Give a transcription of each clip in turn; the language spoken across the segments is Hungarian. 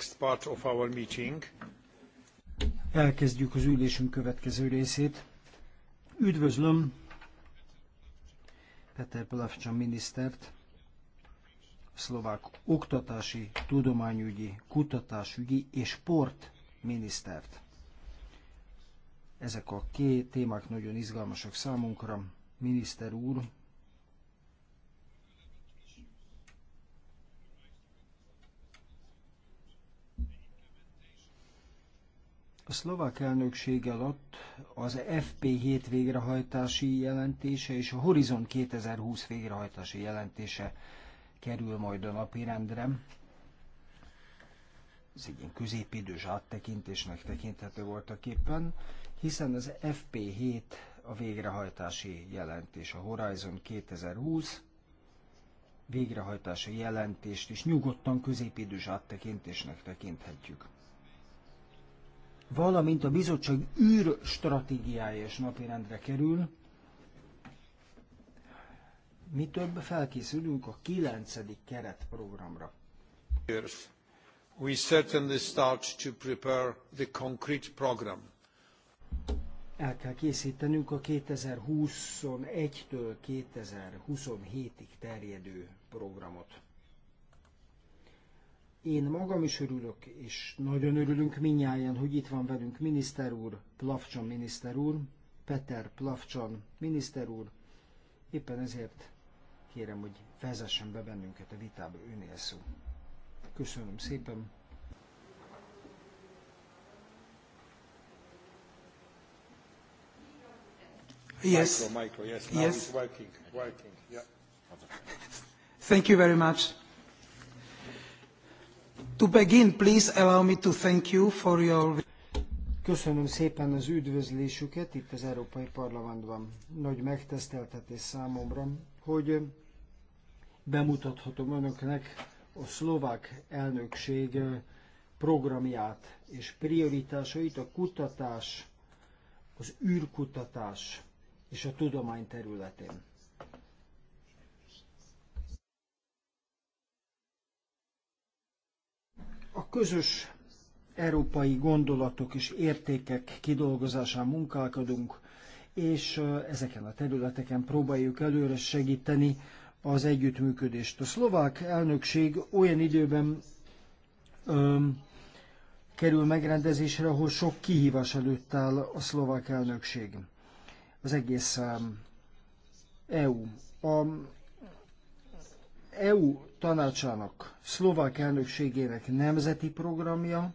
next part of our meeting. Elkezdjük az ülésünk következő részét. Üdvözlöm Peter Plavcsan minisztert, a szlovák oktatási, tudományügyi, kutatásügyi és sport minisztert. Ezek a két témák nagyon izgalmasak számunkra. Miniszter úr, A szlovák elnökség alatt az FP7 végrehajtási jelentése és a Horizon 2020 végrehajtási jelentése kerül majd a napirendre. Ez egy ilyen középidős áttekintésnek tekinthető voltak éppen, hiszen az FP7 a végrehajtási jelentés, a Horizon 2020 végrehajtási jelentést is nyugodtan középidős áttekintésnek tekinthetjük valamint a bizottság űrstratégiája is napirendre kerül. Mi több felkészülünk a 9. keretprogramra. We certainly start to prepare the concrete program. El kell készítenünk a 2021-től 2027-ig terjedő programot. Én magam is örülök, és nagyon örülünk minnyáján, hogy itt van velünk miniszter úr, Plavcsan miniszter úr, Peter Plavcsan miniszter úr. Éppen ezért kérem, hogy vezessen be bennünket a vitába, önél szó. Köszönöm szépen. Yes. Micro, micro, yes. Now yes. It's working. Working. Yeah. Thank you very much. Köszönöm szépen az üdvözlésüket itt az Európai Parlamentben. Nagy megtiszteltetés számomra, hogy bemutathatom önöknek a szlovák elnökség programját és prioritásait a kutatás, az űrkutatás és a tudomány területén. A közös európai gondolatok és értékek kidolgozásán munkálkodunk, és ezeken a területeken próbáljuk előre segíteni az együttműködést. A szlovák elnökség olyan időben öm, kerül megrendezésre, ahol sok kihívás előtt áll a szlovák elnökség. Az egész öm, EU. A EU tanácsának szlovák elnökségének nemzeti programja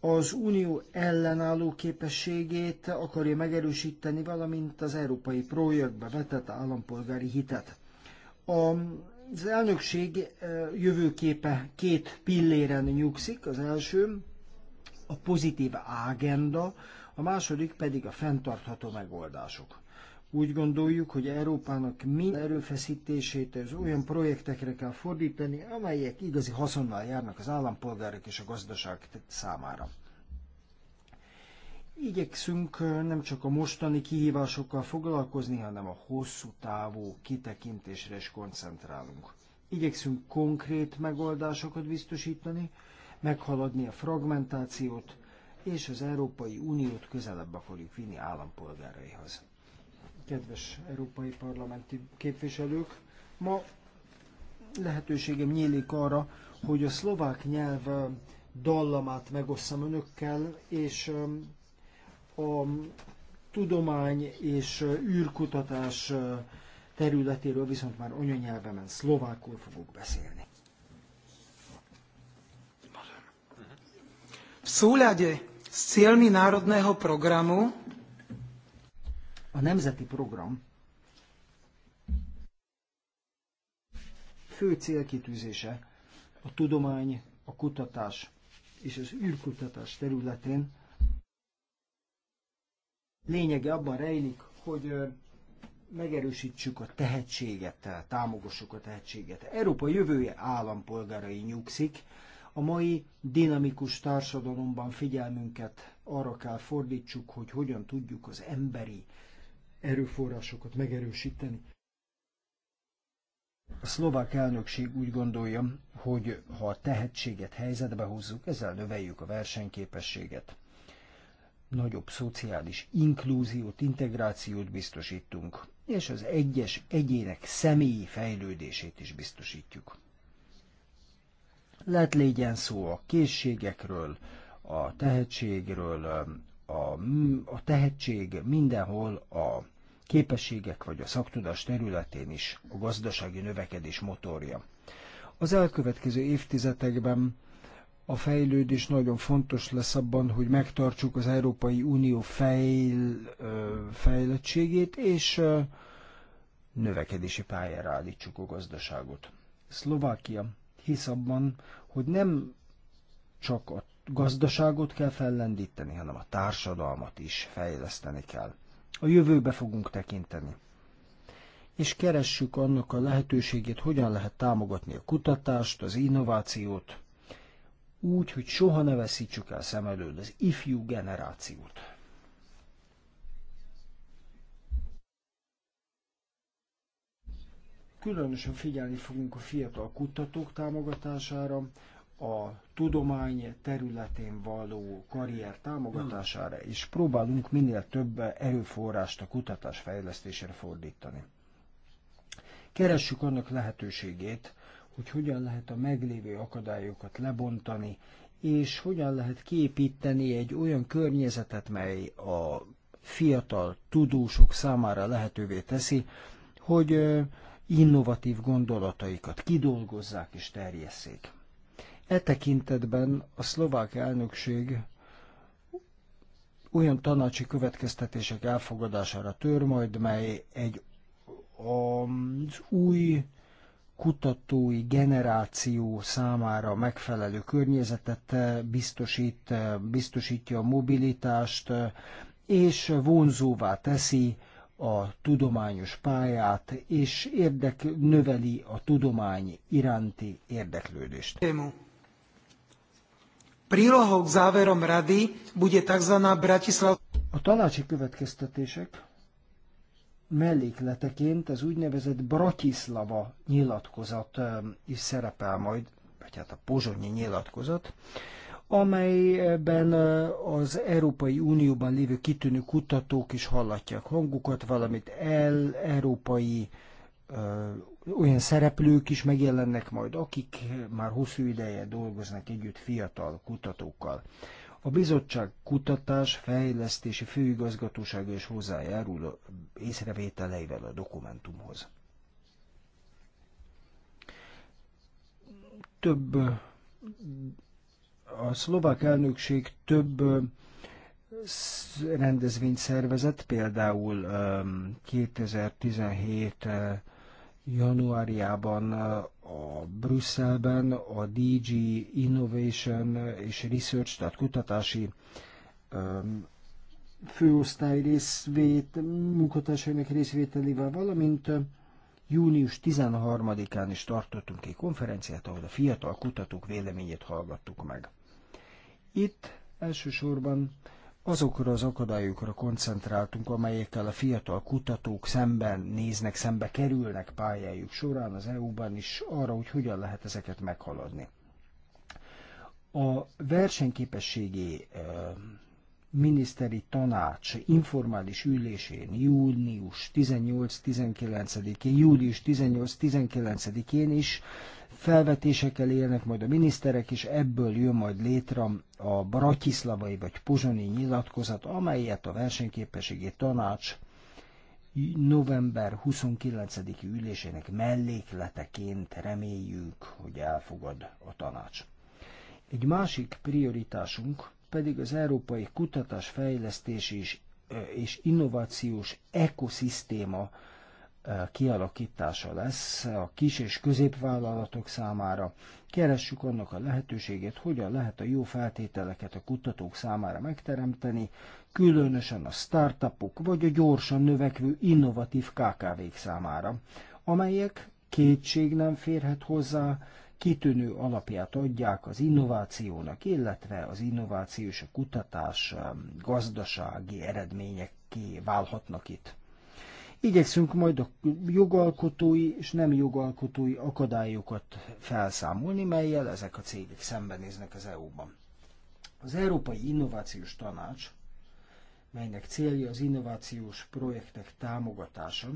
az unió ellenálló képességét akarja megerősíteni, valamint az európai projektbe vetett állampolgári hitet. Az elnökség e, jövőképe két pilléren nyugszik, az első a pozitív ágenda, a második pedig a fenntartható megoldások. Úgy gondoljuk, hogy Európának minden erőfeszítését az olyan projektekre kell fordítani, amelyek igazi haszonnal járnak az állampolgárok és a gazdaság számára. Igyekszünk nem csak a mostani kihívásokkal foglalkozni, hanem a hosszú távú kitekintésre is koncentrálunk. Igyekszünk konkrét megoldásokat biztosítani, meghaladni a fragmentációt, és az Európai Uniót közelebb akarjuk vinni állampolgáraihoz kedves európai parlamenti képviselők! Ma lehetőségem nyílik arra, hogy a szlovák nyelv dallamát megosszam önökkel, és a tudomány és űrkutatás területéről viszont már anyanyelvemen szlovákul fogok beszélni. V súlade s cieľmi národného programu a nemzeti program fő célkitűzése a tudomány, a kutatás és az űrkutatás területén lényege abban rejlik, hogy megerősítsük a tehetséget, támogassuk a tehetséget. Európa jövője állampolgárai nyugszik, a mai dinamikus társadalomban figyelmünket arra kell fordítsuk, hogy hogyan tudjuk az emberi erőforrásokat megerősíteni. A szlovák elnökség úgy gondolja, hogy ha a tehetséget helyzetbe hozzuk, ezzel növeljük a versenyképességet. Nagyobb szociális inklúziót, integrációt biztosítunk, és az egyes egyének személyi fejlődését is biztosítjuk. Lehet legyen szó a készségekről, a tehetségről, a, a tehetség mindenhol a képességek vagy a szaktudás területén is a gazdasági növekedés motorja. Az elkövetkező évtizedekben a fejlődés nagyon fontos lesz abban, hogy megtartsuk az Európai Unió fejl, fejlettségét, és növekedési pályára állítsuk a gazdaságot. Szlovákia hisz abban, hogy nem csak a gazdaságot kell fellendíteni, hanem a társadalmat is fejleszteni kell a jövőbe fogunk tekinteni. És keressük annak a lehetőségét, hogyan lehet támogatni a kutatást, az innovációt, úgy, hogy soha ne veszítsük el szem előtt az ifjú generációt. Különösen figyelni fogunk a fiatal kutatók támogatására, a tudomány területén való karrier támogatására, és próbálunk minél több erőforrást a kutatás fejlesztésére fordítani. Keressük annak lehetőségét, hogy hogyan lehet a meglévő akadályokat lebontani, és hogyan lehet képíteni egy olyan környezetet, mely a fiatal tudósok számára lehetővé teszi, hogy innovatív gondolataikat kidolgozzák és terjesszék. E tekintetben a szlovák elnökség olyan tanácsi következtetések elfogadására tör majd, mely egy az új kutatói generáció számára megfelelő környezetet biztosít, biztosítja a mobilitást, és vonzóvá teszi a tudományos pályát, és érdek, növeli a tudomány iránti érdeklődést. Émo. Prílohou k záverom rady bude tzv. Bratislav... A tanácsi következtetések mellékleteként az úgynevezett Bratislava nyilatkozat ehm, is szerepel majd, vagy hát a pozsonyi nyilatkozat, amelyben ehm, az Európai Unióban lévő kitűnő kutatók is hallatják hangukat, valamint el európai ehm, olyan szereplők is megjelennek majd, akik már hosszú ideje dolgoznak együtt fiatal kutatókkal. A bizottság kutatás fejlesztési főigazgatósága is hozzájárul észrevételeivel a dokumentumhoz. Több a szlovák elnökség több rendezvényt szervezett, például 2017 um, januárjában eh, a Brüsszelben a DG Innovation és Research, tehát kutatási főosztály részvét, munkatársainak részvételével, valamint eh, június 13-án is tartottunk egy konferenciát, ahol a fiatal kutatók véleményét hallgattuk meg. Itt elsősorban azokra az akadályokra koncentráltunk, amelyekkel a fiatal kutatók szemben néznek, szembe kerülnek pályájuk során az EU-ban is arra, hogy hogyan lehet ezeket meghaladni. A versenyképességi eh, miniszteri tanács informális ülésén június 18-19-én, július 18-19-én is felvetésekkel élnek majd a miniszterek, és ebből jön majd létre a bratislavai vagy pozsoni nyilatkozat, amelyet a versenyképességi tanács november 29-i ülésének mellékleteként reméljük, hogy elfogad a tanács. Egy másik prioritásunk pedig az európai kutatás, fejlesztés és, és innovációs ekoszisztéma kialakítása lesz a kis és középvállalatok számára. Keressük annak a lehetőségét, hogyan lehet a jó feltételeket a kutatók számára megteremteni, különösen a startupok vagy a gyorsan növekvő innovatív KKV-k számára, amelyek kétség nem férhet hozzá, kitűnő alapját adják az innovációnak, illetve az innováció és a kutatás um, gazdasági eredményekké válhatnak itt. Igyekszünk majd a jogalkotói és nem jogalkotói akadályokat felszámolni, melyel ezek a cégek szembenéznek az EU-ban. Az Európai Innovációs Tanács, melynek célja az innovációs projektek támogatása,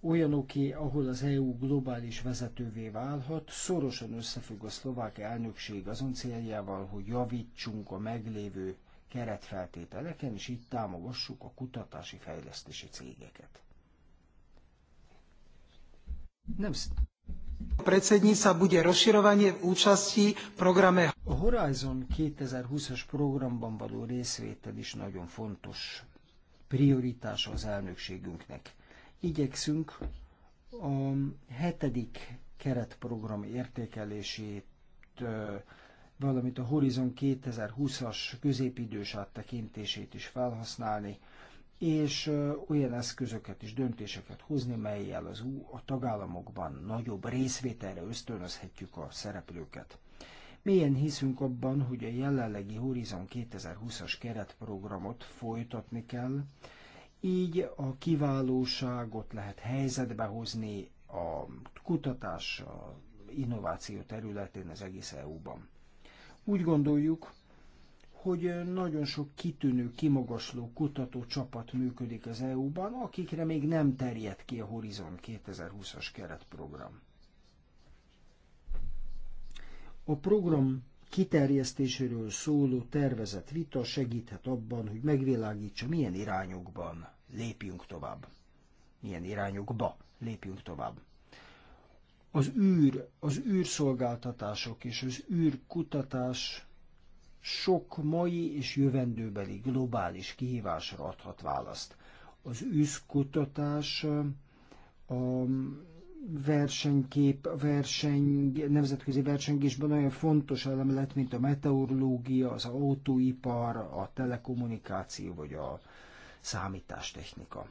olyanoké, ahol az EU globális vezetővé válhat, szorosan összefügg a szlovák elnökség azon céljával, hogy javítsunk a meglévő keretfeltételeken, és így támogassuk a kutatási fejlesztési cégeket. Nem Predsednica bude rozširovanie účasti v programe. A Horizon 2020-as programban való részvétel is nagyon fontos prioritása az elnökségünknek igyekszünk a hetedik keretprogram értékelését, valamint a Horizon 2020-as középidős áttekintését is felhasználni, és olyan eszközöket és döntéseket hozni, melyel az U a tagállamokban nagyobb részvételre ösztönözhetjük a szereplőket. Milyen hiszünk abban, hogy a jelenlegi Horizon 2020-as keretprogramot folytatni kell, így a kiválóságot lehet helyzetbe hozni a kutatás, a innováció területén az egész EU-ban. Úgy gondoljuk, hogy nagyon sok kitűnő, kimagasló kutató csapat működik az EU-ban, akikre még nem terjed ki a Horizon 2020-as keretprogram. A program kiterjesztéséről szóló tervezett vita segíthet abban, hogy megvilágítsa, milyen irányokban lépjünk tovább. Milyen irányokba lépjünk tovább. Az űr, az űrszolgáltatások és az űrkutatás sok mai és jövendőbeli globális kihívásra adhat választ. Az űrkutatás a versenykép, verseny, nemzetközi versengésben olyan fontos elem lett, mint a meteorológia, az autóipar, a telekommunikáció vagy a számítástechnika.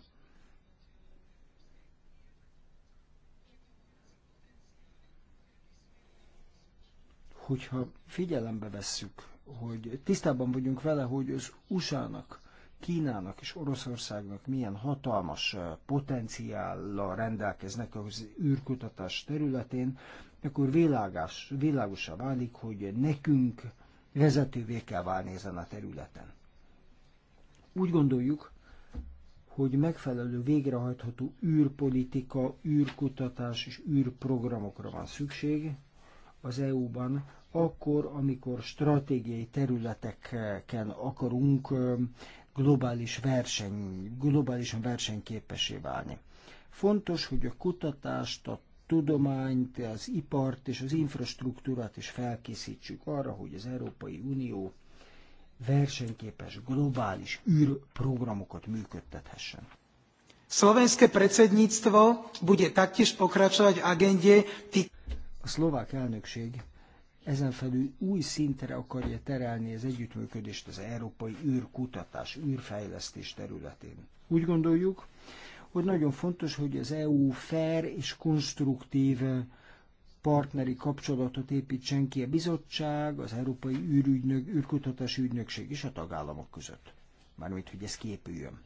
Hogyha figyelembe vesszük, hogy tisztában vagyunk vele, hogy az USA-nak Kínának és Oroszországnak milyen hatalmas potenciállal rendelkeznek az űrkutatás területén, akkor világás, világosá válik, hogy nekünk vezetővé kell válni ezen a területen. Úgy gondoljuk, hogy megfelelő végrehajtható űrpolitika, űrkutatás és űrprogramokra van szükség az EU-ban, akkor, amikor stratégiai területeken akarunk globális verseny, globálisan versenyképesé válni. Fontos, hogy a kutatást, a tudományt, az ipart és az infrastruktúrát is felkészítsük arra, hogy az Európai Unió versenyképes globális űrprogramokat működtethessen. Slovenské predsedníctvo bude taktiež pokračovať v agende... A szlovák elnökség ezen felül új szintre akarja terelni az együttműködést az európai űrkutatás, űrfejlesztés területén. Úgy gondoljuk, hogy nagyon fontos, hogy az EU fair és konstruktív partneri kapcsolatot építsen ki a bizottság, az Európai űrügynök, űrkutatási ügynökség és a tagállamok között. Mármint, hogy ez képüljön.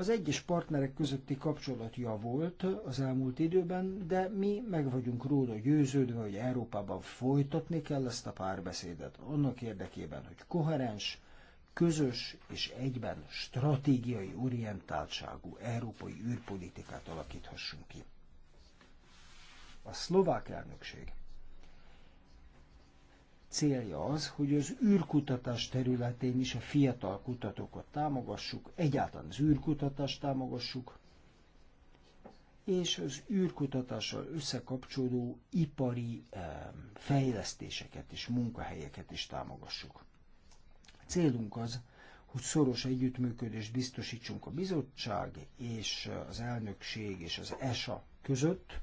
Az egyes partnerek közötti kapcsolat javult az elmúlt időben, de mi meg vagyunk róla győződve, hogy Európában folytatni kell ezt a párbeszédet annak érdekében, hogy koherens, közös és egyben stratégiai orientáltságú európai űrpolitikát alakíthassunk ki. A szlovák elnökség célja az, hogy az űrkutatás területén is a fiatal kutatókat támogassuk, egyáltalán az űrkutatást támogassuk, és az űrkutatással összekapcsolódó ipari fejlesztéseket és munkahelyeket is támogassuk. A célunk az, hogy szoros együttműködést biztosítsunk a bizottság és az elnökség és az ESA között,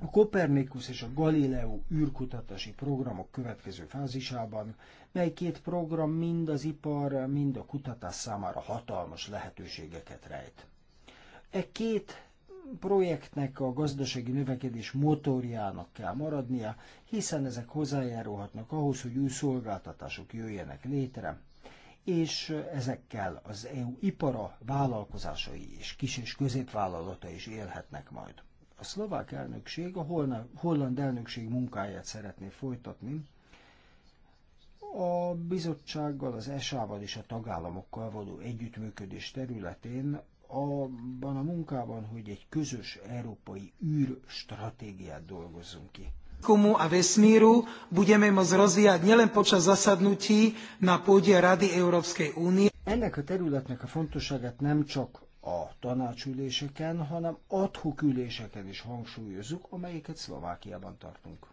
a Kopernikus és a Galileo űrkutatási programok következő fázisában, mely két program mind az ipar, mind a kutatás számára hatalmas lehetőségeket rejt. E két projektnek a gazdasági növekedés motorjának kell maradnia, hiszen ezek hozzájárulhatnak ahhoz, hogy új szolgáltatások jöjjenek létre, és ezekkel az EU ipara, vállalkozásai és kis- és középvállalata is élhetnek majd. A szlovák elnökség a holland elnökség munkáját szeretné folytatni, a bizottsággal, az ESA-val és a tagállamokkal való együttműködés területén abban a munkában, hogy egy közös európai űrstratégiát dolgozzunk ki. Komu a vesmíru budeme moz rozvíjať nielen počas zasadnutí na pôde Rady Európskej únie. Ennek a területnek a fontosságát nem csak a tanácsüléseken, hanem adhok üléseken is hangsúlyozzuk, amelyeket Szlovákiában tartunk.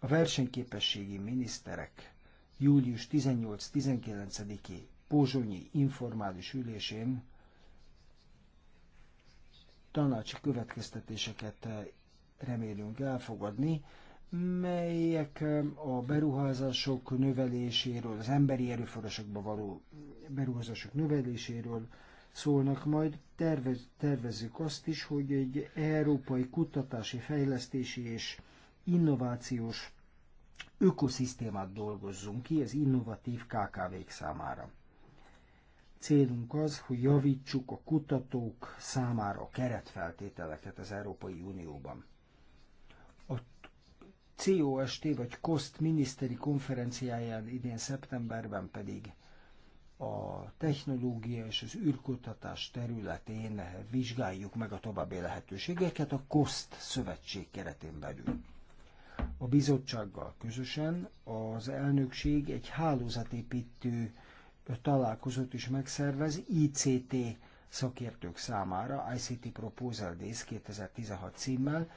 A versenyképességi miniszterek július 18-19-i Pozsonyi informális ülésén tanácsi következtetéseket remélünk elfogadni, melyek a beruházások növeléséről, az emberi erőforrásokba való beruházások növeléséről szólnak majd. Tervez, tervezzük azt is, hogy egy európai kutatási, fejlesztési és innovációs ökoszisztémát dolgozzunk ki az innovatív KKV-k számára. Célunk az, hogy javítsuk a kutatók számára a keretfeltételeket az Európai Unióban. COST vagy COST miniszteri konferenciáján idén szeptemberben pedig a technológia és az űrkutatás területén vizsgáljuk meg a további lehetőségeket a COST szövetség keretén belül. A bizottsággal közösen az elnökség egy hálózatépítő találkozót is megszervez ICT szakértők számára, ICT Proposal Days 2016 címmel,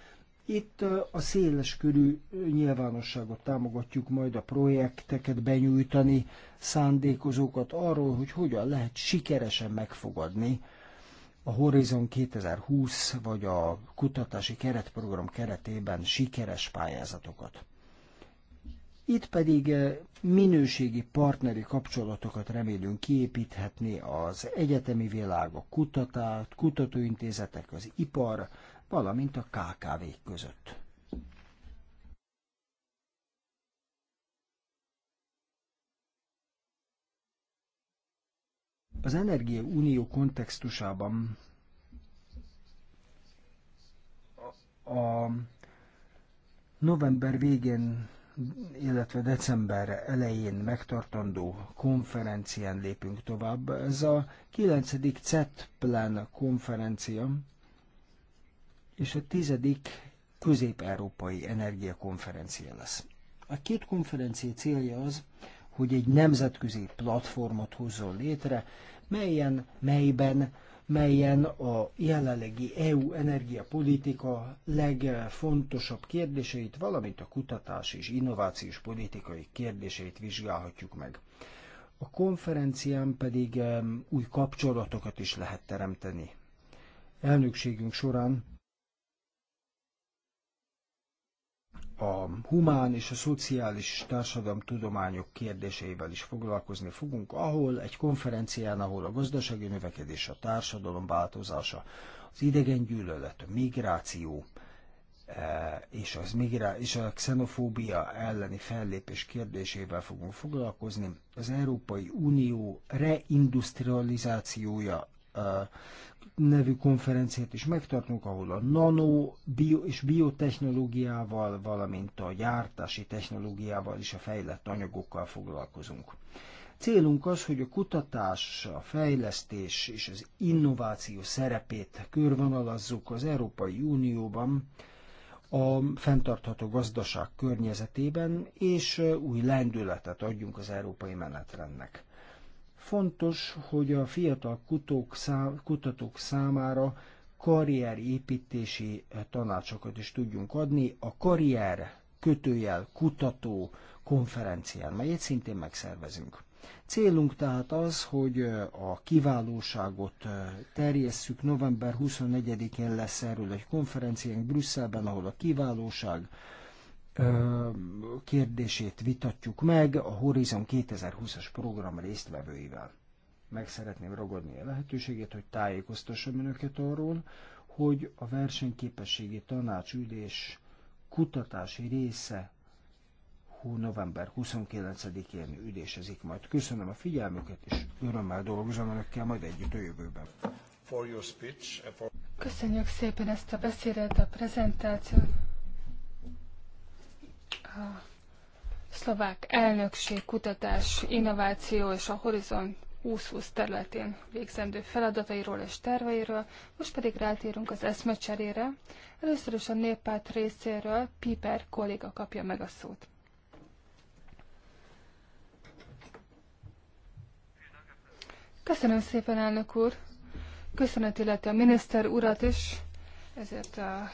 itt a széles körű nyilvánosságot támogatjuk majd a projekteket benyújtani, szándékozókat arról, hogy hogyan lehet sikeresen megfogadni a Horizon 2020 vagy a kutatási keretprogram keretében sikeres pályázatokat. Itt pedig minőségi partneri kapcsolatokat remélünk kiépíthetni az egyetemi világ, a kutatát, kutatóintézetek, az ipar, valamint a kkv között. Az Energia Unió kontextusában a november végén, illetve december elején megtartandó konferencián lépünk tovább. Ez a 9. plan konferencia, és a tizedik közép-európai energiakonferencia lesz. A két konferencia célja az, hogy egy nemzetközi platformot hozzon létre, melyen, melyben, melyen a jelenlegi EU energiapolitika legfontosabb kérdéseit, valamint a kutatás és innovációs politikai kérdéseit vizsgálhatjuk meg. A konferencián pedig új kapcsolatokat is lehet teremteni. Elnökségünk során a humán és a szociális társadalomtudományok kérdéseivel is foglalkozni fogunk, ahol egy konferencián, ahol a gazdasági növekedés, a társadalom változása, az idegen gyűlölet, a migráció eh, és, az migrá- és a xenofóbia elleni fellépés kérdésével fogunk foglalkozni. Az Európai Unió reindustrializációja eh, nevű konferenciát is megtartunk, ahol a nano bio és biotechnológiával, valamint a gyártási technológiával és a fejlett anyagokkal foglalkozunk. Célunk az, hogy a kutatás, a fejlesztés és az innováció szerepét körvonalazzuk az Európai Unióban, a fenntartható gazdaság környezetében, és új lendületet adjunk az európai menetrendnek. Fontos, hogy a fiatal kutók szám, kutatók számára karrierépítési tanácsokat is tudjunk adni. A karrier kötőjel kutató konferencián, melyet szintén megszervezünk. Célunk tehát az, hogy a kiválóságot terjesszük. November 24-én lesz erről egy konferenciánk Brüsszelben, ahol a kiválóság, kérdését vitatjuk meg a Horizon 2020-as program résztvevőivel. Meg szeretném ragadni a lehetőséget, hogy tájékoztassam önöket arról, hogy a versenyképességi tanácsülés kutatási része hú, november 29-én üdésezik majd. Köszönöm a figyelmüket, és örömmel dolgozom önökkel majd együtt a jövőben. Köszönjük szépen ezt a beszédet, a prezentációt a szlovák elnökség kutatás, innováció és a Horizont 2020 területén végzendő feladatairól és terveiről, most pedig rátérünk az eszmecserére. Először is a néppárt részéről Piper kolléga kapja meg a szót. Köszönöm szépen, elnök úr! Köszönet illeti a miniszter urat is, ezért a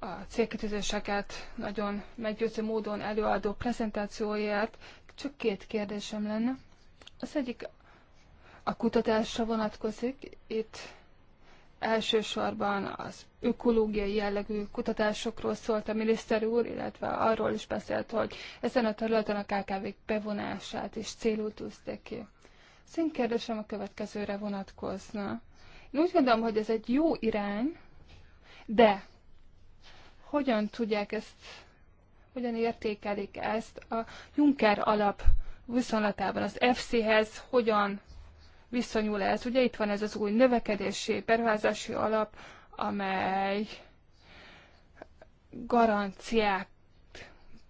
a célkitűzéseket nagyon meggyőző módon előadó prezentációját. Csak két kérdésem lenne. Az egyik a kutatásra vonatkozik. Itt elsősorban az ökológiai jellegű kutatásokról szólt a miniszter úr, illetve arról is beszélt, hogy ezen a területen a kkv bevonását is célul tűzték ki. Szint kérdésem a következőre vonatkozna. Én úgy gondolom, hogy ez egy jó irány, de hogyan tudják ezt, hogyan értékelik ezt a Juncker alap viszonylatában az FC-hez, hogyan viszonyul ez. Ugye itt van ez az új növekedési, beruházási alap, amely garanciák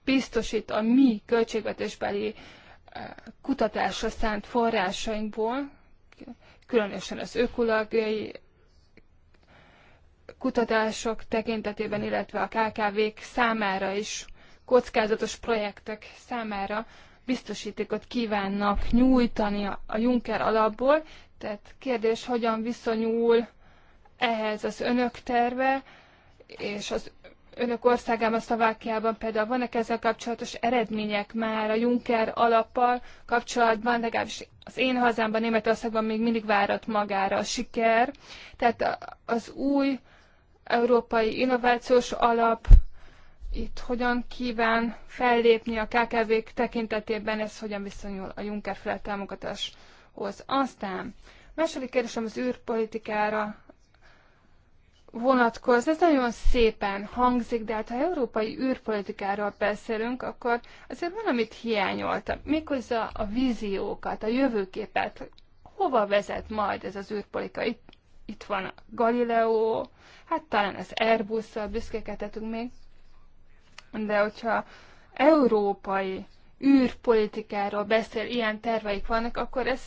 biztosít a mi költségvetésbeli eh, kutatásra szánt forrásainkból, különösen az ökológiai kutatások tekintetében, illetve a KKV-k számára is, kockázatos projektek számára biztosítékot kívánnak nyújtani a Juncker alapból. Tehát kérdés, hogyan viszonyul ehhez az önök terve, és az önök országában, Szlovákiában például vannak ezzel kapcsolatos eredmények már a Juncker alappal kapcsolatban, legalábbis az én hazámban, Németországban még mindig várat magára a siker. Tehát az új Európai Innovációs Alap itt hogyan kíván fellépni a KKV-k tekintetében, ez hogyan viszonyul a Juncker féle támogatáshoz. Aztán második kérdésem az űrpolitikára vonatkozni. Ez nagyon szépen hangzik, de hát ha európai űrpolitikáról beszélünk, akkor azért valamit hiányoltam. Méghozzá a víziókat, a jövőképet, hova vezet majd ez az űrpolitika? Itt, itt van a Galileo, Hát talán az Airbus-szal büszkékedhetünk még, de hogyha európai űrpolitikáról beszél, ilyen terveik vannak, akkor ez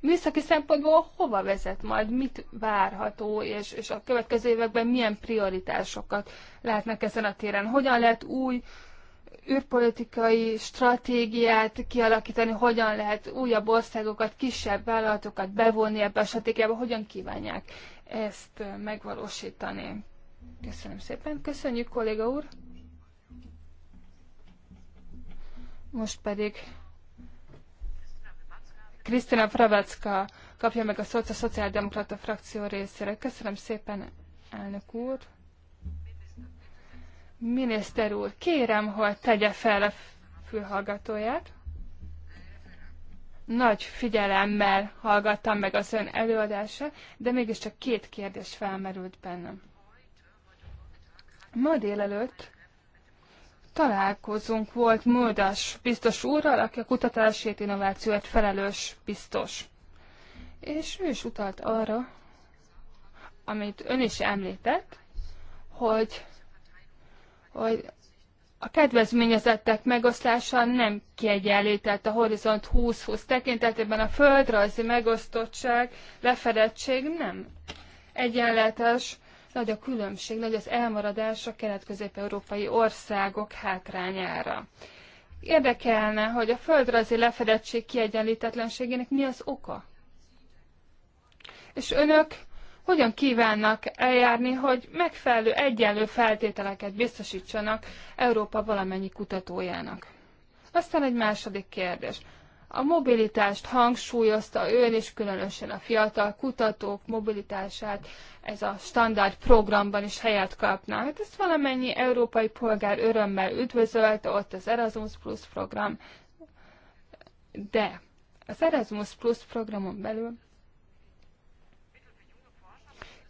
műszaki szempontból hova vezet majd, mit várható, és, és a következő években milyen prioritásokat látnak ezen a téren. Hogyan lehet új űrpolitikai stratégiát kialakítani, hogyan lehet újabb országokat, kisebb vállalatokat bevonni ebbe a stratégiába, hogyan kívánják ezt megvalósítani. Köszönöm szépen. Köszönjük, kolléga úr! Most pedig Krisztina Pravacka kapja meg a szót a Szociáldemokrata frakció részére. Köszönöm szépen, elnök úr! Miniszter úr, kérem, hogy tegye fel a fülhallgatóját nagy figyelemmel hallgattam meg az ön előadását, de mégiscsak két kérdés felmerült bennem. Ma délelőtt találkozunk volt Moldas biztos úrral, aki a kutatásért, innovációért felelős biztos. És ő is utalt arra, amit ön is említett, hogy, hogy a kedvezményezettek megosztása nem kiegyenlített a Horizont 2020 tekintetében a földrajzi megosztottság, lefedettség nem egyenletes, nagy a különbség, nagy az elmaradás a kelet-közép-európai országok hátrányára. Érdekelne, hogy a földrajzi lefedettség kiegyenlítetlenségének mi az oka? És önök hogyan kívánnak eljárni, hogy megfelelő egyenlő feltételeket biztosítsanak Európa valamennyi kutatójának. Aztán egy második kérdés. A mobilitást hangsúlyozta ön és különösen a fiatal kutatók mobilitását ez a standard programban is helyet kapná. Hát ezt valamennyi európai polgár örömmel üdvözölte, ott az Erasmus Plus program. De az Erasmus Plus programon belül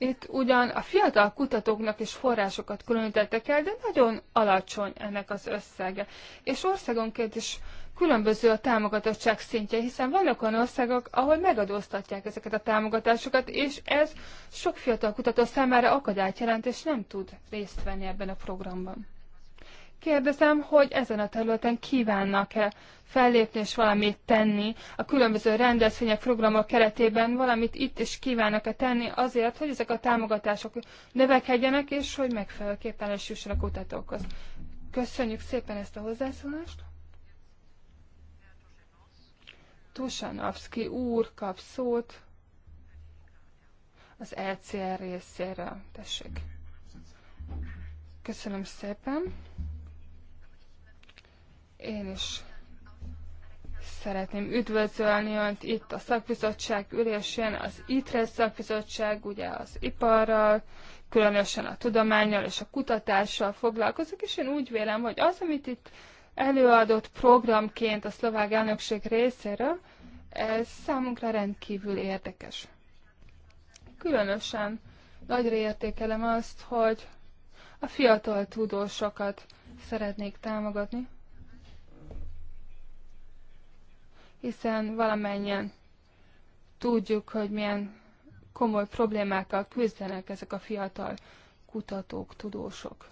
itt ugyan a fiatal kutatóknak is forrásokat különítettek el, de nagyon alacsony ennek az összege. És országonként is különböző a támogatottság szintje, hiszen vannak olyan országok, ahol megadóztatják ezeket a támogatásokat, és ez sok fiatal kutató számára akadályt jelent, és nem tud részt venni ebben a programban. Kérdezem, hogy ezen a területen kívánnak-e fellépni és valamit tenni a különböző rendezvények, programok keretében, valamit itt is kívánnak-e tenni azért, hogy ezek a támogatások növekedjenek, és hogy megfelelőképpen is a kutatókhoz. Köszönjük szépen ezt a hozzászólást. Tusanovszki úr kap szót az ECR részéről. Tessék. Köszönöm szépen. Én is szeretném üdvözölni Önt itt a szakbizottság ülésén, az ITRE szakbizottság, ugye az iparral, különösen a tudományjal és a kutatással foglalkozik, és én úgy vélem, hogy az, amit itt előadott programként a szlovák elnökség részéről, ez számunkra rendkívül érdekes. Különösen nagyra értékelem azt, hogy a fiatal tudósokat szeretnék támogatni, hiszen valamennyien tudjuk, hogy milyen komoly problémákkal küzdenek ezek a fiatal kutatók, tudósok.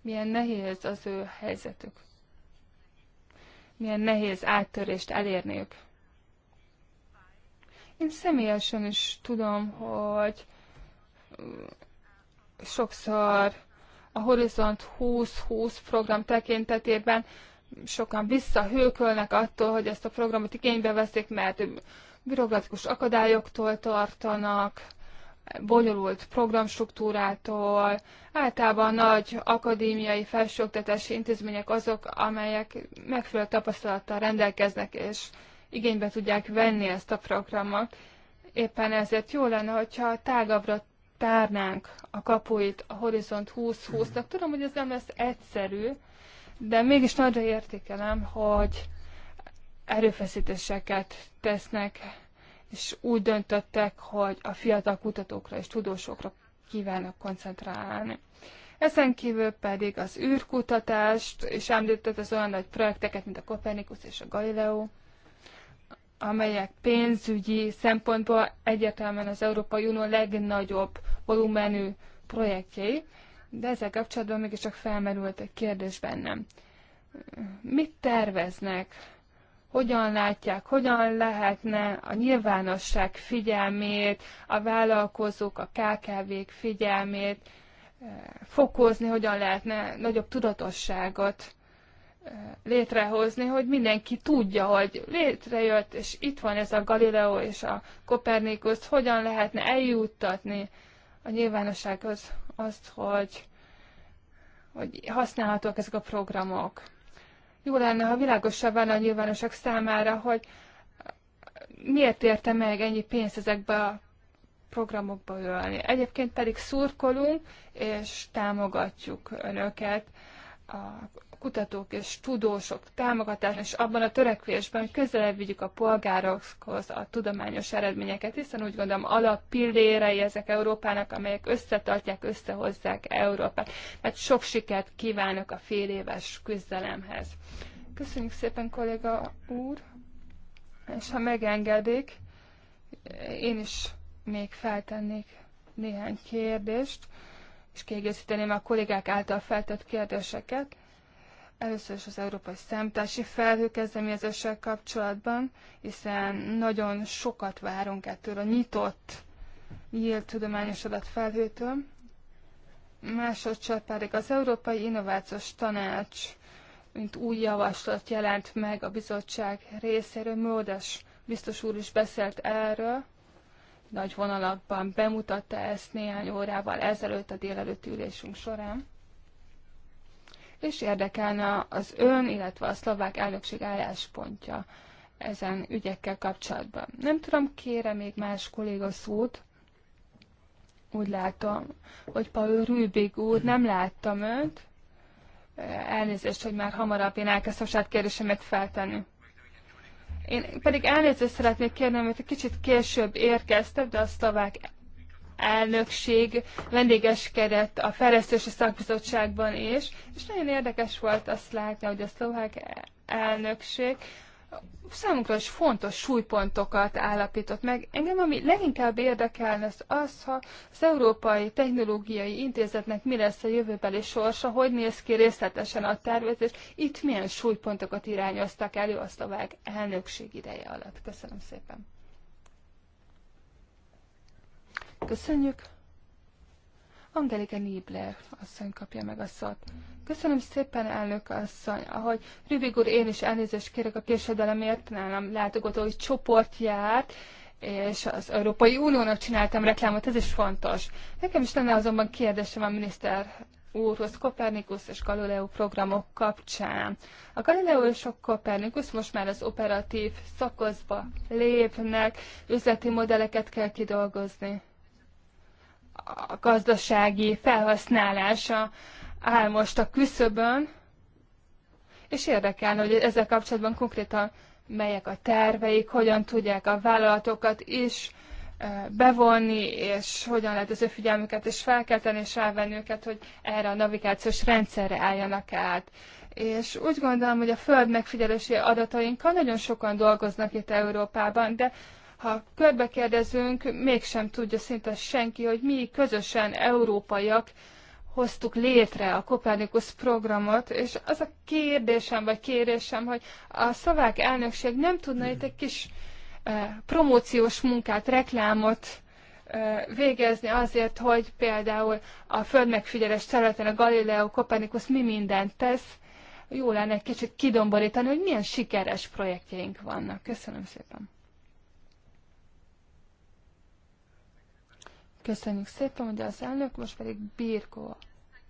Milyen nehéz az ő helyzetük. Milyen nehéz áttörést elérniük. Én személyesen is tudom, hogy sokszor a Horizont 2020 program tekintetében sokan visszahőkölnek attól, hogy ezt a programot igénybe veszik, mert bürokratikus akadályoktól tartanak, bonyolult programstruktúrától, általában nagy akadémiai felsőoktatási intézmények azok, amelyek megfelelő tapasztalattal rendelkeznek, és igénybe tudják venni ezt a programot. Éppen ezért jó lenne, hogyha tágabbra tárnánk a kapuit a Horizont 2020-nak. Tudom, hogy ez nem lesz egyszerű, de mégis nagyra értékelem, hogy erőfeszítéseket tesznek, és úgy döntöttek, hogy a fiatal kutatókra és tudósokra kívánnak koncentrálni. Ezen kívül pedig az űrkutatást, és említett az olyan nagy projekteket, mint a Copernicus és a Galileo, amelyek pénzügyi szempontból egyértelműen az Európai Unió legnagyobb volumenű projektjei, de ezzel kapcsolatban mégiscsak felmerült egy kérdés bennem. Mit terveznek? Hogyan látják, hogyan lehetne a nyilvánosság figyelmét, a vállalkozók, a KKV-k figyelmét eh, fokozni, hogyan lehetne nagyobb tudatosságot eh, létrehozni, hogy mindenki tudja, hogy létrejött, és itt van ez a Galileo és a Kopernikus, hogyan lehetne eljuttatni a az, azt, hogy, hogy használhatóak ezek a programok. Jó lenne, ha világosabb lenne a nyilvánosság számára, hogy miért érte meg ennyi pénzt ezekbe a programokba ölni. Egyébként pedig szurkolunk és támogatjuk önöket a kutatók és tudósok támogatás és abban a törekvésben, hogy közelebb vigyük a polgárokhoz a tudományos eredményeket, hiszen úgy gondolom alappillérei ezek Európának, amelyek összetartják, összehozzák Európát. Mert sok sikert kívánok a fél éves küzdelemhez. Köszönjük szépen, kolléga úr, és ha megengedik, én is még feltennék néhány kérdést és kiegészíteném a kollégák által feltett kérdéseket. Először is az Európai Számítási Felhő kezdeményezéssel kapcsolatban, hiszen nagyon sokat várunk ettől a nyitott, nyílt tudományos adatfelhőtől. Másodszor pedig az Európai Innovációs Tanács, mint új javaslat jelent meg a bizottság részéről. Módes biztos úr is beszélt erről, nagy vonalakban bemutatta ezt néhány órával ezelőtt a délelőtt ülésünk során. És érdekelne az ön, illetve a szlovák elnökség álláspontja ezen ügyekkel kapcsolatban. Nem tudom, kére még más kolléga szót. Úgy látom, hogy Paul Rübig úr, nem láttam őt. Elnézést, hogy már hamarabb én elkezdtem saját kérdésemet feltenni. Én pedig elnézést szeretnék kérni, mert egy kicsit később érkeztem, de a szlovák elnökség vendégeskedett a fejlesztési szakbizottságban is, és nagyon érdekes volt azt látni, hogy a szlovák elnökség számunkra is fontos súlypontokat állapított meg. Engem ami leginkább érdekelne az, az, ha az Európai Technológiai Intézetnek mi lesz a jövőbeli sorsa, hogy néz ki részletesen a tervezés, itt milyen súlypontokat irányoztak elő a szlovák elnökség ideje alatt. Köszönöm szépen. Köszönjük. Angelika Niebler asszony kapja meg a szót. Köszönöm szépen, elnök asszony. Ahogy Rübig úr, én is elnézést kérek a késedelemért, nálam látogatói csoport járt, és az Európai Uniónak csináltam reklámot, ez is fontos. Nekem is lenne azonban kérdésem a miniszter úrhoz Kopernikus és Galileo programok kapcsán. A Galileo és a Kopernikus most már az operatív szakaszba lépnek, üzleti modelleket kell kidolgozni a gazdasági felhasználása áll most a küszöbön, és érdekelne, hogy ezzel kapcsolatban konkrétan melyek a terveik, hogyan tudják a vállalatokat is eh, bevonni, és hogyan lehet az ő figyelmüket is felkelteni, és rávenni őket, hogy erre a navigációs rendszerre álljanak át. És úgy gondolom, hogy a föld megfigyelési adatainkkal nagyon sokan dolgoznak itt Európában, de ha körbekérdezünk, mégsem tudja szinte senki, hogy mi közösen európaiak hoztuk létre a Kopernikus programot, és az a kérdésem, vagy kérésem, hogy a szlovák elnökség nem tudna itt egy kis eh, promóciós munkát, reklámot eh, végezni azért, hogy például a földmegfigyelés területen a Galileo Kopernikus mi mindent tesz, jó lenne egy kicsit kidomborítani, hogy milyen sikeres projektjeink vannak. Köszönöm szépen! Köszönjük szépen, hogy az elnök, most pedig Birko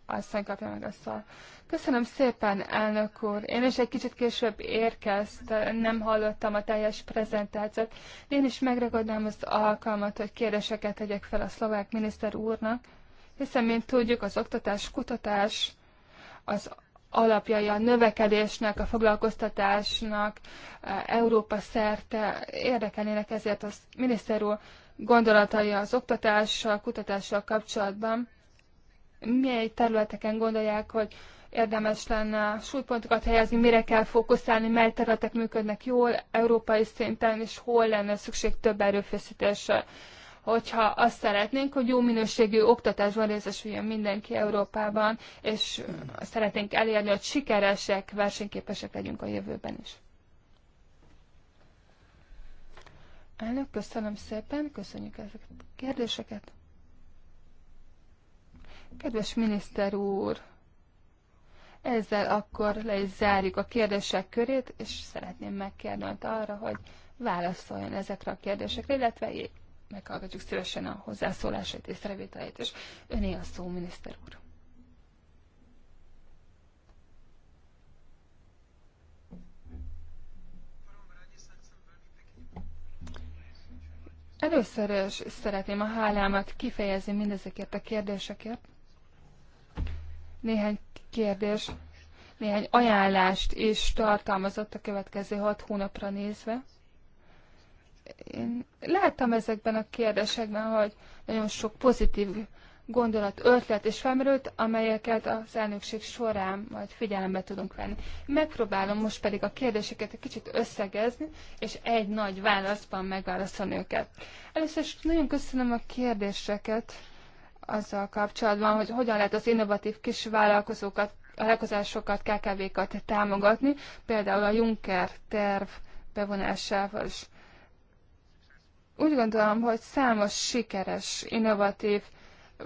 aztán kapja meg a szal. Köszönöm szépen, elnök úr. Én is egy kicsit később érkeztem, nem hallottam a teljes prezentációt. Én is megragadnám az alkalmat, hogy kérdéseket tegyek fel a szlovák miniszter úrnak, hiszen, mint tudjuk, az oktatás, kutatás az alapjai a növekedésnek, a foglalkoztatásnak e, Európa szerte érdekelnének ezért a miniszter úr gondolatai az oktatással, kutatással kapcsolatban. milyen területeken gondolják, hogy érdemes lenne súlypontokat helyezni, mire kell fókuszálni, mely területek működnek jól európai szinten, és hol lenne szükség több erőfeszítésre. Hogyha azt szeretnénk, hogy jó minőségű oktatásban részesüljön mindenki Európában, és szeretnénk elérni, hogy sikeresek, versenyképesek legyünk a jövőben is. Elnök, köszönöm szépen, köszönjük ezeket a kérdéseket. Kedves miniszter úr, ezzel akkor le is zárjuk a kérdések körét, és szeretném megkérni arra, hogy válaszoljon ezekre a kérdésekre, illetve meghallgatjuk szívesen a hozzászólásait és észrevételeit, és öné a szó, miniszter úr. Először is szeretném a hálámat kifejezni mindezekért a kérdésekért. Néhány kérdés, néhány ajánlást is tartalmazott a következő hat hónapra nézve. Én láttam ezekben a kérdésekben, hogy nagyon sok pozitív gondolat, ötlet és felmerült, amelyeket az elnökség során majd figyelembe tudunk venni. Megpróbálom most pedig a kérdéseket egy kicsit összegezni, és egy nagy válaszban megválaszolni őket. Először is nagyon köszönöm a kérdéseket azzal kapcsolatban, hogy hogyan lehet az innovatív kis vállalkozókat, vállalkozásokat, KKV-kat támogatni, például a Juncker terv bevonásával is. Úgy gondolom, hogy számos sikeres, innovatív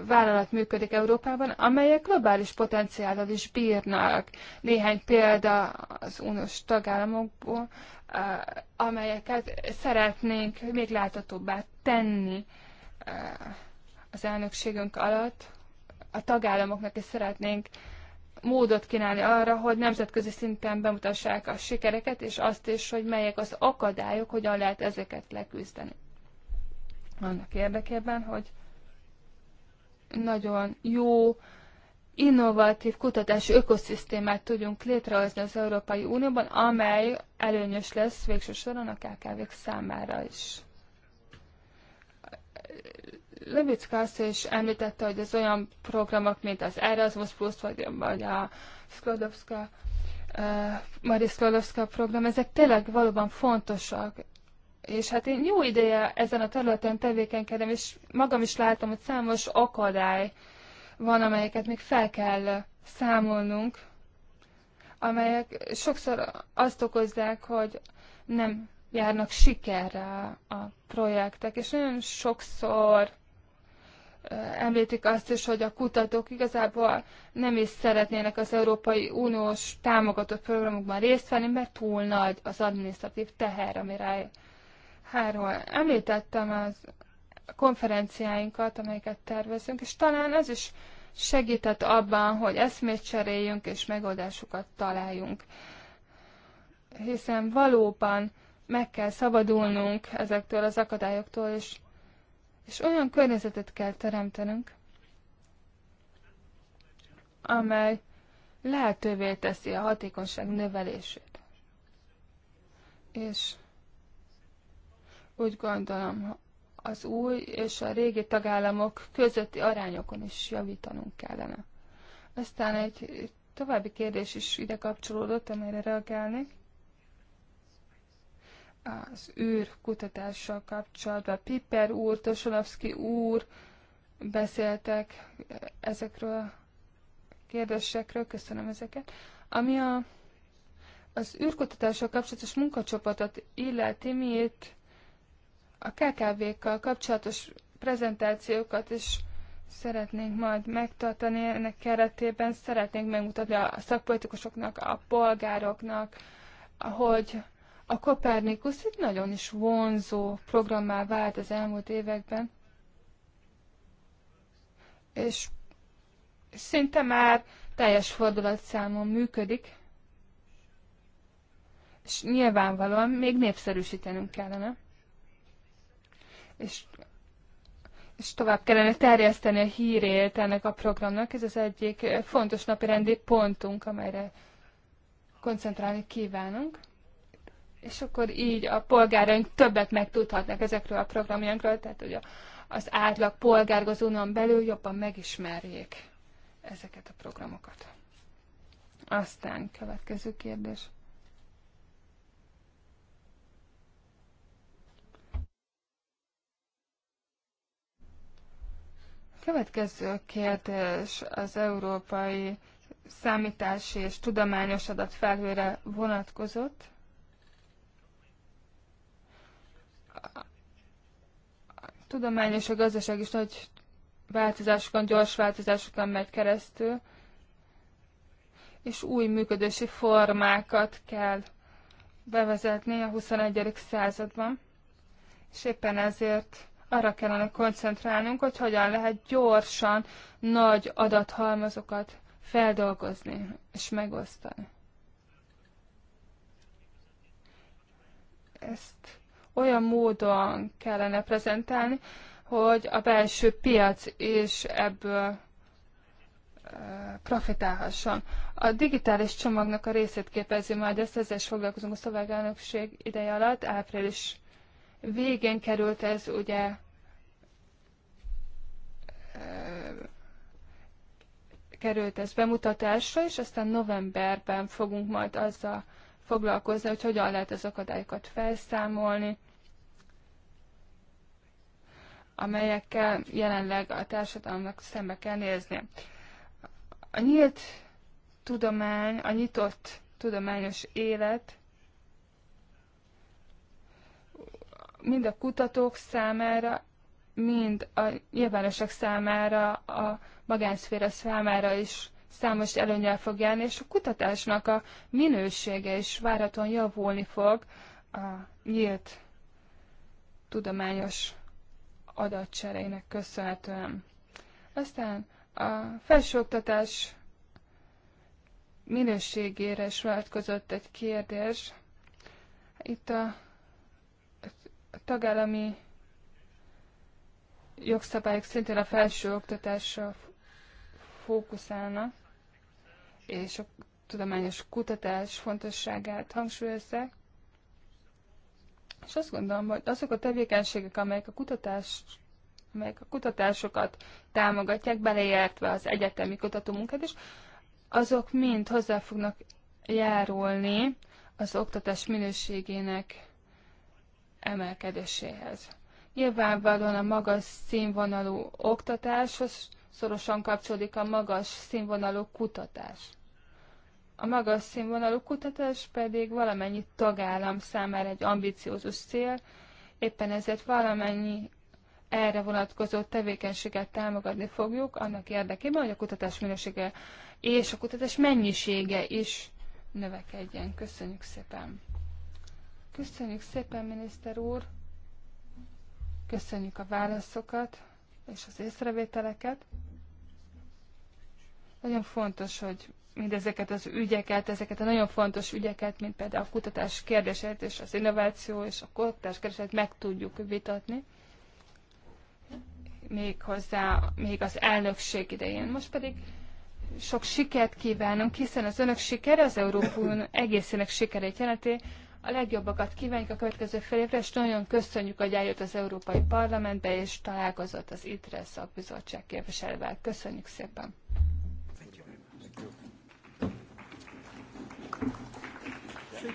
vállalat működik Európában, amelyek globális potenciállal is bírnak. Néhány példa az uniós tagállamokból, eh, amelyeket szeretnénk még láthatóbbá tenni eh, az elnökségünk alatt. A tagállamoknak is szeretnénk módot kínálni arra, hogy nemzetközi szinten bemutassák a sikereket, és azt is, hogy melyek az akadályok, hogyan lehet ezeket leküzdeni. Annak érdekében, hogy nagyon jó, innovatív kutatási ökoszisztémát tudjunk létrehozni az Európai Unióban, amely előnyös lesz végső soron a KKV-k számára is. Levicka azt is említette, hogy az olyan programok, mint az Erasmus Plus, vagy, vagy a Sklodowska, uh, eh, Marie Sklodowska program, ezek tényleg valóban fontosak, és hát én jó ideje ezen a területen tevékenykedem, és magam is látom, hogy számos akadály van, amelyeket még fel kell számolnunk, amelyek sokszor azt okozzák, hogy nem járnak sikerre a projektek, és nagyon sokszor említik azt is, hogy a kutatók igazából nem is szeretnének az Európai Uniós támogatott programokban részt venni, mert túl nagy az adminisztratív teher, ami hárról. Említettem az konferenciáinkat, amelyeket tervezünk, és talán ez is segített abban, hogy eszmét cseréljünk és megoldásokat találjunk. Hiszen valóban meg kell szabadulnunk ezektől az akadályoktól, és, és olyan környezetet kell teremtenünk, amely lehetővé teszi a hatékonyság növelését. És úgy gondolom, az új és a régi tagállamok közötti arányokon is javítanunk kellene. Aztán egy további kérdés is ide kapcsolódott, amelyre reagálnék. Az űr kutatással kapcsolatban Piper úr, Tosonovszki úr beszéltek ezekről a kérdésekről, köszönöm ezeket. Ami a, az űrkutatással kapcsolatos munkacsoportot illeti, mi itt a KKV-kkal kapcsolatos prezentációkat is szeretnénk majd megtartani. Ennek keretében szeretnénk megmutatni a szakpolitikusoknak, a polgároknak, hogy a Kopernikus egy nagyon is vonzó programmá vált az elmúlt években. És szinte már teljes fordulatszámon működik, és nyilvánvalóan még népszerűsítenünk kellene és, és tovább kellene terjeszteni a hírét ennek a programnak. Ez az egyik fontos napirendi pontunk, amelyre koncentrálni kívánunk. És akkor így a polgáraink többet megtudhatnak ezekről a programjainkról, tehát hogy az átlag polgár belül jobban megismerjék ezeket a programokat. Aztán következő kérdés. Következő kérdés az európai számítási és tudományos adatfelhőre vonatkozott. A tudomány és a gazdaság is nagy változásokon, gyors változásokon megy keresztül, és új működési formákat kell bevezetni a 21. században, és éppen ezért arra kellene koncentrálnunk, hogy hogyan lehet gyorsan nagy adathalmazokat feldolgozni és megosztani. Ezt olyan módon kellene prezentálni, hogy a belső piac is ebből profitálhasson. A digitális csomagnak a részét képezi majd ezt, ezzel is foglalkozunk a szlovák ideje alatt, április végén került ez ugye eh, került ez bemutatásra, és aztán novemberben fogunk majd azzal foglalkozni, hogy hogyan lehet az akadályokat felszámolni, amelyekkel jelenleg a társadalomnak szembe kell nézni. A nyílt tudomány, a nyitott tudományos élet mind a kutatók számára, mind a nyilvánosok számára, a magánszféra számára is számos előnyel fog járni, és a kutatásnak a minősége is várhatóan javulni fog a nyílt tudományos adatcsereinek köszönhetően. Aztán a felsőoktatás minőségére is vonatkozott egy kérdés. Itt a tagállami jogszabályok szintén a felső oktatásra fókuszálnak, és a tudományos kutatás fontosságát hangsúlyozzák. És azt gondolom, hogy azok a tevékenységek, amelyek a kutatás amelyek a kutatásokat támogatják, beleértve az egyetemi kutatómunkát is, azok mind hozzá fognak járulni az oktatás minőségének emelkedéséhez. Nyilvánvalóan a magas színvonalú oktatáshoz szorosan kapcsolódik a magas színvonalú kutatás. A magas színvonalú kutatás pedig valamennyi tagállam számára egy ambiciózus cél, éppen ezért valamennyi erre vonatkozó tevékenységet támogatni fogjuk, annak érdekében, hogy a kutatás minősége és a kutatás mennyisége is növekedjen. Köszönjük szépen! Köszönjük szépen, miniszter úr! Köszönjük a válaszokat és az észrevételeket. Nagyon fontos, hogy mindezeket az ügyeket, ezeket a nagyon fontos ügyeket, mint például a kutatás kérdését és az innováció és a kutatás kérdését meg tudjuk vitatni még hozzá, még az elnökség idején. Most pedig sok sikert kívánunk, hiszen az önök sikere az Unió egészének sikerét jelenti, a legjobbakat kívánjuk a következő fél évre, és nagyon köszönjük, hogy eljött az Európai Parlamentbe, és találkozott az ITRE szakbizottság képviselővel. Köszönjük szépen! Thank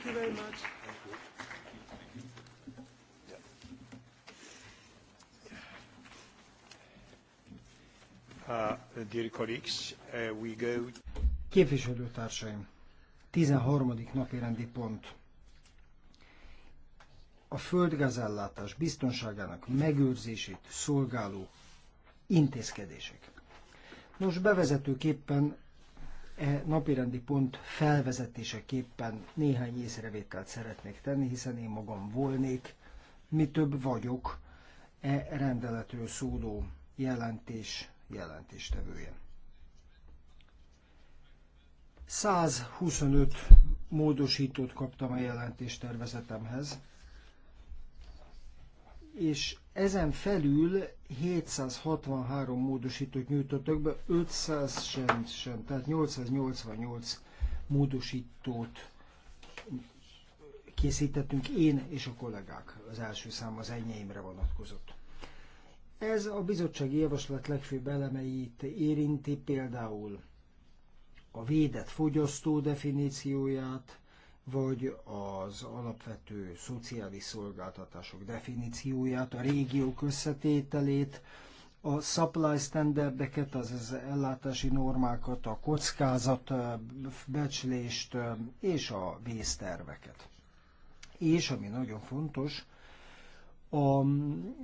you very much. Uh, dear colleagues, uh, we go... Képviselőtársaim, 13. napi rendi pont a földgazellátás biztonságának megőrzését szolgáló intézkedések. Nos, bevezetőképpen e napirendi pont felvezetéseképpen néhány észrevételt szeretnék tenni, hiszen én magam volnék, mi több vagyok e rendeletről szóló jelentés jelentéstevője. 125 módosítót kaptam a jelentéstervezetemhez, és ezen felül 763 módosítót nyújtottak be, 500 sem, sem tehát 888 módosítót készítettünk én és a kollégák. Az első szám az enyémre vonatkozott. Ez a bizottsági javaslat legfőbb elemeit érinti, például a védett fogyasztó definícióját, vagy az alapvető szociális szolgáltatások definícióját, a régiók összetételét, a supply standardeket, az ellátási normákat, a kockázat becslést és a vészterveket. És ami nagyon fontos, a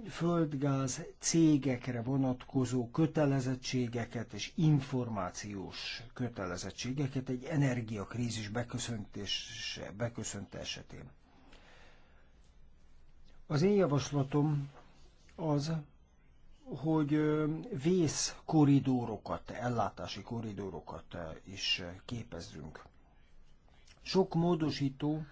földgáz cégekre vonatkozó kötelezettségeket és információs kötelezettségeket egy energiakrízis beköszöntése, beköszönte esetén. Az én javaslatom az, hogy vészkoridórokat, ellátási koridórokat is képezzünk. Sok módosító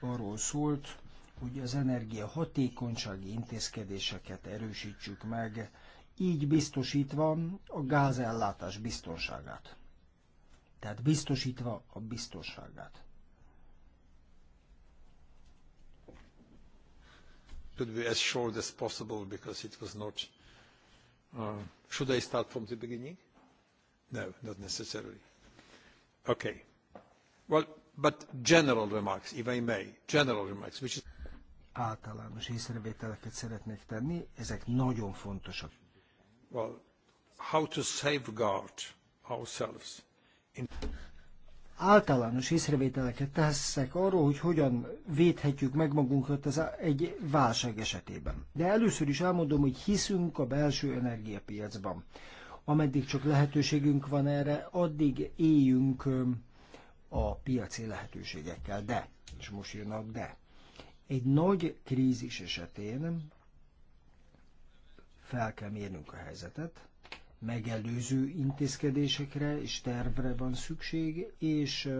arról szólt, hogy az energia hatékonysági intézkedéseket erősítsük meg, így biztosítva a gázellátás biztonságát. Tehát biztosítva a biztonságát. Could be as short as possible because it was not. Uh, should I start from the beginning? No, not necessarily. Okay. Well, but general remarks, if I may, general remarks, which is általános észrevételeket szeretnék tenni, ezek nagyon fontosak. Well, how to safeguard ourselves in... Általános észrevételeket teszek arról, hogy hogyan védhetjük meg magunkat az egy válság esetében. De először is elmondom, hogy hiszünk a belső energiapiacban. Ameddig csak lehetőségünk van erre, addig éljünk a piaci lehetőségekkel. De, és most jön a de egy nagy krízis esetén fel kell mérnünk a helyzetet, megelőző intézkedésekre és tervre van szükség, és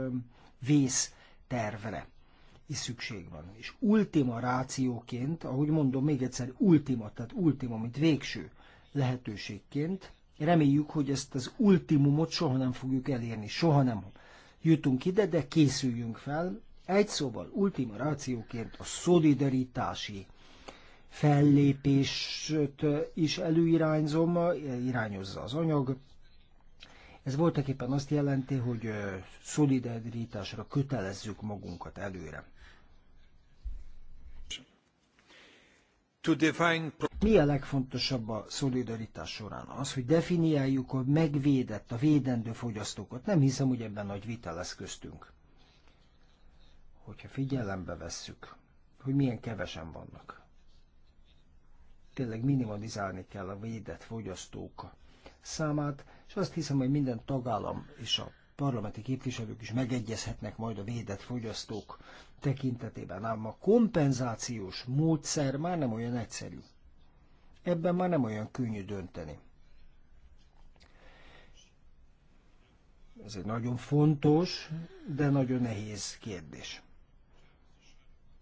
vész tervre is szükség van. És ultima rációként, ahogy mondom még egyszer, ultima, tehát ultima, mint végső lehetőségként, reméljük, hogy ezt az ultimumot soha nem fogjuk elérni, soha nem jutunk ide, de készüljünk fel, egy szóval ultima rációként a szolidaritási fellépést is előirányzom, irányozza az anyag. Ez voltak éppen azt jelenti, hogy szolidaritásra kötelezzük magunkat előre. Mi a legfontosabb a szolidaritás során? Az, hogy definiáljuk a megvédett, a védendő fogyasztókat. Nem hiszem, hogy ebben nagy vita lesz köztünk hogyha figyelembe vesszük, hogy milyen kevesen vannak, tényleg minimalizálni kell a védett fogyasztók számát, és azt hiszem, hogy minden tagállam és a parlamenti képviselők is megegyezhetnek majd a védett fogyasztók tekintetében, ám a kompenzációs módszer már nem olyan egyszerű. Ebben már nem olyan könnyű dönteni. Ez egy nagyon fontos, de nagyon nehéz kérdés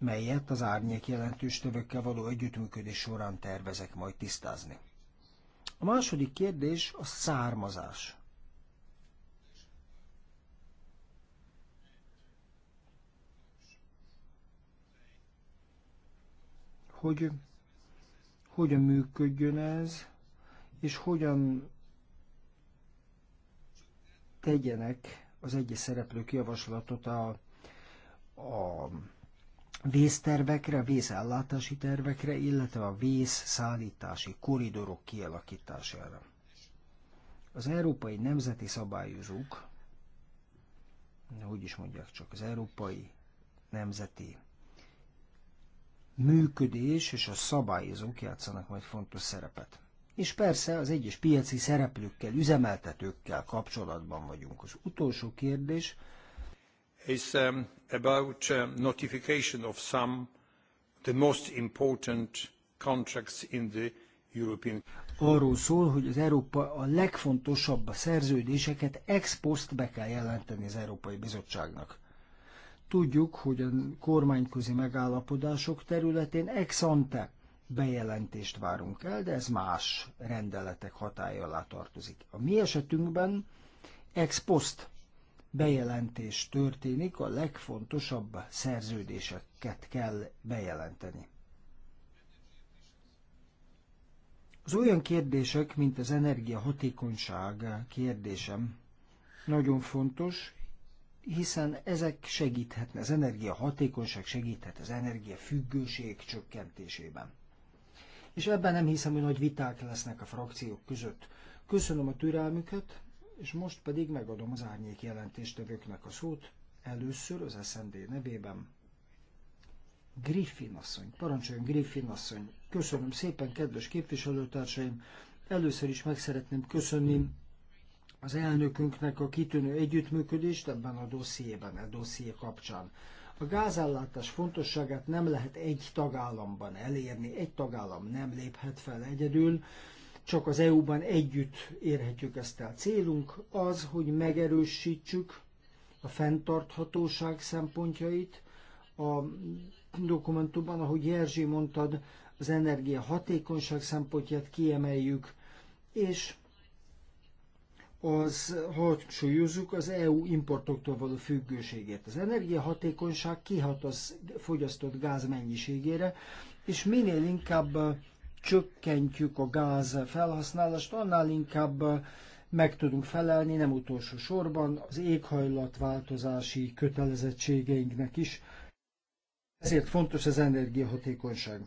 melyet az árnyék jelentős tövökkel való együttműködés során tervezek majd tisztázni. A második kérdés a származás. Hogy hogyan működjön ez, és hogyan tegyenek az egyes szereplők javaslatot a, a vésztervekre, vészellátási tervekre, illetve a vészszállítási koridorok kialakítására. Az európai nemzeti szabályozók, hogy is mondják csak, az európai nemzeti működés és a szabályozók játszanak majd fontos szerepet. És persze az egyes piaci szereplőkkel, üzemeltetőkkel kapcsolatban vagyunk. Az utolsó kérdés, is um, about um, notification of some the most important contracts in the European Arról szól, hogy az Európa a legfontosabb szerződéseket ex post be kell jelenteni az Európai Bizottságnak. Tudjuk, hogy a kormányközi megállapodások területén ex ante bejelentést várunk el, de ez más rendeletek hatája alá tartozik. A mi esetünkben ex post bejelentés történik, a legfontosabb szerződéseket kell bejelenteni. Az olyan kérdések, mint az energiahatékonyság kérdésem, nagyon fontos, hiszen ezek segíthetnek, az energiahatékonyság segíthet az energiafüggőség csökkentésében. És ebben nem hiszem, hogy nagy viták lesznek a frakciók között. Köszönöm a türelmüket, és most pedig megadom az árnyék jelentéstevőknek a szót, először az SND nevében. Griffin asszony, parancsoljon Griffin asszony, köszönöm szépen, kedves képviselőtársaim, először is meg szeretném köszönni az elnökünknek a kitűnő együttműködést ebben a dossziében, a e dosszié kapcsán. A gázellátás fontosságát nem lehet egy tagállamban elérni, egy tagállam nem léphet fel egyedül, csak az EU-ban együtt érhetjük ezt el. Célunk az, hogy megerősítsük a fenntarthatóság szempontjait. A dokumentumban, ahogy Jerzsi mondtad, az energia hatékonyság szempontját kiemeljük, és az hangsúlyozzuk az EU importoktól való függőségét. Az energiahatékonyság kihat az fogyasztott gáz mennyiségére, és minél inkább csökkentjük a gáz felhasználást, annál inkább meg tudunk felelni, nem utolsó sorban, az éghajlatváltozási kötelezettségeinknek is. Ezért fontos az energiahatékonyság.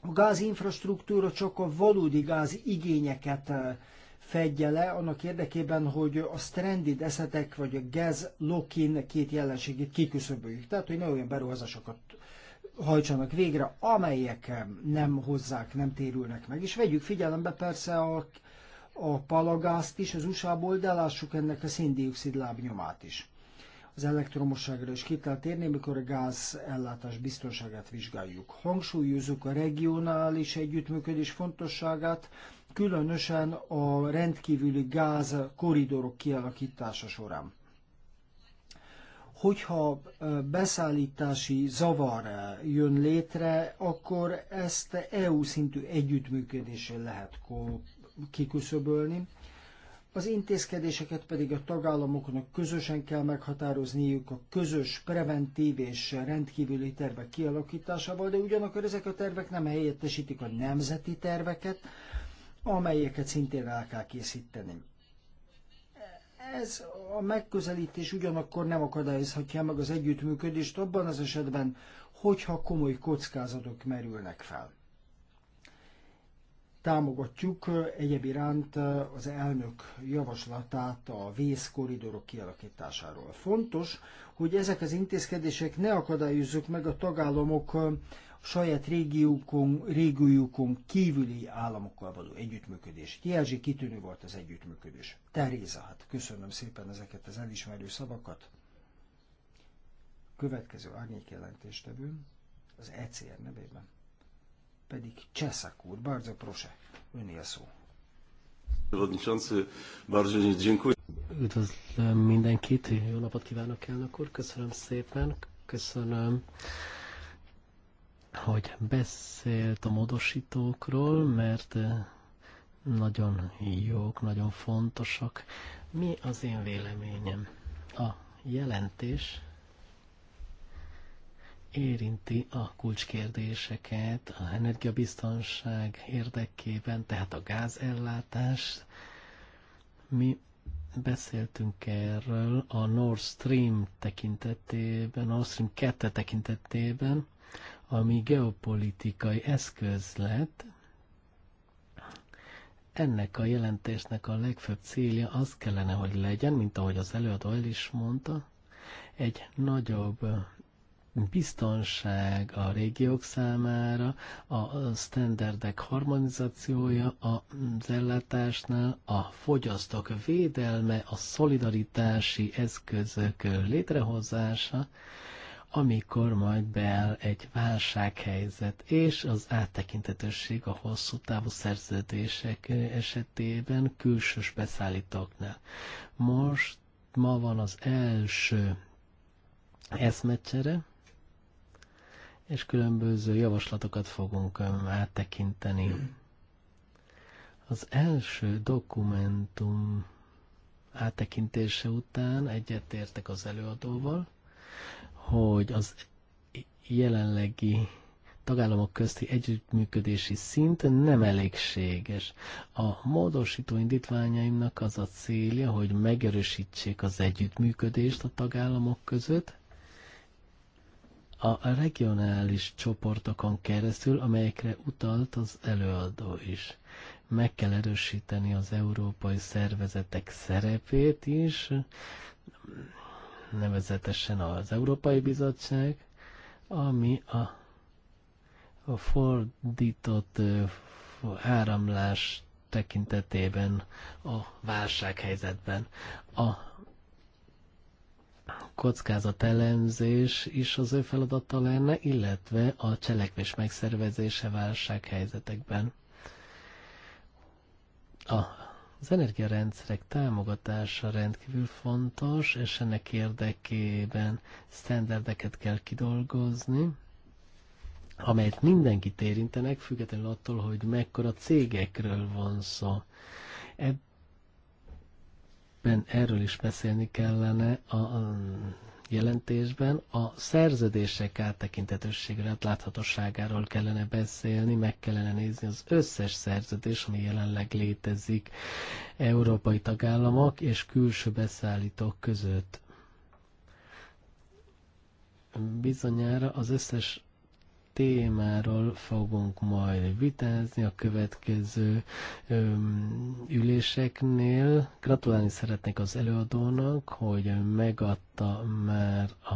A gázinfrastruktúra csak a valódi gáz igényeket eh, fedje le, annak érdekében, hogy a stranded eszetek vagy a gaz lock-in két jelenségét kiküszöböljük. Tehát, hogy ne olyan beruházásokat hajtsanak végre, amelyek nem hozzák, nem térülnek meg. És vegyük figyelembe persze a, a palagázt is az USA-ból, de lássuk ennek a széndiokszid lábnyomát is. Az elektromosságra is ki kell térni, amikor a gáz ellátás biztonságát vizsgáljuk. Hangsúlyozzuk a regionális együttműködés fontosságát, különösen a rendkívüli gáz koridorok kialakítása során hogyha beszállítási zavar jön létre, akkor ezt EU szintű együttműködéssel lehet kiküszöbölni. Az intézkedéseket pedig a tagállamoknak közösen kell meghatározniuk a közös preventív és rendkívüli tervek kialakításával, de ugyanakkor ezek a tervek nem helyettesítik a nemzeti terveket, amelyeket szintén el kell készíteni ez a megközelítés ugyanakkor nem akadályozhatja meg az együttműködést abban az esetben, hogyha komoly kockázatok merülnek fel. Támogatjuk egyéb iránt az elnök javaslatát a vészkoridorok kialakításáról. Fontos, hogy ezek az intézkedések ne akadályozzuk meg a tagállamok saját régiókon, régiókon kívüli államokkal való együttműködés. Jelzsi kitűnő volt az együttműködés. Teréza, hát köszönöm szépen ezeket az elismerő szavakat. Következő jelentéstevő az ECR nevében pedig Cseszak úr, bardzo proszę, önél szó. dziękuję. Üdvözlöm mindenkit, jó napot kívánok elnök úr, köszönöm szépen, köszönöm hogy beszélt a módosítókról, mert eh, nagyon jók, nagyon fontosak. Mi az én véleményem? A jelentés érinti a kulcskérdéseket, a energiabiztonság érdekében, tehát a gázellátás. Mi beszéltünk erről a Nord Stream tekintetében, Nord Stream 2 tekintetében, ami geopolitikai eszköz lett, ennek a jelentésnek a legfőbb célja az kellene, hogy legyen, mint ahogy az előadó el is mondta, egy nagyobb biztonság a régiók számára, a standardek harmonizációja az ellátásnál, a fogyasztók védelme, a szolidaritási eszközök létrehozása, amikor majd beáll egy válsághelyzet, és az áttekintetőség a hosszú távú szerződések esetében külsős beszállítóknál. Most ma van az első eszmecsere, és különböző javaslatokat fogunk áttekinteni. Az első dokumentum áttekintése után egyetértek az előadóval, hogy az jelenlegi tagállamok közti együttműködési szint nem elégséges. A módosító indítványaimnak az a célja, hogy megerősítsék az együttműködést a tagállamok között, a regionális csoportokon keresztül, amelyekre utalt az előadó is. Meg kell erősíteni az európai szervezetek szerepét is, nevezetesen az Európai Bizottság, ami a, a fordított áramlás tekintetében a válsághelyzetben. A kockázatelemzés is az ő feladata lenne, illetve a cselekvés megszervezése válsághelyzetekben. A az energiarendszerek támogatása rendkívül fontos, és ennek érdekében standardeket kell kidolgozni, amelyet mindenkit érintenek, függetlenül attól, hogy mekkora cégekről van szó. Ebben erről is beszélni kellene a, a jelentésben a szerződések áttekintetőségre, láthatóságáról kellene beszélni, meg kellene nézni az összes szerződés, ami jelenleg létezik európai tagállamok és külső beszállítók között. Bizonyára az összes témáról fogunk majd vitázni a következő öm, üléseknél. Gratulálni szeretnék az előadónak, hogy megadta már a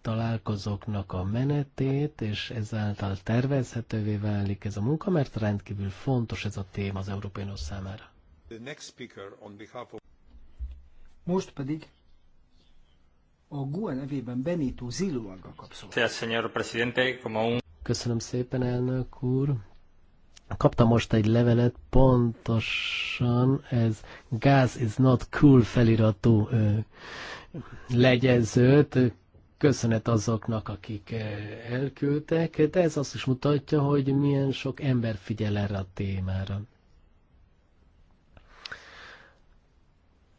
találkozóknak a menetét, és ezáltal tervezhetővé válik ez a munka, mert rendkívül fontos ez a téma az Európai Unió számára. Most pedig a GUE nevében Benito Köszönöm szépen, elnök úr. Kaptam most egy levelet, pontosan ez Gas is not cool feliratú legyezőt, köszönet azoknak, akik elküldtek, de ez azt is mutatja, hogy milyen sok ember figyel erre a témára.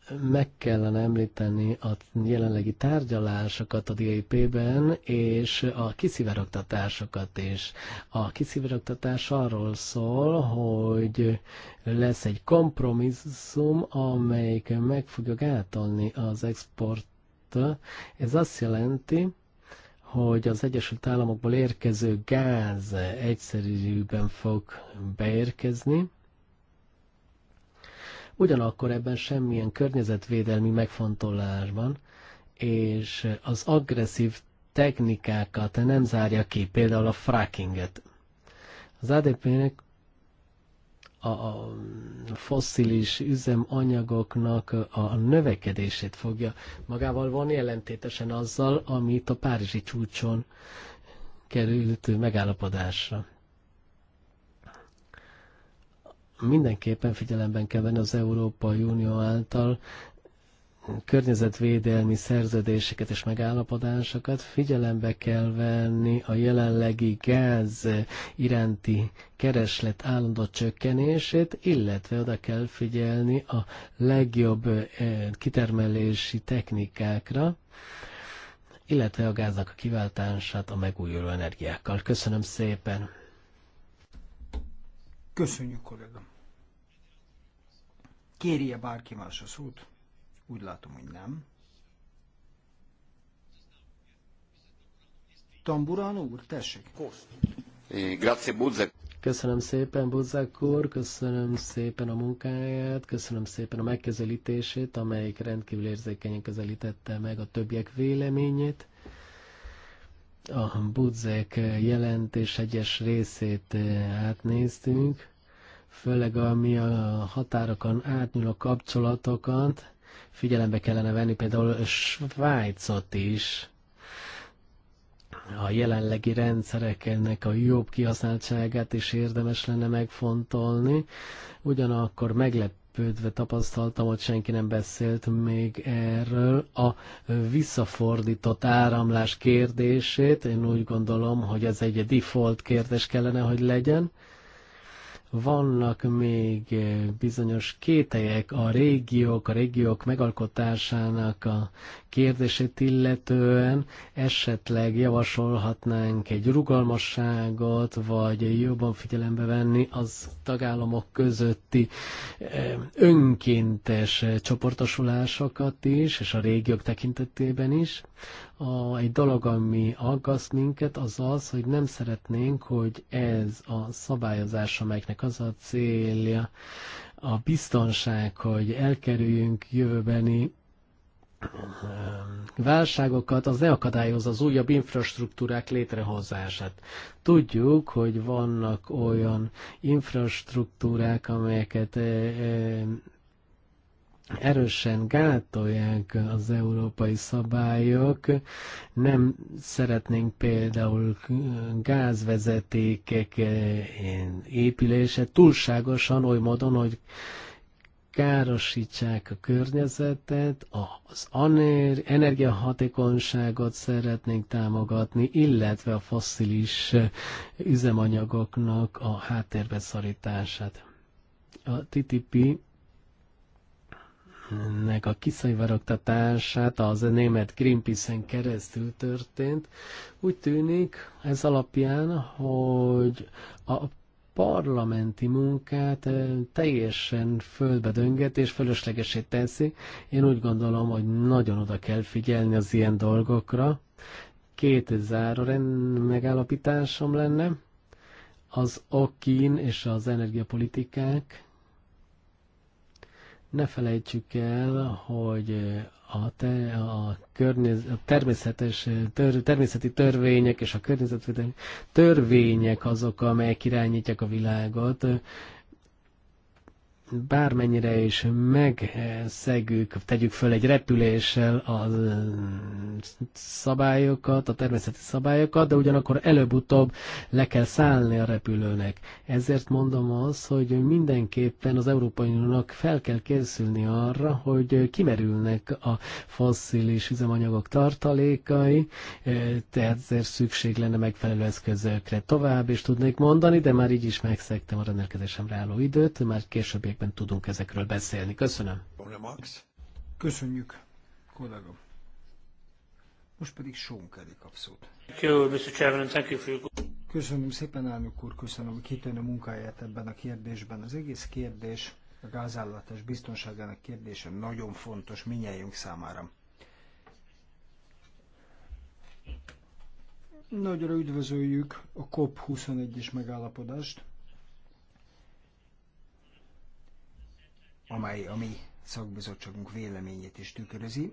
meg kellene említeni a jelenlegi tárgyalásokat a DIP-ben, és a kiszivárogtatásokat is. A kiszivárogtatás arról szól, hogy lesz egy kompromisszum, amelyik meg fogja gátolni az export. Ez azt jelenti, hogy az Egyesült Államokból érkező gáz egyszerűbben fog beérkezni, ugyanakkor ebben semmilyen környezetvédelmi megfontolásban, és az agresszív technikákat nem zárja ki, például a frackinget. Az ADP-nek a fosszilis üzemanyagoknak a növekedését fogja magával vonni, ellentétesen azzal, amit a Párizsi csúcson került megállapodásra. mindenképpen figyelemben kell venni az Európai Unió által környezetvédelmi szerződéseket és megállapodásokat figyelembe kell venni a jelenlegi gáz iránti kereslet állandó csökkenését, illetve oda kell figyelni a legjobb eh, kitermelési technikákra, illetve a gáznak a kiváltását a megújuló energiákkal. Köszönöm szépen! Köszönjük, kollégám! Kérje bárki más a szót? Úgy látom, hogy nem. Tamburán úr, tessék. Köszönöm szépen, Buzzák úr, köszönöm szépen a munkáját, köszönöm szépen a megközelítését, amelyik rendkívül érzékenyen közelítette meg a többiek véleményét. A Budzek jelentés egyes részét eh, átnéztünk főleg ami a határokon átnyúló kapcsolatokat, figyelembe kellene venni például a Svájcot is, a jelenlegi rendszereknek a jobb kihasználtságát is érdemes lenne megfontolni. Ugyanakkor meglepődve tapasztaltam, hogy senki nem beszélt még erről a visszafordított áramlás kérdését. Én úgy gondolom, hogy ez egy default kérdés kellene, hogy legyen. Vannak még eh, bizonyos kételyek a régiók, a régiók megalkotásának a kérdését illetően. Esetleg javasolhatnánk egy rugalmasságot, vagy jobban figyelembe venni az tagállamok közötti eh, önkéntes eh, csoportosulásokat is, és a régiók tekintetében is a, egy dolog, ami aggaszt minket, az az, hogy nem szeretnénk, hogy ez a szabályozás, amelyeknek az a célja, a biztonság, hogy elkerüljünk jövőbeni um, válságokat, az ne akadályoz az újabb infrastruktúrák létrehozását. Tudjuk, hogy vannak olyan infrastruktúrák, amelyeket eh, eh, erősen gátolják az európai szabályok. Nem szeretnénk például gázvezetékek eh, épülése túlságosan oly módon, hogy károsítsák a környezetet, az energiahatékonyságot szeretnénk támogatni, illetve a fosszilis üzemanyagoknak a háttérbeszorítását. A TTP nek a kiszajvarogtatását az német Greenpeace-en keresztül történt. Úgy tűnik ez alapján, hogy a parlamenti munkát eh, teljesen földbe dönget és fölöslegesé teszi. Én úgy gondolom, hogy nagyon oda kell figyelni az ilyen dolgokra. Két záró megállapításom lenne. Az okin és az energiapolitikák ne felejtsük el, hogy a, te, a, környez, a természetes, tör, természeti törvények és a környezetvédelmi törvények azok, amelyek irányítják a világot bármennyire is megszegjük, tegyük föl egy repüléssel a szabályokat, a természeti szabályokat, de ugyanakkor előbb-utóbb le kell szállni a repülőnek. Ezért mondom azt, hogy mindenképpen az Európai Uniónak fel kell készülni arra, hogy kimerülnek a fosszilis üzemanyagok tartalékai, e, tehát ezért szükség lenne megfelelő eszközökre. Tovább és tudnék mondani, de már így is megszegtem a rendelkezésemre álló időt, már későbbiek mindenképpen tudunk ezekről beszélni. Köszönöm. Köszönjük, kollega. Most pedig Sean Kelly kap szót. Köszönöm szépen, elnök úr, köszönöm hogy kitűnő munkáját ebben a kérdésben. Az egész kérdés, a gázállatás biztonságának kérdése nagyon fontos minnyájunk számára. Nagyra üdvözöljük a COP21-es megállapodást, amely a mi szakbizottságunk véleményét is tükrözi.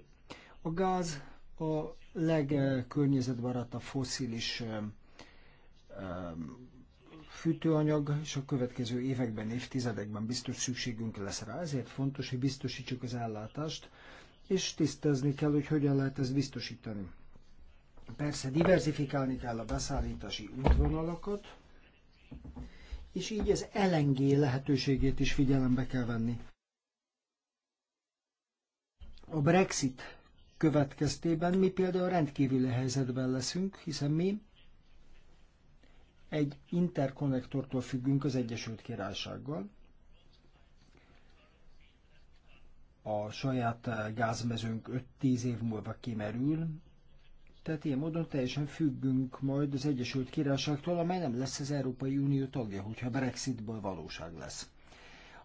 A gáz a legkörnyezetbarátabb foszilis fűtőanyag, és a következő években, évtizedekben biztos szükségünk lesz rá, ezért fontos, hogy biztosítsuk az ellátást, és tisztázni kell, hogy hogyan lehet ezt biztosítani. Persze diversifikálni kell a beszállítási útvonalakat, és így az LNG lehetőségét is figyelembe kell venni a Brexit következtében mi például rendkívüli helyzetben leszünk, hiszen mi egy interkonnektortól függünk az Egyesült Királysággal, a saját gázmezőnk 5-10 év múlva kimerül, tehát ilyen módon teljesen függünk majd az Egyesült Királyságtól, amely nem lesz az Európai Unió tagja, hogyha Brexitből valóság lesz.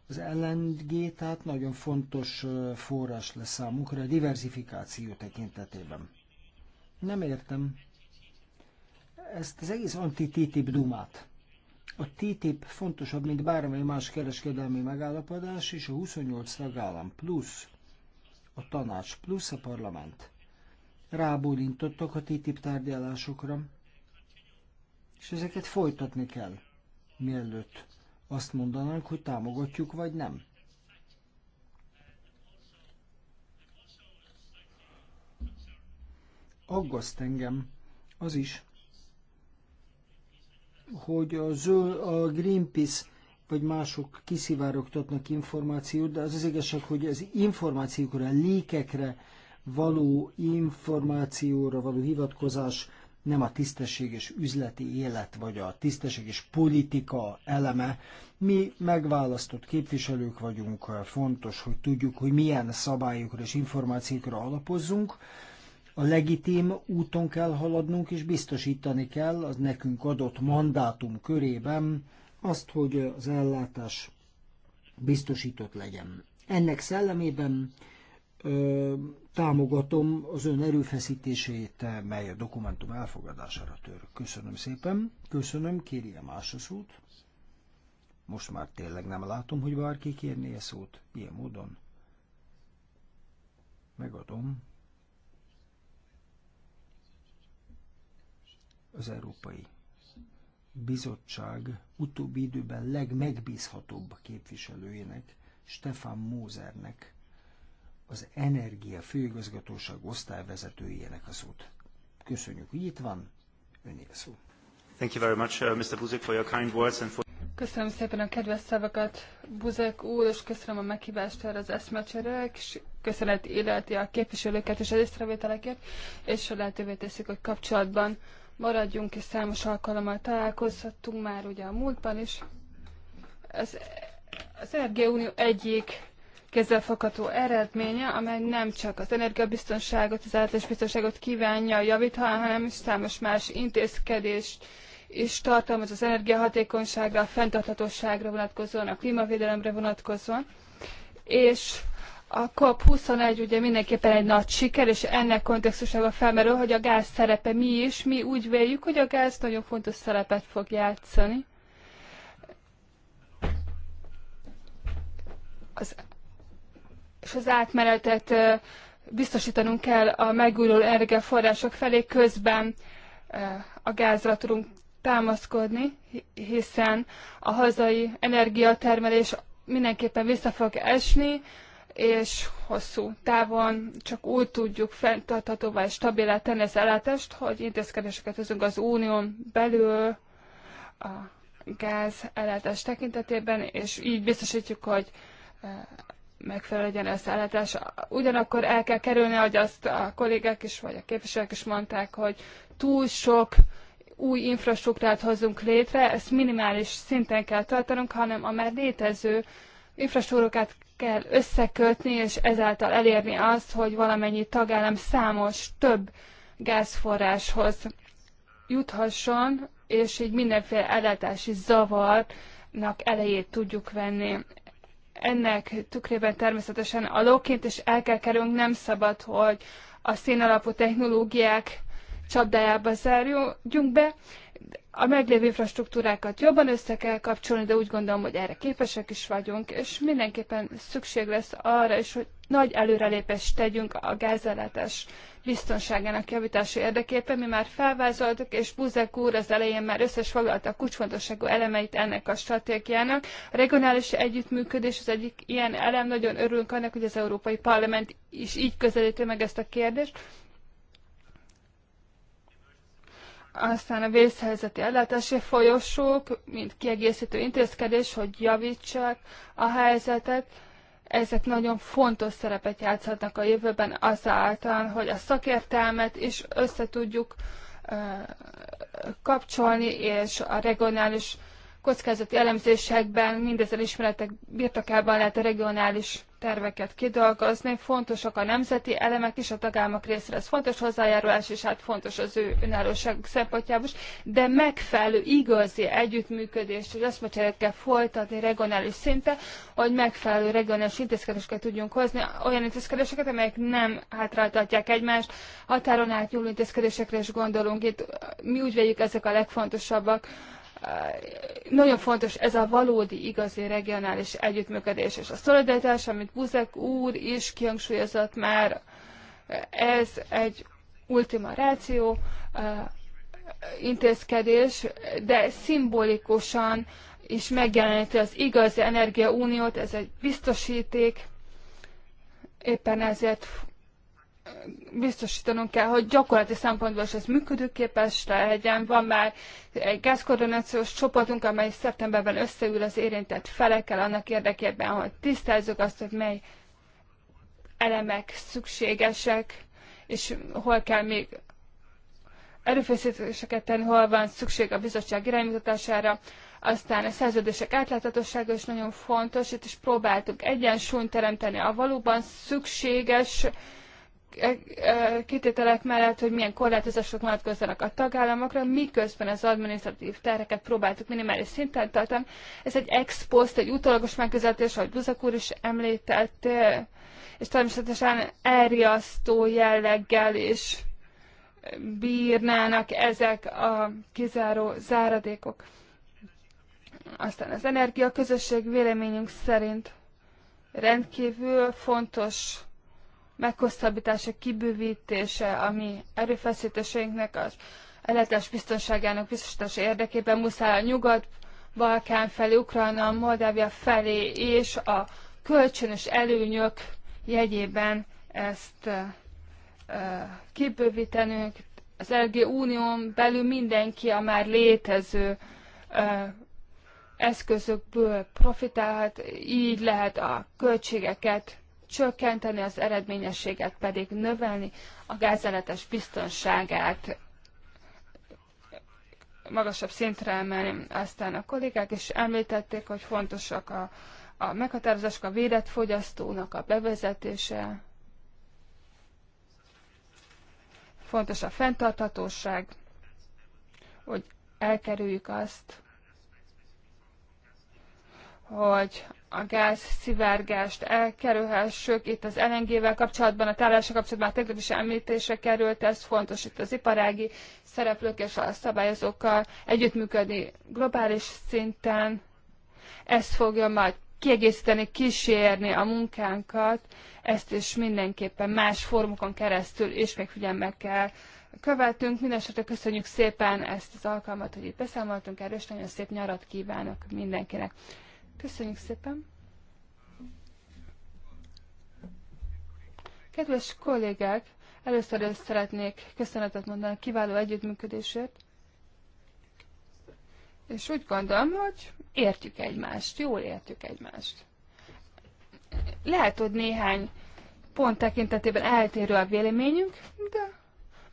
Az LNG tehát nagyon fontos forrás lesz számunkra a diversifikáció tekintetében. Nem értem ezt az egész anti-TTIP dumát. A TTIP fontosabb, mint bármely más kereskedelmi megállapodás, és a 28 tagállam plusz a tanács plusz a parlament rábólintottak a TTIP tárgyalásokra, és ezeket folytatni kell, mielőtt azt mondanánk, hogy támogatjuk vagy nem. Aggaszt engem az is, hogy a, zöld, a Greenpeace vagy mások kiszivárogtatnak információt, de az az igazság, hogy az információkra, a lékekre való információra való hivatkozás nem a tisztességes üzleti élet vagy a tisztességes politika eleme. Mi megválasztott képviselők vagyunk, fontos, hogy tudjuk, hogy milyen szabályokra és információkra alapozzunk. A legitim úton kell haladnunk, és biztosítani kell az nekünk adott mandátum körében azt, hogy az ellátás biztosított legyen. Ennek szellemében támogatom az ön erőfeszítését, mely a dokumentum elfogadására tör. Köszönöm szépen. Köszönöm, kérje más a szót. Most már tényleg nem látom, hogy bárki kérné a szót ilyen módon. Megadom. Az Európai Bizottság utóbbi időben legmegbízhatóbb képviselőjének, Stefan Mózernek az Energia Főigazgatóság osztályvezetőjének a szót. Köszönjük, hogy itt van. Önél szó. Thank you very much, uh, Mr. Buzek, for your kind words and for... Köszönöm szépen a kedves szavakat, Buzek úr, és köszönöm a meghívást erre az eszmecserek, és köszönet illeti a képviselőket és az észrevételeket, és lehetővé teszik, hogy kapcsolatban maradjunk, és számos alkalommal találkozhattunk már ugye a múltban is. Az, az Unió egyik kézzelfogható eredménye, amely nem csak az energiabiztonságot, az ellátásbiztonságot kívánja javítani, hanem számos más intézkedést és tartalmaz az energiahatékonyságra, a fenntarthatóságra vonatkozóan, a klímavédelemre vonatkozóan. És a COP21 ugye mindenképpen egy nagy siker, és ennek kontextusában felmerül, hogy a gáz szerepe mi is. Mi úgy véljük, hogy a gáz nagyon fontos szerepet fog játszani. Az és az átmenetet biztosítanunk kell a megújuló energiaforrások felé, közben a gázra tudunk támaszkodni, hiszen a hazai energiatermelés mindenképpen vissza fog esni, és hosszú távon csak úgy tudjuk fenntarthatóvá és stabilá tenni az ellátást, hogy intézkedéseket hozunk az unión belül a gáz ellátás tekintetében, és így biztosítjuk, hogy megfelelő legyen az Ugyanakkor el kell kerülni, hogy azt a kollégák is, vagy a képviselők is mondták, hogy túl sok új infrastruktúrát hozunk létre, ezt minimális szinten kell tartanunk, hanem a már létező infrastruktúrákat kell összekötni, és ezáltal elérni azt, hogy valamennyi tagállam számos több gázforráshoz juthasson, és így mindenféle ellátási zavarnak elejét tudjuk venni ennek tükrében természetesen a lóként is el kell kerülnünk, nem szabad, hogy a alapú technológiák csapdájába zárjunk be. A meglévő infrastruktúrákat jobban össze kell kapcsolni, de úgy gondolom, hogy erre képesek is vagyunk, és mindenképpen szükség lesz arra is, hogy nagy előrelépést tegyünk a gázellátás biztonságának javítása érdekében. Mi már felvázoltuk, és Buzek úr az elején már összesfoglalta a kulcsfontosságú elemeit ennek a stratégiának. A regionális együttműködés az egyik ilyen elem. Nagyon örülünk annak, hogy az Európai Parlament is így közelíti meg ezt a kérdést. Aztán a vészhelyzeti ellátási folyosók, mint kiegészítő intézkedés, hogy javítsák a helyzetet ezek nagyon fontos szerepet játszhatnak a jövőben azáltal, hogy a szakértelmet is összetudjuk kapcsolni, és a regionális kockázati elemzésekben, mindezen ismeretek birtokában lehet a regionális terveket kidolgozni. Fontosak a nemzeti elemek is, a tagállamok részéről ez fontos hozzájárulás, és hát fontos az ő önállóságuk szempontjából is, de megfelelő igazi együttműködést és eszmecserét kell folytatni regionális szinte, hogy megfelelő regionális intézkedéseket tudjunk hozni, olyan intézkedéseket, amelyek nem hátráltatják egymást. Határon átnyúló intézkedésekre is gondolunk itt, mi úgy vegyük ezek a legfontosabbak nagyon fontos ez a valódi, igazi regionális együttműködés és a szolidaritás, amit Buzek úr is kihangsúlyozott már, ez egy ultima ráció eh, intézkedés, de szimbolikusan is megjeleníti az igazi energiauniót, ez egy biztosíték, éppen ezért biztosítanunk kell, hogy gyakorlati szempontból is ez működőképes legyen. Van már egy gázkoordinációs csoportunk, amely szeptemberben összeül az érintett felekkel annak érdekében, hogy tisztázzuk azt, hogy mely elemek szükségesek, és hol kell még erőfeszítéseket tenni, hol van szükség a bizottság iránymutatására. Aztán a szerződések átláthatósága is nagyon fontos, itt is próbáltuk egyensúlyt teremteni a valóban szükséges E, e, kitételek mellett, hogy milyen korlátozások vonatkozzanak a tagállamokra, miközben az adminisztratív terheket próbáltuk minimális szinten tartani. Ez egy ex post, egy utólagos megközelítés, ahogy Buzak úr is említett, e, és természetesen elriasztó jelleggel is bírnának ezek a kizáró záradékok. Aztán az energia közösség véleményünk szerint rendkívül fontos meghosszabbítása, kibővítése, ami erőfeszítéseinknek az ellátás biztonságának biztosítása érdekében muszáj a Nyugat-Balkán felé, Ukrajna, Moldávia felé és a kölcsönös előnyök jegyében ezt kibővítenünk. Az LG Unión belül mindenki a már létező eszközökből profitálhat, így lehet a költségeket csökkenteni, az eredményességet pedig növelni, a gázeletes biztonságát magasabb szintre emelni. Aztán a kollégák is említették, hogy fontosak a, a meghatározások a védett fogyasztónak a bevezetése, fontos a fenntarthatóság, hogy elkerüljük azt, hogy a gáz szivárgást elkerülhessük. Itt az LNG-vel kapcsolatban, a tárlása kapcsolatban már tegnap is említése került, ez fontos itt az iparági szereplők és a szabályozókkal együttműködni globális szinten. Ezt fogja majd kiegészíteni, kísérni a munkánkat, ezt is mindenképpen más formokon keresztül és még figyelme kell követünk. Mindenesetre köszönjük szépen ezt az alkalmat, hogy itt beszámoltunk erről, és nagyon szép nyarat kívánok mindenkinek. Köszönjük szépen! Kedves kollégák, először is szeretnék köszönetet mondani a kiváló együttműködésért. És úgy gondolom, hogy értjük egymást, jól értjük egymást. Lehet, hogy néhány pont tekintetében eltérő a véleményünk, de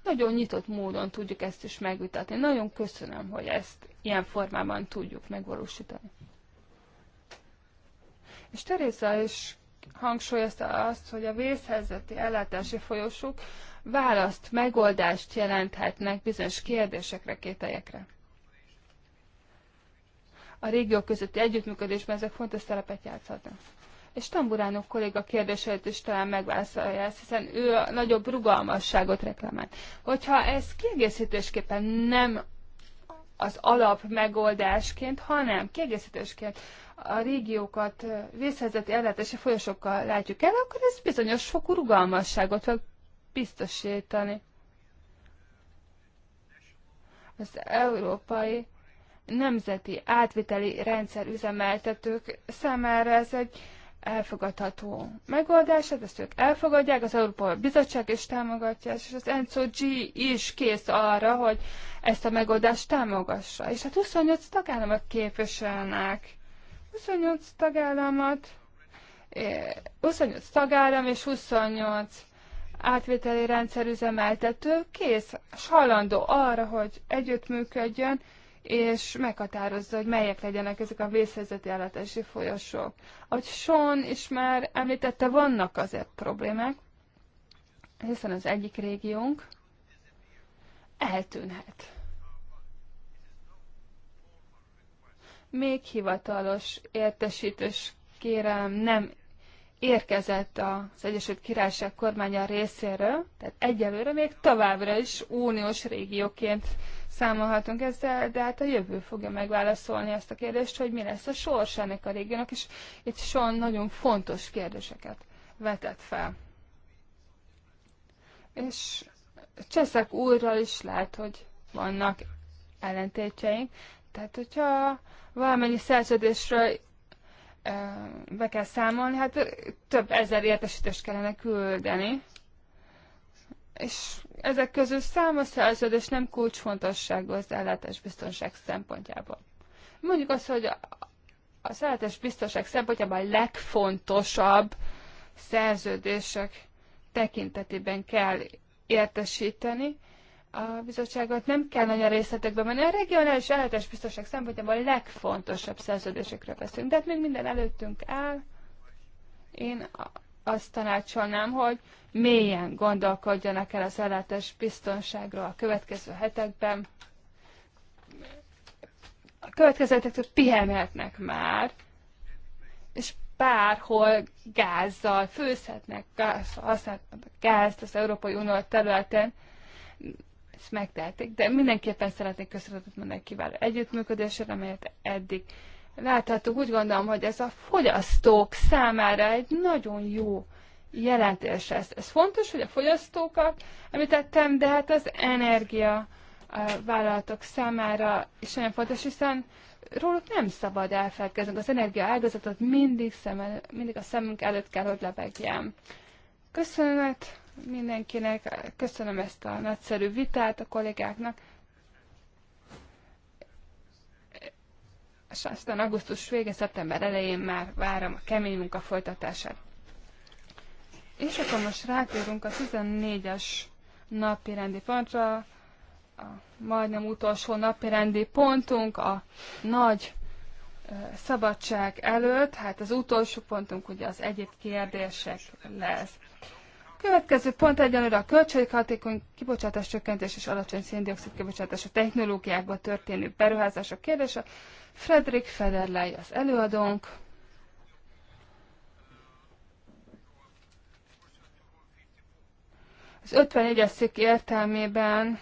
nagyon nyitott módon tudjuk ezt is megvitatni. Nagyon köszönöm, hogy ezt ilyen formában tudjuk megvalósítani. És Teresa is hangsúlyozta azt, hogy a vészhelyzeti ellátási folyosók választ, megoldást jelenthetnek bizonyos kérdésekre, kételyekre. A régió közötti együttműködésben ezek fontos szerepet játszhatnak. És Tamburánó kolléga kérdéseit is talán megválaszolja ezt, hiszen ő a nagyobb rugalmasságot reklamál. Hogyha ez kiegészítésképpen nem az alap megoldásként, hanem kiegészítésként a régiókat vészhelyzeti ellátási folyosokkal látjuk el, akkor ez bizonyos fokú rugalmasságot fog biztosítani. Az európai nemzeti átviteli rendszer üzemeltetők számára ez egy elfogadható megoldás, ezt ők elfogadják, az Európai Bizottság is támogatja, és az G. is kész arra, hogy ezt a megoldást támogassa. És hát 28 tagállamot képviselnek. 28 tagállamot, 28 tagállam és 28 átvételi rendszerüzemeltető kész, és hallandó arra, hogy együttműködjön, működjön, és meghatározza, hogy melyek legyenek ezek a vészhelyzeti ellátási folyosók. Ahogy Sean is már említette, vannak azért problémák, hiszen az egyik régiónk eltűnhet. Még hivatalos értesítés kérem nem érkezett az Egyesült Királyság kormánya részéről, tehát egyelőre még továbbra is uniós régióként számolhatunk ezzel, de hát a jövő fogja megválaszolni ezt a kérdést, hogy mi lesz a sors ennek a régiónak, és itt Son nagyon fontos kérdéseket vetett fel. És Cseszek úrral is lehet, hogy vannak ellentétjeink, tehát hogyha valamennyi szerződésről be kell számolni, hát több ezer értesítést kellene küldeni. És ezek közül számos szerződés nem kulcsfontosságú az ellátás biztonság szempontjából. Mondjuk azt, hogy a ellátás biztonság szempontjából a legfontosabb szerződések tekintetében kell értesíteni, a bizottságot nem kell nagyon részletekbe menni. A regionális ellátás biztonság szempontjából a legfontosabb szerződésekre beszélünk. De hát még minden előttünk áll. Én azt tanácsolnám, hogy mélyen gondolkodjanak el az ellátás biztonságról a következő hetekben. A következő hetektől pihenhetnek már, és bárhol gázzal főzhetnek, gáz, használhatnak gázt az Európai Unió területen, ezt megtehetik, de mindenképpen szeretnék köszönetet mondani kiváló együttműködésre, amelyet eddig láthattuk, úgy gondolom, hogy ez a fogyasztók számára egy nagyon jó jelentés. Ez, ez fontos, hogy a fogyasztókat említettem, de hát az energia vállalatok számára is nagyon fontos, hiszen róluk nem szabad elfelkeznünk. Az energia ágazatot mindig, szem, mindig a szemünk előtt kell, hogy lebegjen. Köszönöm mindenkinek, köszönöm ezt a nagyszerű vitát a kollégáknak. és aztán augusztus vége, szeptember elején már várom a kemény munka folytatását. És akkor most rátérünk a 14-es napi rendi pontra, a majdnem utolsó napi rendi pontunk, a nagy szabadság előtt, hát az utolsó pontunk ugye az egyéb kérdések lesz. Következő pont egyenlőre a költséghatékony kibocsátás csökkentés és alacsony széndiokszid kibocsátás a technológiákba történő beruházások kérdése. Frederik Federley az előadónk. Az 54-es szik értelmében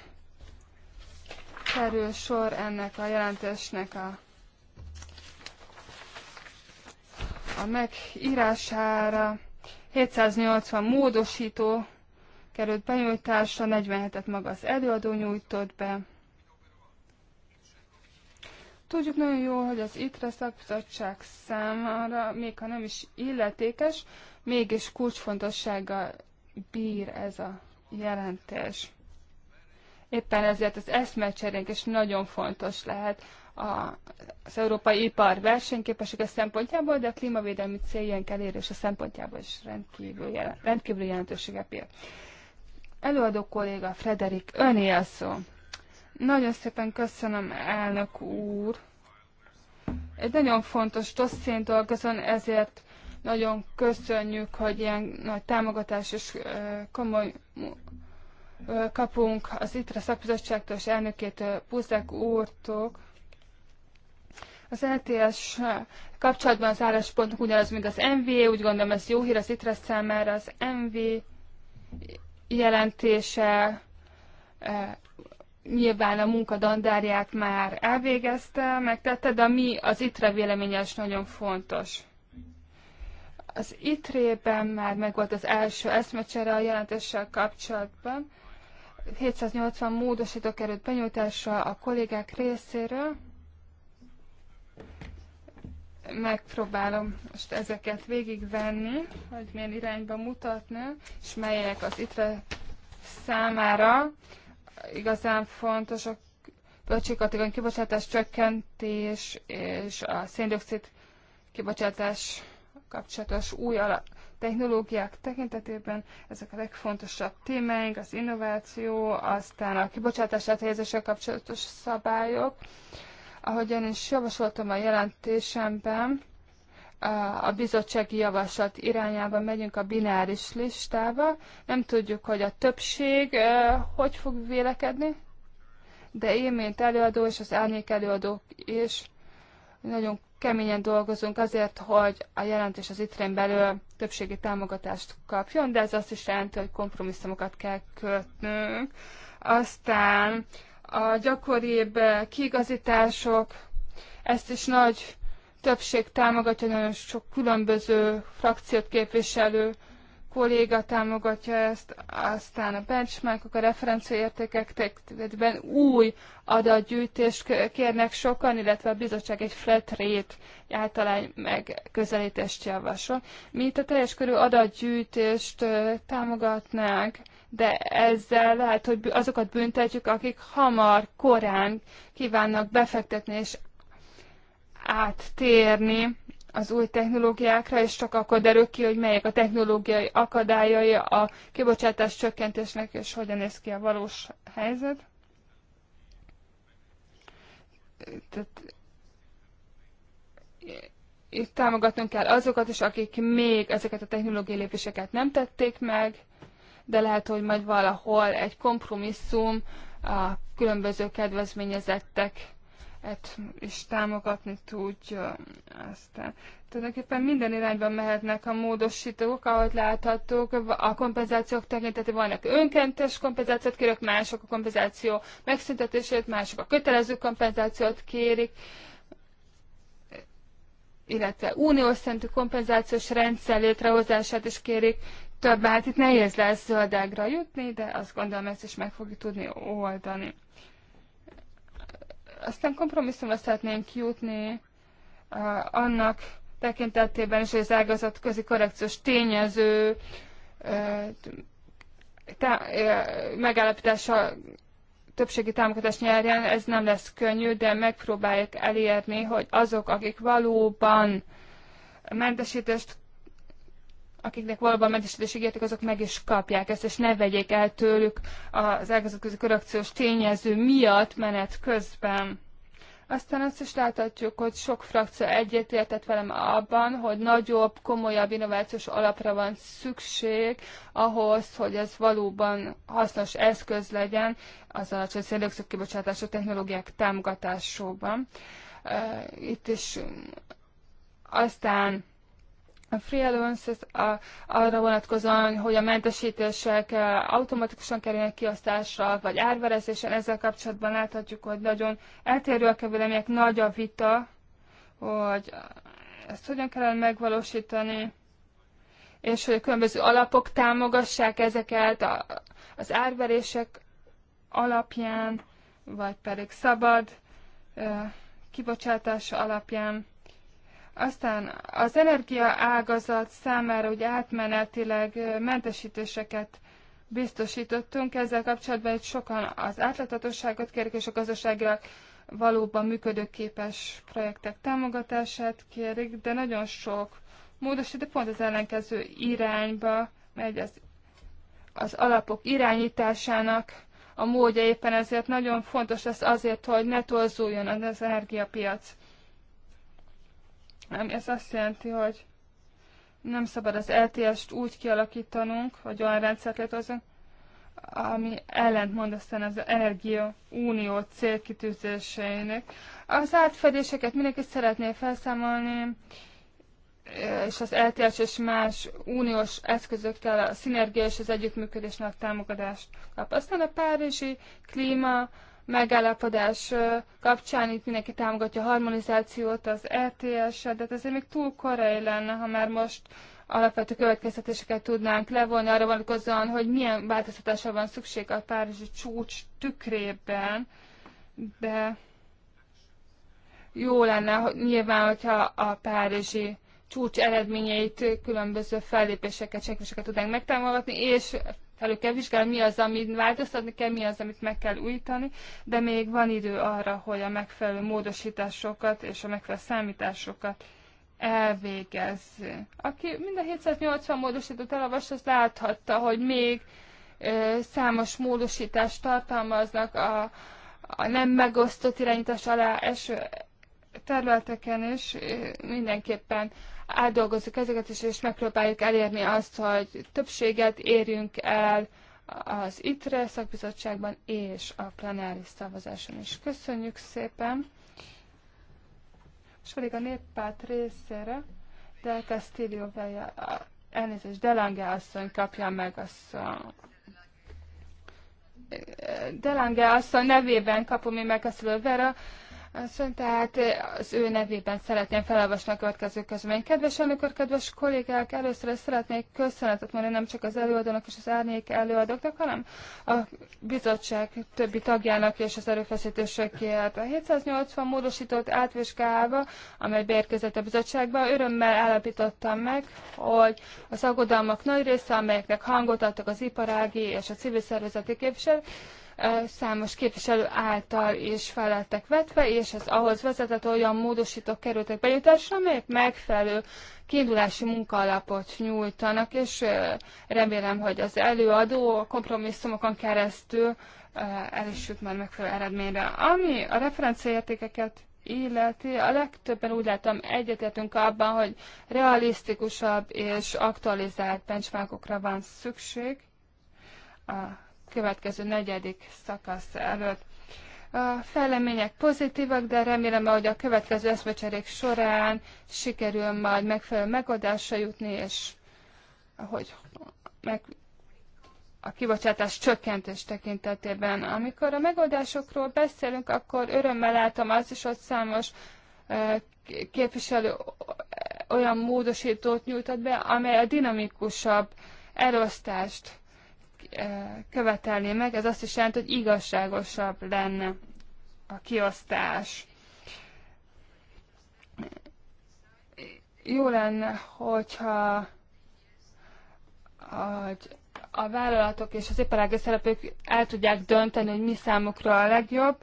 kerül sor ennek a jelentésnek a, a megírására. 780 módosító került benyújtásra, 47-et maga az előadó nyújtott be. Tudjuk nagyon jól, hogy az ITRE szakbizottság számára, még ha nem is illetékes, mégis kulcsfontossággal bír ez a jelentés. Éppen ezért az eszmecserénk is nagyon fontos lehet az európai ipar versenyképessége szempontjából, de a klímavédelmi céljaink elérése szempontjából is rendkívül, jelen, rendkívül jelentősége bír. Előadó kolléga Frederik, öné a szó. Nagyon szépen köszönöm, elnök úr. Egy nagyon fontos dosszén dolgozom, ezért nagyon köszönjük, hogy ilyen nagy támogatás és komoly kapunk az ITRA szakbizottságtól és elnökét Puzek úrtól, az LTS e eh, kapcsolatban az álláspontunk ugyanaz, mint az MV, úgy gondolom ez jó hír az ITRES számára, az MV jelentése eh, nyilván a munka dandárját már elvégezte, megtette, de mi az ITRE véleményes nagyon fontos. Az ITRE-ben már megvolt az első eszmecsere a jelentéssel kapcsolatban. 780 módosító került benyújtásra a kollégák részéről megpróbálom most ezeket végigvenni, hogy milyen irányba mutatni, és melyek az itt számára igazán fontos a költséghatékony kibocsátás csökkentés és a széndiokszid kibocsátás kapcsolatos új alap technológiák tekintetében ezek a legfontosabb témáink, az innováció, aztán a kibocsátás helyezéssel kapcsolatos szabályok, Ahogyan is javasoltam a jelentésemben, a bizottsági javaslat irányába megyünk a bináris listába. Nem tudjuk, hogy a többség hogy fog vélekedni, de én, mint előadó és az árnyék előadók is nagyon keményen dolgozunk azért, hogy a jelentés az itrén belül többségi támogatást kapjon, de ez azt is jelenti, hogy kompromisszumokat kell kötnünk. Aztán a gyakoribb eh, kiigazítások, ezt is nagy többség támogatja, nagyon sok különböző frakciót képviselő kolléga támogatja ezt, aztán a benchmarkok, a referenciaértékek tekintetben új adatgyűjtést kérnek sokan, illetve a bizottság egy flat rate általány megközelítést javasol. Mi itt a teljes körű adatgyűjtést eh, támogatnánk, de ezzel lehet, hogy azokat büntetjük, akik hamar, korán kívánnak befektetni és áttérni az új technológiákra, és csak akkor derül ki, hogy melyek a technológiai akadályai a kibocsátás csökkentésnek, és hogyan néz ki a valós helyzet. Tehát, itt támogatnunk kell azokat is, akik még ezeket a technológiai lépéseket nem tették meg, de lehet, hogy majd valahol egy kompromisszum a különböző kedvezményezettek és támogatni tudja. Aztán tulajdonképpen minden irányban mehetnek a módosítók, ahogy láthattuk, a kompenzációk tekintetében vannak önkéntes kompenzációt kérők, mások a kompenzáció megszüntetését, mások a kötelező kompenzációt kérik, illetve uniós szintű kompenzációs rendszer létrehozását is kérik, több, hát itt nehéz lesz zöldágra jutni, de azt gondolom ezt is meg fogjuk tudni oldani. Aztán kompromisszumra szeretnénk jutni uh, annak tekintetében is, hogy az ágazat közi korrekciós tényező uh, megállapítása többségi támogatást nyerjen, ez nem lesz könnyű, de megpróbáljuk elérni, hogy azok, akik valóban mentesítést akiknek valóban mentesítés ígértek, azok meg is kapják ezt, és ne vegyék el tőlük az ágazatközi korrekciós tényező miatt menet közben. Aztán azt is láthatjuk, hogy sok frakció egyetértett velem abban, hogy nagyobb, komolyabb innovációs alapra van szükség ahhoz, hogy ez valóban hasznos eszköz legyen az alacsony széndiokszid kibocsátású technológiák támogatásában. Itt is aztán a free allowance a, arra vonatkozóan, hogy a mentesítések eh, automatikusan kerülnek kiosztásra, vagy árverezésen, ezzel kapcsolatban láthatjuk, hogy nagyon eltérőek a vélemények, nagy a vita, hogy ezt hogyan kellene megvalósítani, és hogy a különböző alapok támogassák ezeket a, az árverések alapján, vagy pedig szabad eh, kibocsátása alapján aztán az energia ágazat számára hogy átmenetileg mentesítéseket biztosítottunk. Ezzel kapcsolatban itt sokan az átláthatóságot kérik, és a gazdaságra valóban működőképes projektek támogatását kérik, de nagyon sok módosító pont az ellenkező irányba megy az, az alapok irányításának a módja éppen ezért nagyon fontos lesz azért, hogy ne torzuljon az energiapiac. Nem, ez azt jelenti, hogy nem szabad az LTS-t úgy kialakítanunk, vagy olyan rendszert létrehozunk, ami ellentmond aztán az Energia Unió célkitűzéseinek. Az átfedéseket mindenki szeretné felszámolni, és az LTS és más uniós eszközökkel a szinergia és az együttműködésnek támogatást kap. Aztán a Párizsi klíma megállapodás kapcsán itt mindenki támogatja a harmonizációt, az ETS-et, de hát azért még túl korai lenne, ha már most alapvető következtetéseket tudnánk levonni arra vonatkozóan, hogy milyen változtatásra van szükség a Párizsi csúcs tükrében, de jó lenne hogy nyilván, hogyha a Párizsi csúcs eredményeit, különböző fellépéseket, csekvéseket tudnánk megtámogatni, és felül kell vizsgálni, mi az, amit változtatni kell, mi az, amit meg kell újítani, de még van idő arra, hogy a megfelelő módosításokat és a megfelelő számításokat elvégez. Aki mind a 780 módosítót elolvas, az láthatta, hogy még számos módosítást tartalmaznak a, a nem megosztott irányítás alá eső területeken is mindenképpen átdolgozzuk ezeket, és, és megpróbáljuk elérni azt, hogy többséget érjünk el az ITRE szakbizottságban és a plenáris szavazáson is. Köszönjük szépen! És pedig a néppárt részére, de Castillo Veja, elnézést, Delange asszony kapja meg a szó. Delange asszony nevében kapom én meg a Vera Asszony, tehát az ő nevében szeretném felolvasni a következő közmény. Kedves amikor kedves kollégák, először is szeretnék köszönetet mondani nem csak az előadónak és az árnyék előadóknak, hanem a bizottság többi tagjának és az erőfeszítésekért. A 780 módosított átvizsgálva, amely beérkezett a bizottságba, örömmel állapítottam meg, hogy az aggodalmak nagy része, amelyeknek hangot adtak az iparági és a civil szervezeti képviselők, számos képviselő által is felettek vetve, és ez ahhoz vezetett, hogy olyan módosítók kerültek bejutásra, amelyek megfelelő kiindulási munkaalapot nyújtanak, és remélem, hogy az előadó kompromisszumokon keresztül el is jut már megfelelő eredményre. Ami a referenciaértékeket illeti, a legtöbben úgy látom egyetértünk abban, hogy realisztikusabb és aktualizált benchmarkokra van szükség a következő negyedik szakasz előtt. A fejlemények pozitívak, de remélem, hogy a következő eszmecserék során sikerül majd megfelelő megoldásra jutni, és hogy meg a kibocsátás csökkentés tekintetében. Amikor a megoldásokról beszélünk, akkor örömmel látom azt is, hogy számos képviselő olyan módosítót nyújtott be, amely a dinamikusabb elosztást követelné meg, ez azt is jelenti, hogy igazságosabb lenne a kiosztás. Jó lenne, hogyha hogy a vállalatok és az iparági szereplők el tudják dönteni, hogy mi számukra a legjobb,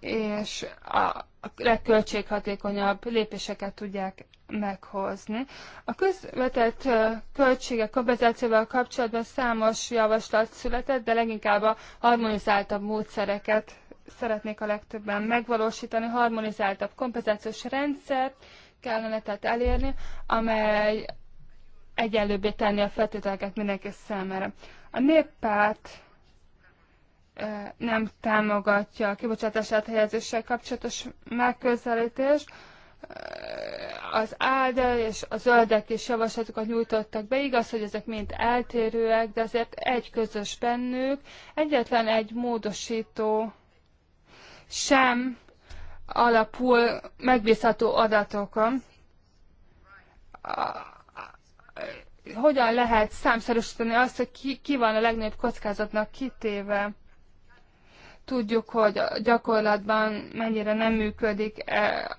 és a legköltséghatékonyabb lépéseket tudják meghozni. A közvetett költségek kompenzációval kapcsolatban számos javaslat született, de leginkább a harmonizáltabb módszereket szeretnék a legtöbben megvalósítani, harmonizáltabb kompenzációs rendszert kellene tehát elérni, amely egyenlőbbé tenni a feltételeket mindenki számára. A néppárt nem támogatja a kibocsátását helyezéssel kapcsolatos megközelítést, az Álda és a Zöldek is javaslatokat nyújtottak be. Igaz, hogy ezek mind eltérőek, de azért egy közös bennük. Egyetlen egy módosító sem alapul megbízható adatokon. Hogyan lehet számszerűsíteni azt, hogy ki, ki van a legnagyobb kockázatnak kitéve? Tudjuk, hogy gyakorlatban mennyire nem működik e,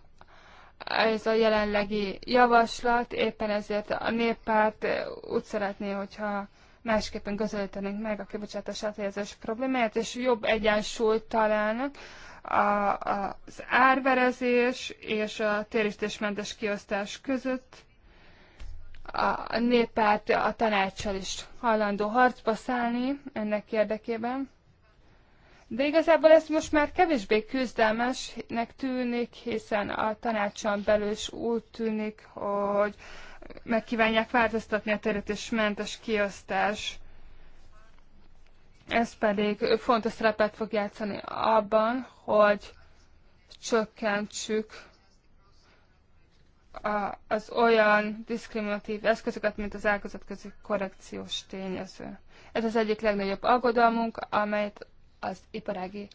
ez a jelenlegi javaslat, éppen ezért a néppárt úgy szeretné, hogyha másképpen közelítenénk meg a kibocsátás átérzés problémáját, és jobb egyensúlyt találnak a, a, az árverezés és a térítésmentes kiosztás között. A, a néppárt a tanácssal is hajlandó harcba szállni ennek érdekében. De igazából ez most már kevésbé küzdelmesnek tűnik, hiszen a tanácson belül is úgy tűnik, hogy megkívánják változtatni a mentes kiosztás. Ez pedig fontos szerepet fog játszani abban, hogy csökkentsük a, az olyan diszkriminatív eszközöket, mint az ágazatközi korrekciós tényező. Ez az egyik legnagyobb aggodalmunk, amelyet az iparági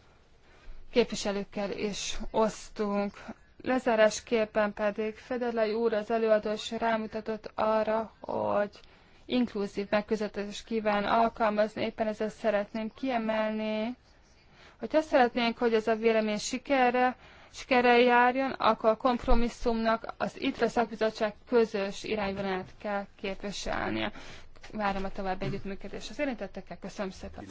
képviselőkkel is osztunk. Lezárásképpen pedig Fedelai úr az előadó is rámutatott arra, hogy inkluzív megközelítést kíván alkalmazni, éppen ezzel szeretném kiemelni, hogy azt szeretnénk, hogy ez a vélemény sikerre, sikerrel járjon, akkor a kompromisszumnak az ITRA szakbizottság közös irányvonalát kell képviselnie. Várom a további együttműködést az érintettekkel. Köszönöm szépen!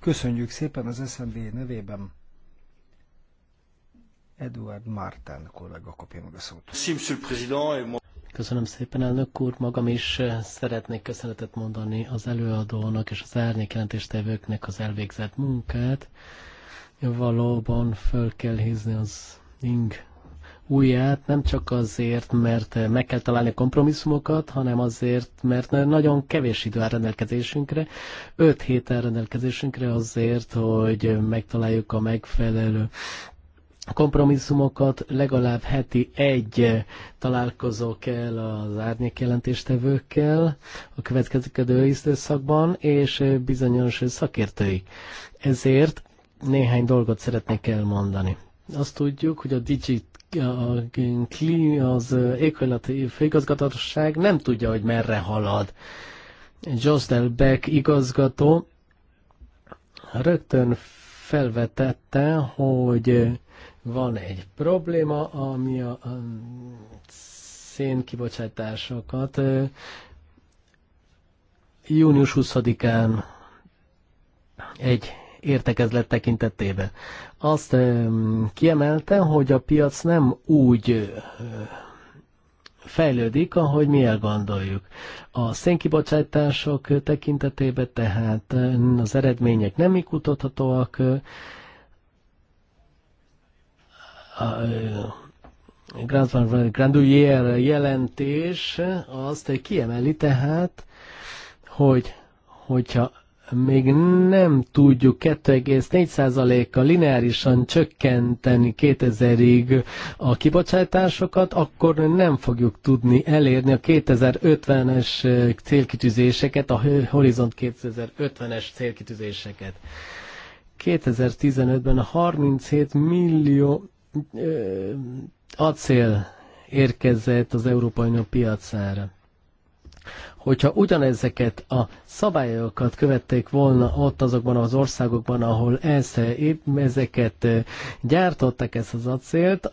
Köszönjük szépen az SMB nevében. Eduard Márten kollega kapja meg a szót. Köszönöm szépen, elnök úr. Magam is eh, szeretnék köszönetet mondani az előadónak és az árnyékjelentéstevőknek az elvégzett munkát. Valóban föl kell hízni az ing újját, nem csak azért, mert meg kell találni kompromisszumokat, hanem azért, mert nagyon kevés idő áll rendelkezésünkre, öt hét áll rendelkezésünkre azért, hogy megtaláljuk a megfelelő kompromisszumokat, legalább heti egy találkozó kell az árnyék jelentéstevőkkel a következő időszakban, és bizonyos szakértői. Ezért néhány dolgot szeretnék elmondani. Azt tudjuk, hogy a Digit a kli, az éghajlati főigazgatóság nem tudja, hogy merre halad. Josdel Beck igazgató rögtön felvetette, hogy van egy probléma, ami a, a szénkibocsátásokat június 20-án egy értekezlet tekintetében. Azt kiemelte, hogy a piac nem úgy fejlődik, ahogy mi elgondoljuk. A szénkibocsátások tekintetében tehát az eredmények nem kutathatóak, a Grandouillère jelentés azt kiemeli tehát, hogy hogyha még nem tudjuk 2,4%-kal lineárisan csökkenteni 2000-ig a kibocsátásokat, akkor nem fogjuk tudni elérni a 2050-es célkitűzéseket, a Horizont 2050-es célkitűzéseket. 2015-ben 37 millió acél érkezett az Európai Unió piacára hogyha ugyanezeket a szabályokat követték volna ott azokban az országokban, ahol ezt, ezeket eh, gyártották, ezt az acélt,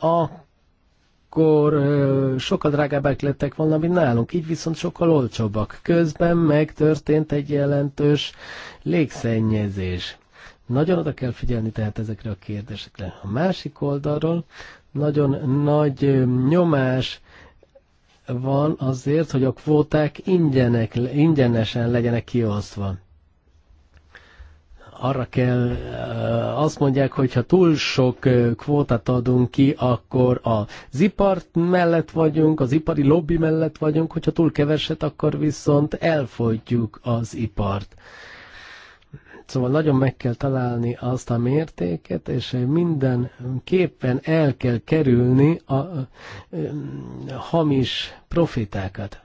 akkor eh, sokkal drágábbak lettek volna, mint nálunk, így viszont sokkal olcsóbbak. Közben megtörtént egy jelentős légszennyezés. Nagyon oda kell figyelni tehát ezekre a kérdésekre. A másik oldalról nagyon nagy eh, nyomás van azért, hogy a kvóták ingyenek, ingyenesen legyenek kiosztva. Arra kell, eh, azt mondják, hogy ha túl sok eh, kvótát adunk ki, akkor az zipart mellett vagyunk, az ipari lobby mellett vagyunk, hogyha túl keveset, akkor viszont elfogyjuk az ipart. Szóval nagyon meg kell találni azt a mértéket, és mindenképpen el kell kerülni a, a, a hamis profitákat.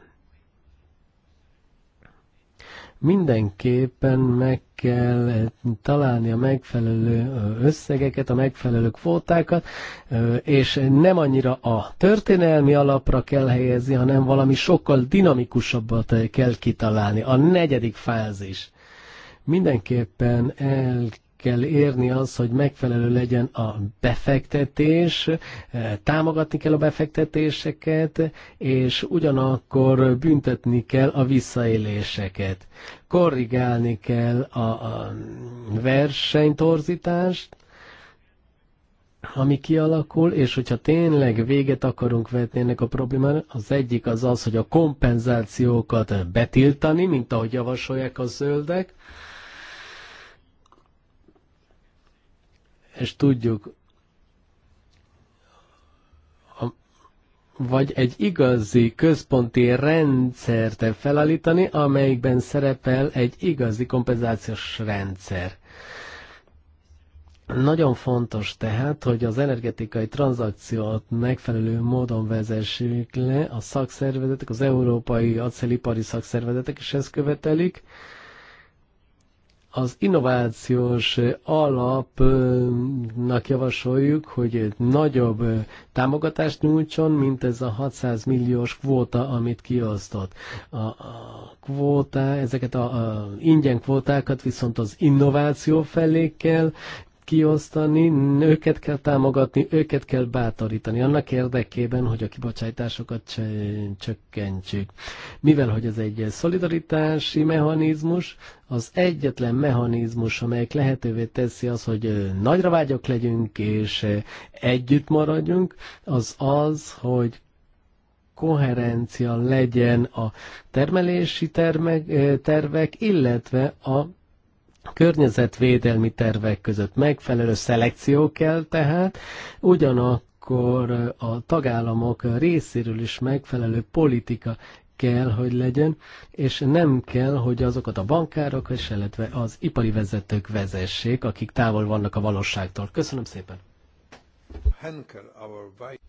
Mindenképpen meg kell találni a megfelelő összegeket, a megfelelő kvótákat, és nem annyira a történelmi alapra kell helyezni, hanem valami sokkal dinamikusabbat kell kitalálni. A negyedik fázis Mindenképpen el kell érni az, hogy megfelelő legyen a befektetés, eh, támogatni kell a befektetéseket, és ugyanakkor büntetni kell a visszaéléseket. Korrigálni kell a, versenytorzítást, ami kialakul, és hogyha tényleg véget akarunk vetni ennek a problémára, az egyik az az, hogy a kompenzációkat betiltani, mint ahogy javasolják a zöldek, és tudjuk, vagy egy igazi központi rendszert felállítani, amelyikben szerepel egy igazi kompenzációs rendszer. Nagyon fontos tehát, hogy az energetikai tranzakciót megfelelő módon vezessük le, a szakszervezetek, az európai acélipari szakszervezetek is ezt követelik, az innovációs alapnak javasoljuk, hogy egy nagyobb támogatást nyújtson, mint ez a 600 milliós kvóta, amit kiosztott. A, a kvóta, ezeket a, a ingyen kvótákat viszont az innováció felé kell kiosztani, őket kell támogatni, őket kell bátorítani, annak érdekében, hogy a kibocsátásokat csökkentsük. Mivel, hogy ez egy szolidaritási mechanizmus, az egyetlen mechanizmus, amelyik lehetővé teszi az, hogy nagyra vágyok legyünk és együtt maradjunk, az az, hogy koherencia legyen a termelési termek, tervek, illetve a környezetvédelmi tervek között megfelelő szelekció kell tehát, ugyanakkor a tagállamok részéről is megfelelő politika kell, hogy legyen, és nem kell, hogy azokat a bankárok, és illetve az ipari vezetők vezessék, akik távol vannak a valóságtól. Köszönöm szépen! Henkel, our vice...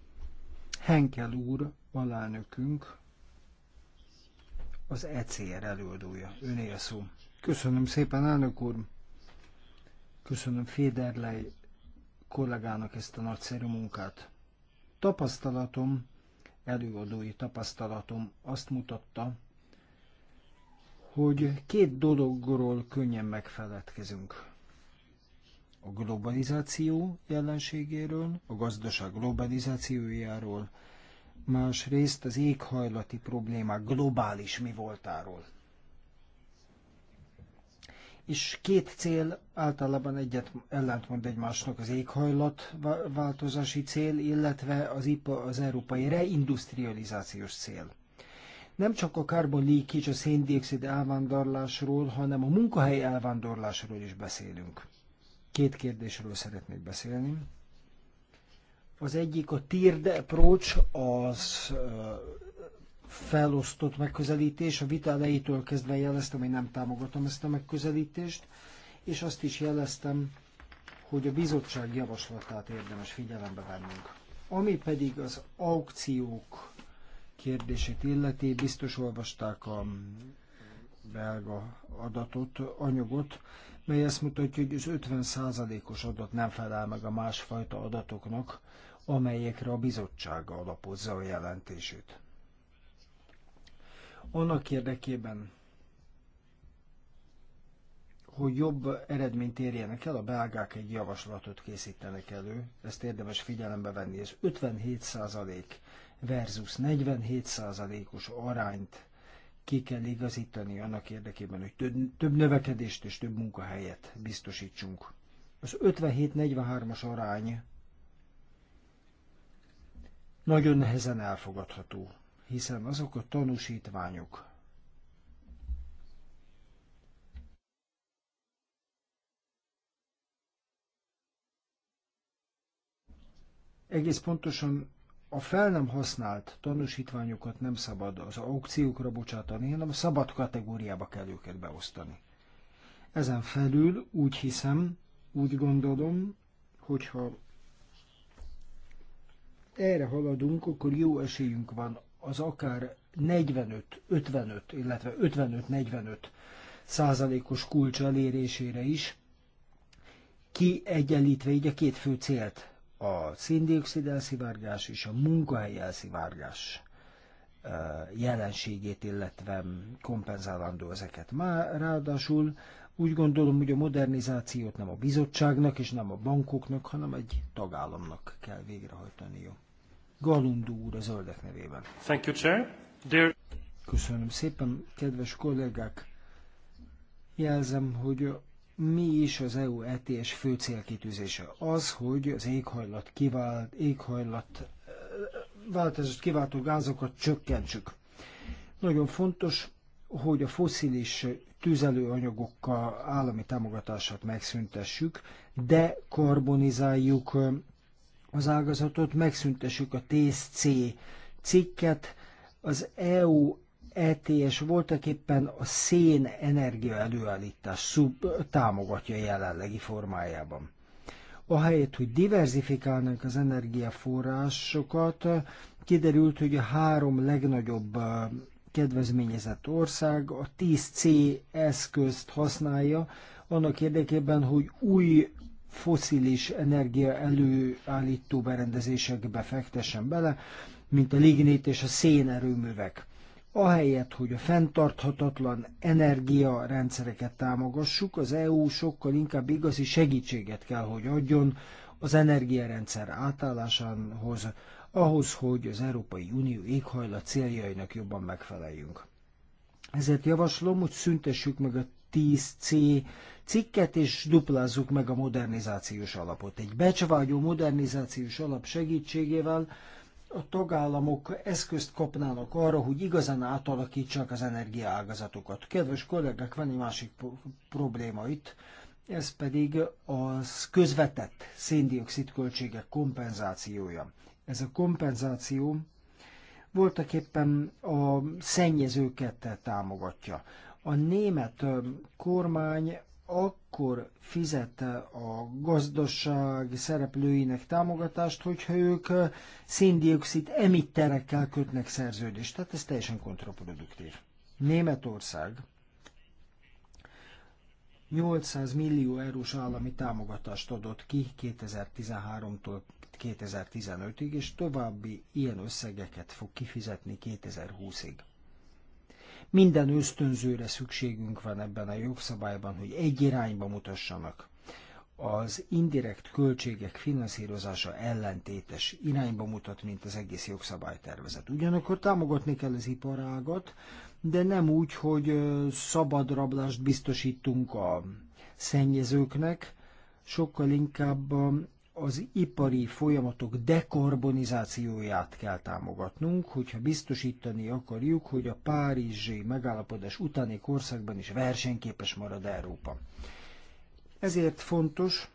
Henkel úr, alánökünk, az ECR előadója. Önél szó. Köszönöm szépen, elnök úr. Köszönöm Féderlej kollégának ezt a nagyszerű munkát. Tapasztalatom, előadói tapasztalatom azt mutatta, hogy két dologról könnyen megfeledkezünk. A globalizáció jelenségéről, a gazdaság globalizációjáról, másrészt az éghajlati problémák globális mi voltáról és két cél általában egyet ellentmond egymásnak, az éghajlatváltozási cél, illetve az IPA, az európai reindustrializációs cél. Nem csak a carbon leakage, a széndiokszid elvándorlásról, hanem a munkahely elvándorlásról is beszélünk. Két kérdésről szeretnék beszélni. Az egyik a tiered approach, az felosztott megközelítés. A vita elejétől kezdve jeleztem, hogy nem támogatom ezt a megközelítést, és azt is jeleztem, hogy a bizottság javaslatát érdemes figyelembe vennünk. Ami pedig az aukciók kérdését illeti, biztos olvasták a belga adatot, anyagot, mely ezt mutatja, hogy az 50%-os adat nem felel meg a másfajta adatoknak, amelyekre a bizottság alapozza a jelentését annak érdekében, hogy jobb eredményt érjenek el, a belgák egy javaslatot készítenek elő, ezt érdemes figyelembe venni, és 57% versus 47%-os arányt ki kell igazítani annak érdekében, hogy több, több növekedést és több munkahelyet biztosítsunk. Az 57-43-as arány nagyon nehezen elfogadható hiszen azok a tanúsítványok, Egész pontosan a fel nem használt tanúsítványokat nem szabad az aukciókra bocsátani, hanem a szabad kategóriába kell őket beosztani. Ezen felül úgy hiszem, úgy gondolom, hogyha erre haladunk, akkor jó esélyünk van az akár 45-55, illetve 55-45 százalékos kulcs elérésére is, kiegyenlítve így a két fő célt, a széndiokszid elszivárgás és a munkahely elszivárgás eh, jelenségét, illetve kompenzálandó ezeket. Már ráadásul úgy gondolom, hogy a modernizációt nem a bizottságnak és nem a bankoknak, hanem egy tagállamnak kell végrehajtaniuk. Galundú úr a zöldek nevében. Thank you, Chair. Dear... Köszönöm szépen, kedves kollégák! Jelzem, hogy mi is az EU ETS fő célkitűzése? Az, hogy az éghajlat, kivált, éghajlat eh, változást kiváltó gázokat csökkentsük. Nagyon fontos, hogy a foszilis tüzelőanyagokkal állami támogatását megszüntessük, de karbonizáljuk eh, az ágazatot, megszüntessük a TSC cikket, az EU ETS voltak éppen a szén energia előállítás szub, támogatja jelenlegi formájában. Ahelyett, hogy diverzifikálnánk az energiaforrásokat, kiderült, hogy a három legnagyobb kedvezményezett ország a 10C eszközt használja, annak érdekében, hogy új foszilis energia előállító berendezésekbe fektessen bele, mint a lignit és a szénerőművek. Ahelyett, hogy a fenntarthatatlan energiarendszereket támogassuk, az EU sokkal inkább igazi segítséget kell, hogy adjon az energiarendszer átállásához, ahhoz, hogy az Európai Unió éghajlat céljainak jobban megfeleljünk. Ezért javaslom, hogy szüntessük meg a 10C cikket, és duplázzuk meg a modernizációs alapot. Egy becsvágyó modernizációs alap segítségével a tagállamok eszközt kapnának arra, hogy igazán átalakítsák az energiaágazatokat. Kedves kollégák, van egy másik probléma itt, ez pedig az közvetett széndiokszid költségek kompenzációja. Ez a kompenzáció voltak éppen a szennyezőket támogatja. A német kormány akkor fizet a gazdaság szereplőinek támogatást, hogyha ők széndiokszid emitterekkel kötnek szerződést. Tehát ez teljesen kontraproduktív. Németország 800 millió eurós állami támogatást adott ki 2013-tól 2015-ig, és további ilyen összegeket fog kifizetni 2020-ig. Minden ösztönzőre szükségünk van ebben a jogszabályban, hogy egy irányba mutassanak. Az indirekt költségek finanszírozása ellentétes irányba mutat, mint az egész jogszabálytervezet. Ugyanakkor támogatni kell az iparágat, de nem úgy, hogy szabad rablást biztosítunk a szennyezőknek, sokkal inkább az ipari folyamatok dekarbonizációját kell támogatnunk, hogyha biztosítani akarjuk, hogy a párizsi megállapodás utáni korszakban is versenyképes marad Európa. Ezért fontos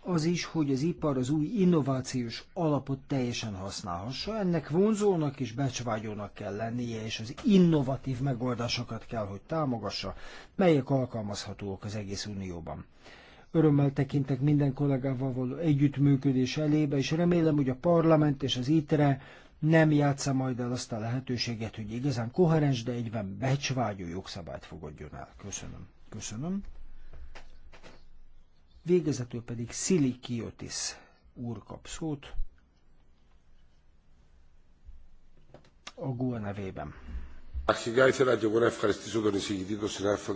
az is, hogy az ipar az új innovációs alapot teljesen használhassa. Ennek vonzónak és becsvágyónak kell lennie, és az innovatív megoldásokat kell, hogy támogassa, melyek alkalmazhatóak az egész Unióban örömmel tekintek minden kollégával való együttműködés elébe, és remélem, hogy a parlament és az ITRE nem játsza majd el azt a lehetőséget, hogy igazán koherens, de egyben becsvágyó jogszabályt fogadjon el. Köszönöm. Köszönöm. Végezetül pedig Szili Kiotis úr kap szót a GUA e nevében. Αρχικά ήθελα και εγώ να ευχαριστήσω τον εισηγητή,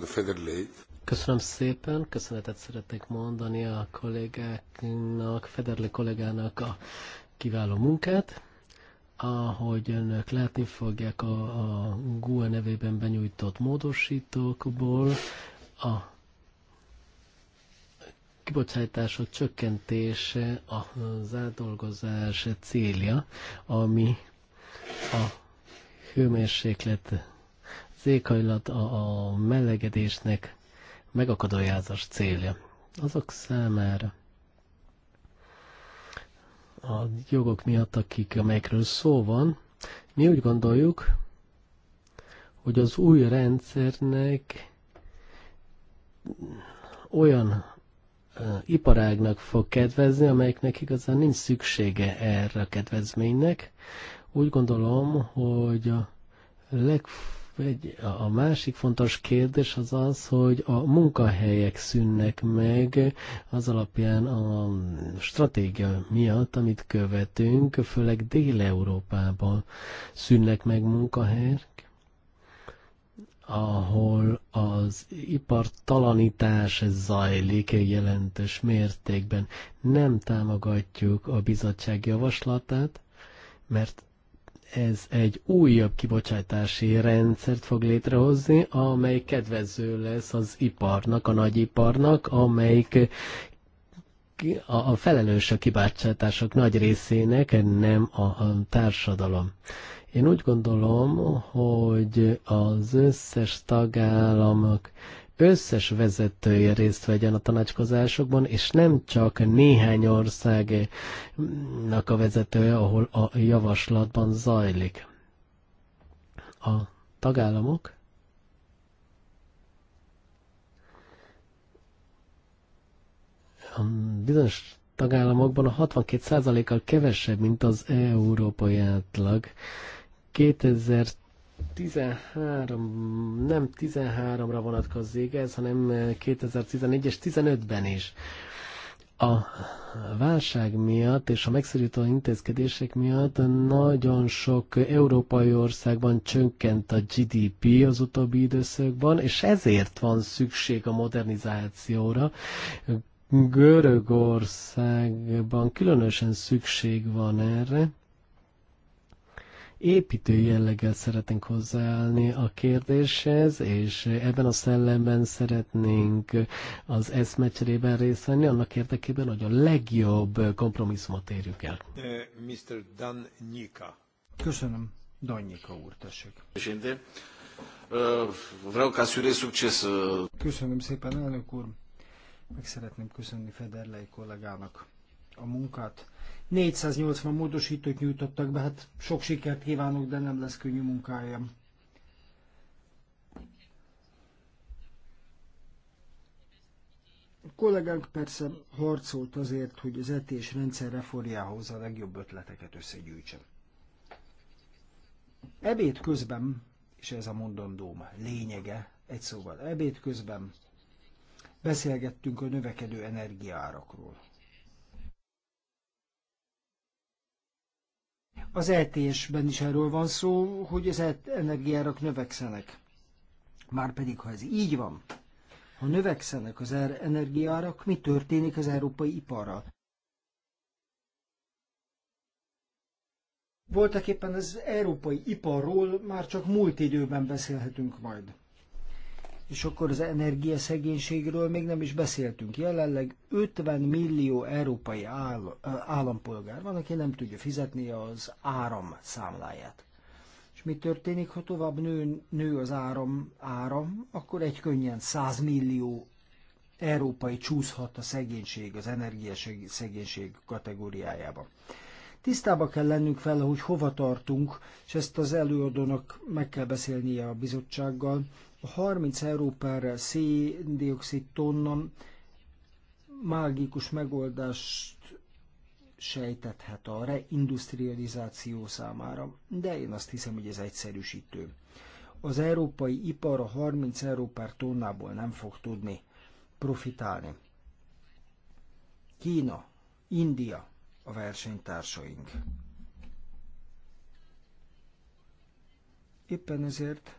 Φέντερ Λέιτ, Köszönöm szépen, köszönetet szeretnék mondani a kollégáknak, Federli kollégának a kiváló munkát. Ahogy önök látni fogják a, a GUE nevében benyújtott módosítókból, a kibocsátások csökkentése az átdolgozás célja, ami a hőmérséklet az éghajlat a, a melegedésnek megakadályozás célja azok számára a jogok miatt, akik, amelyekről szó van, mi úgy gondoljuk, hogy az új rendszernek olyan iparágnak fog kedvezni, amelyeknek igazán nincs szüksége erre a kedvezménynek. Úgy gondolom, hogy a legfontosabb egy, a másik fontos kérdés az az, hogy a munkahelyek szűnnek meg az alapján a stratégia miatt, amit követünk, főleg Dél-Európában szűnnek meg munkahelyek, ahol az ipartalanítás zajlik egy jelentős mértékben. Nem támogatjuk a bizottság javaslatát, mert ez egy újabb kibocsátási rendszert fog létrehozni, amely kedvező lesz az iparnak, a nagyiparnak, amelyik a felelős a kibocsátások nagy részének, nem a, társadalom. Én úgy gondolom, hogy az összes tagállamok összes vezetője részt vegyen a tanácskozásokban, és nem csak néhány országnak a vezetője, ahol a javaslatban zajlik. A tagállamok a bizonyos tagállamokban a 62%-kal kevesebb, mint az európai átlag. 2000 13, nem 13-ra vonatkozik ez, hanem 2014-es 15-ben is. A válság miatt és a megszorító intézkedések miatt nagyon sok európai országban csökkent a GDP az utóbbi időszakban, és ezért van szükség a modernizációra. Görögországban különösen szükség van erre építő jelleggel szeretnénk hozzáállni a kérdéshez, és ebben a szellemben szeretnénk az eszmecserében részt venni, annak érdekében, hogy a legjobb kompromisszumot érjük el. Mr. Dan Nika. Köszönöm. Danyika úr, tessék. Uh, uh, Köszönöm szépen, elnök úr. Meg szeretném köszönni Federlei kollégának a munkát 480 módosítót nyújtottak be, hát sok sikert kívánok, de nem lesz könnyű munkájám. A kollégánk persze harcolt azért, hogy az etés rendszer reformjához a legjobb ötleteket összegyűjtsem. Ebéd közben, és ez a mondandóm lényege, egy szóval ebéd közben beszélgettünk a növekedő energiárakról. Az ETS-ben is erről van szó, hogy az e energiárak növekszenek. Márpedig, ha ez így van, ha növekszenek az er- energiárak, mi történik az európai iparral? Voltak éppen az európai iparról már csak múlt időben beszélhetünk majd és akkor az energiaszegénységről még nem is beszéltünk. Jelenleg 50 millió európai áll, állampolgár van, aki nem tudja fizetni az áram számláját. És mi történik, ha tovább nő, nő az áram, áram, akkor egy könnyen 100 millió európai csúszhat a szegénység, az energiaszegénység kategóriájába. Tisztába kell lennünk vele, hogy hova tartunk, és ezt az előadónak meg kell beszélnie a bizottsággal, a 30 euró per széndiokszid tonna mágikus megoldást sejtethet a reindustrializáció számára, de én azt hiszem, hogy ez egyszerűsítő. Az európai ipar a 30 euró per tonnából nem fog tudni profitálni. Kína, India a versenytársaink. Éppen ezért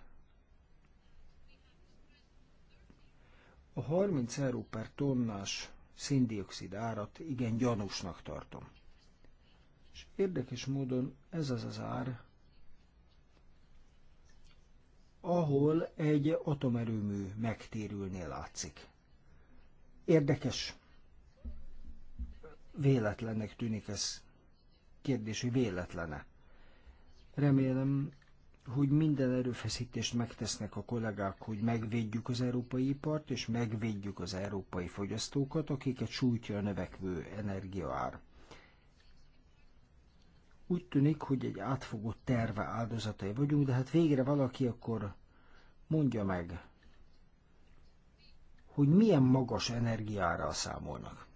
A 30 euró per tonnás széndiokszid árat igen gyanúsnak tartom. És érdekes módon ez az az ár, ahol egy atomerőmű megtérülnél látszik. Érdekes. Véletlennek tűnik ez. Kérdés, hogy véletlene. Remélem, hogy minden erőfeszítést megtesznek a kollégák, hogy megvédjük az európai ipart, és megvédjük az európai fogyasztókat, akiket sújtja a növekvő energiaár. Úgy tűnik, hogy egy átfogó terve áldozatai vagyunk, de hát végre valaki akkor mondja meg, hogy milyen magas energiára számolnak.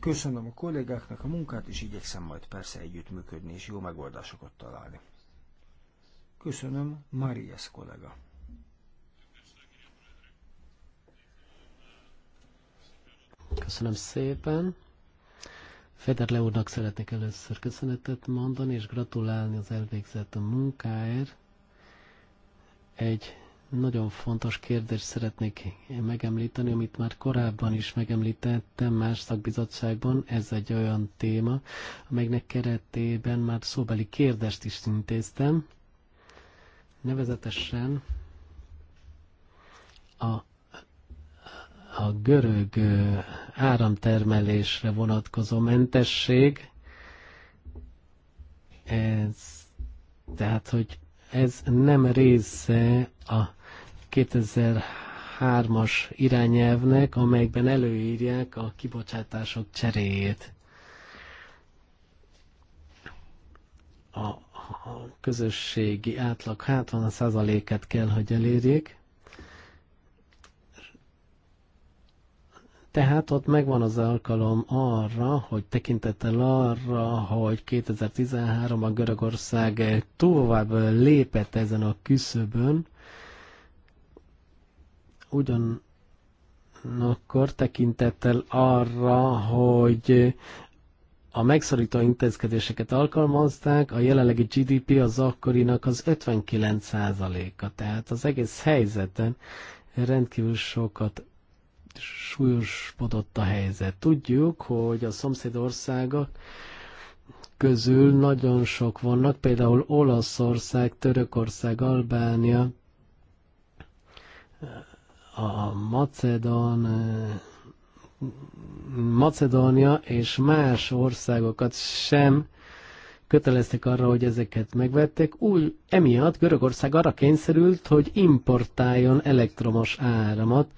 Köszönöm a kollégáknak a munkát, és igyekszem majd persze együttműködni és jó megoldásokat találni. Köszönöm, Marias kollega. Köszönöm szépen. Federle úrnak szeretnék először köszönetet mondani, és gratulálni az elvégzett munkáért. Egy nagyon fontos kérdést szeretnék megemlíteni, amit már korábban is megemlítettem más szakbizottságban. Ez egy olyan téma, amelynek keretében már szóbeli kérdést is intéztem. Nevezetesen a, a görög áramtermelésre vonatkozó mentesség, ez, tehát, hogy ez nem része a 2003-as irányelvnek, amelyben előírják a kibocsátások cseréjét. A közösségi átlag 60%-et kell, hogy elérjék. Tehát ott megvan az alkalom arra, hogy tekintettel arra, hogy 2013-ban Görögország tovább lépett ezen a küszöbön, Ugyanakkor tekintettel arra, hogy a megszorító intézkedéseket alkalmazták, a jelenlegi GDP az akkorinak az 59%-a, tehát az egész helyzeten rendkívül sokat súlyosbodott a helyzet. Tudjuk, hogy a szomszédországok közül nagyon sok vannak, például Olaszország, Törökország, Albánia, a Macedon Macedónia és más országokat sem köteleztek arra, hogy ezeket megvették. Úgy emiatt Görögország arra kényszerült, hogy importáljon elektromos áramot.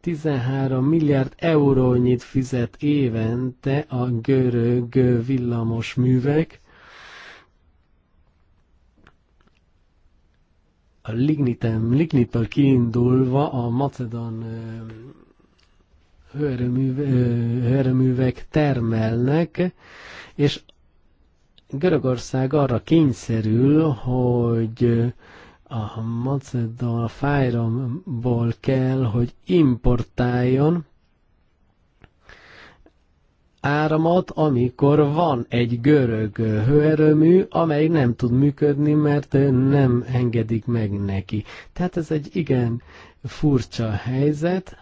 13 milliárd eurónyit fizet évente a görög villamos művek, a lignitem, lignitből kiindulva a macedon hőerőművek termelnek, és Görögország arra kényszerül, hogy a macedon fájromból kell, hogy importáljon, áramot, amikor van egy görög hőerőmű, amely nem tud működni, mert nem engedik meg neki. Tehát ez egy igen furcsa helyzet,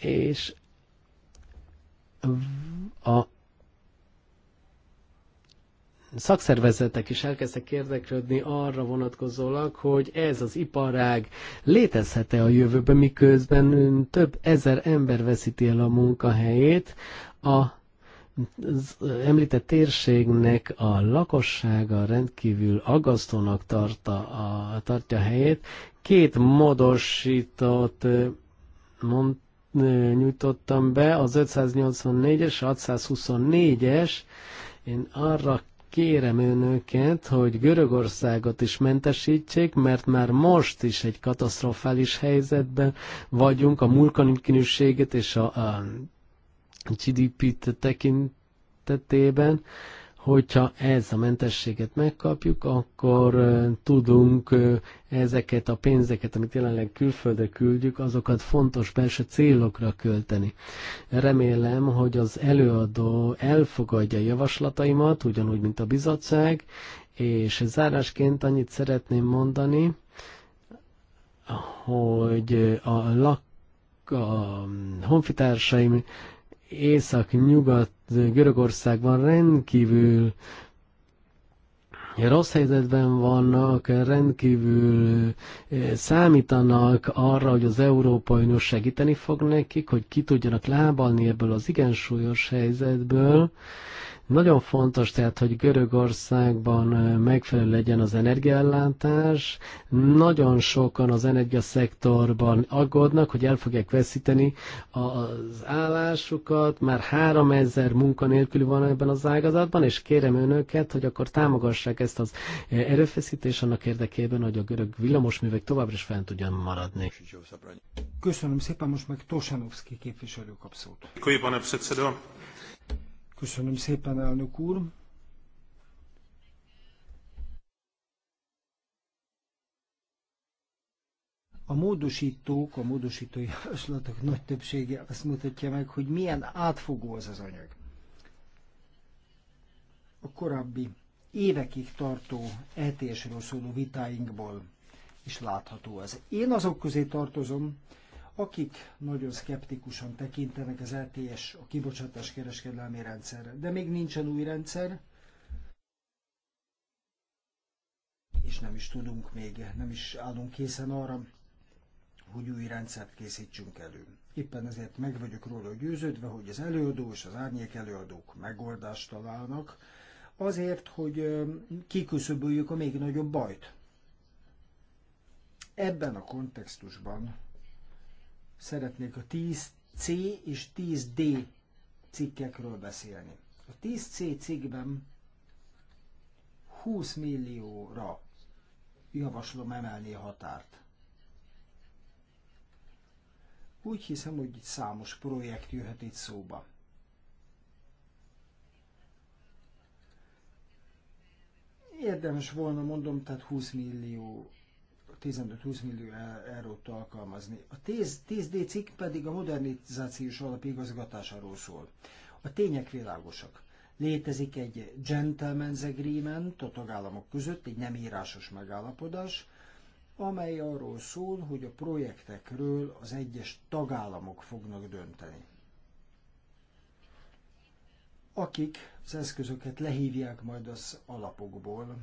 és a szakszervezetek is elkezdtek érdeklődni arra vonatkozólag, hogy ez az iparág létezhet-e a jövőben, miközben több ezer ember veszíti el a munkahelyét, a az említett térségnek a lakossága rendkívül agasztónak tarta a, tartja a helyét. Két módosított mond, nyújtottam be, az 584-es, 624-es. Én arra kérem önöket, hogy Görögországot is mentesítsék, mert már most is egy katasztrofális helyzetben vagyunk a mulkanikínűséget és a, a GDP-t tekintetében. Hogyha ez a mentességet megkapjuk, akkor tudunk ezeket a pénzeket, amit jelenleg külföldre küldjük, azokat fontos belső célokra költeni. Remélem, hogy az előadó elfogadja javaslataimat, ugyanúgy, mint a bizottság, és zárásként annyit szeretném mondani, hogy a, lak, a honfitársaim észak-nyugat Görögországban rendkívül rossz helyzetben vannak, rendkívül eh, számítanak arra, hogy az Európai Unió segíteni fog nekik, hogy ki tudjanak lábalni ebből az igen súlyos helyzetből, nagyon fontos tehát, hogy Görögországban megfelelő legyen az energiaellátás. Nagyon sokan az energiaszektorban aggódnak, hogy el fogják veszíteni az állásukat. Már 3000 munkanélkül van ebben az ágazatban, és kérem önöket, hogy akkor támogassák ezt az erőfeszítés, annak érdekében, hogy a görög villamosművek továbbra is fent tudjan maradni. Köszönöm szépen, most meg Tosanovszki képviselő kapszót. szót. Köszönöm, Köszönöm szépen, elnök úr. A módosítók, a módosítói javaslatok nagy többsége azt mutatja meg, hogy milyen átfogó az az anyag. A korábbi évekig tartó ETS-ről szóló vitáinkból is látható ez. Én azok közé tartozom, akik nagyon szkeptikusan tekintenek az LTS, a kibocsátás kereskedelmi rendszerre. De még nincsen új rendszer, és nem is tudunk még, nem is állunk készen arra, hogy új rendszert készítsünk elő. Éppen ezért meg vagyok róla győződve, hogy az előadó és az árnyék előadók megoldást találnak, azért, hogy kiküszöböljük a még nagyobb bajt. Ebben a kontextusban szeretnék a 10C és 10D cikkekről beszélni. A 10C cikkben 20 millióra javaslom emelni a határt. Úgy hiszem, hogy itt számos projekt jöhet itt szóba. Érdemes volna, mondom, tehát 20 millió 15-20 millió e- eurót alkalmazni. A 10, d cikk pedig a modernizációs alap igazgatásáról szól. A tények világosak. Létezik egy gentleman's agreement a tagállamok között, egy nem írásos megállapodás, amely arról szól, hogy a projektekről az egyes tagállamok fognak dönteni. Akik az eszközöket lehívják majd az alapokból,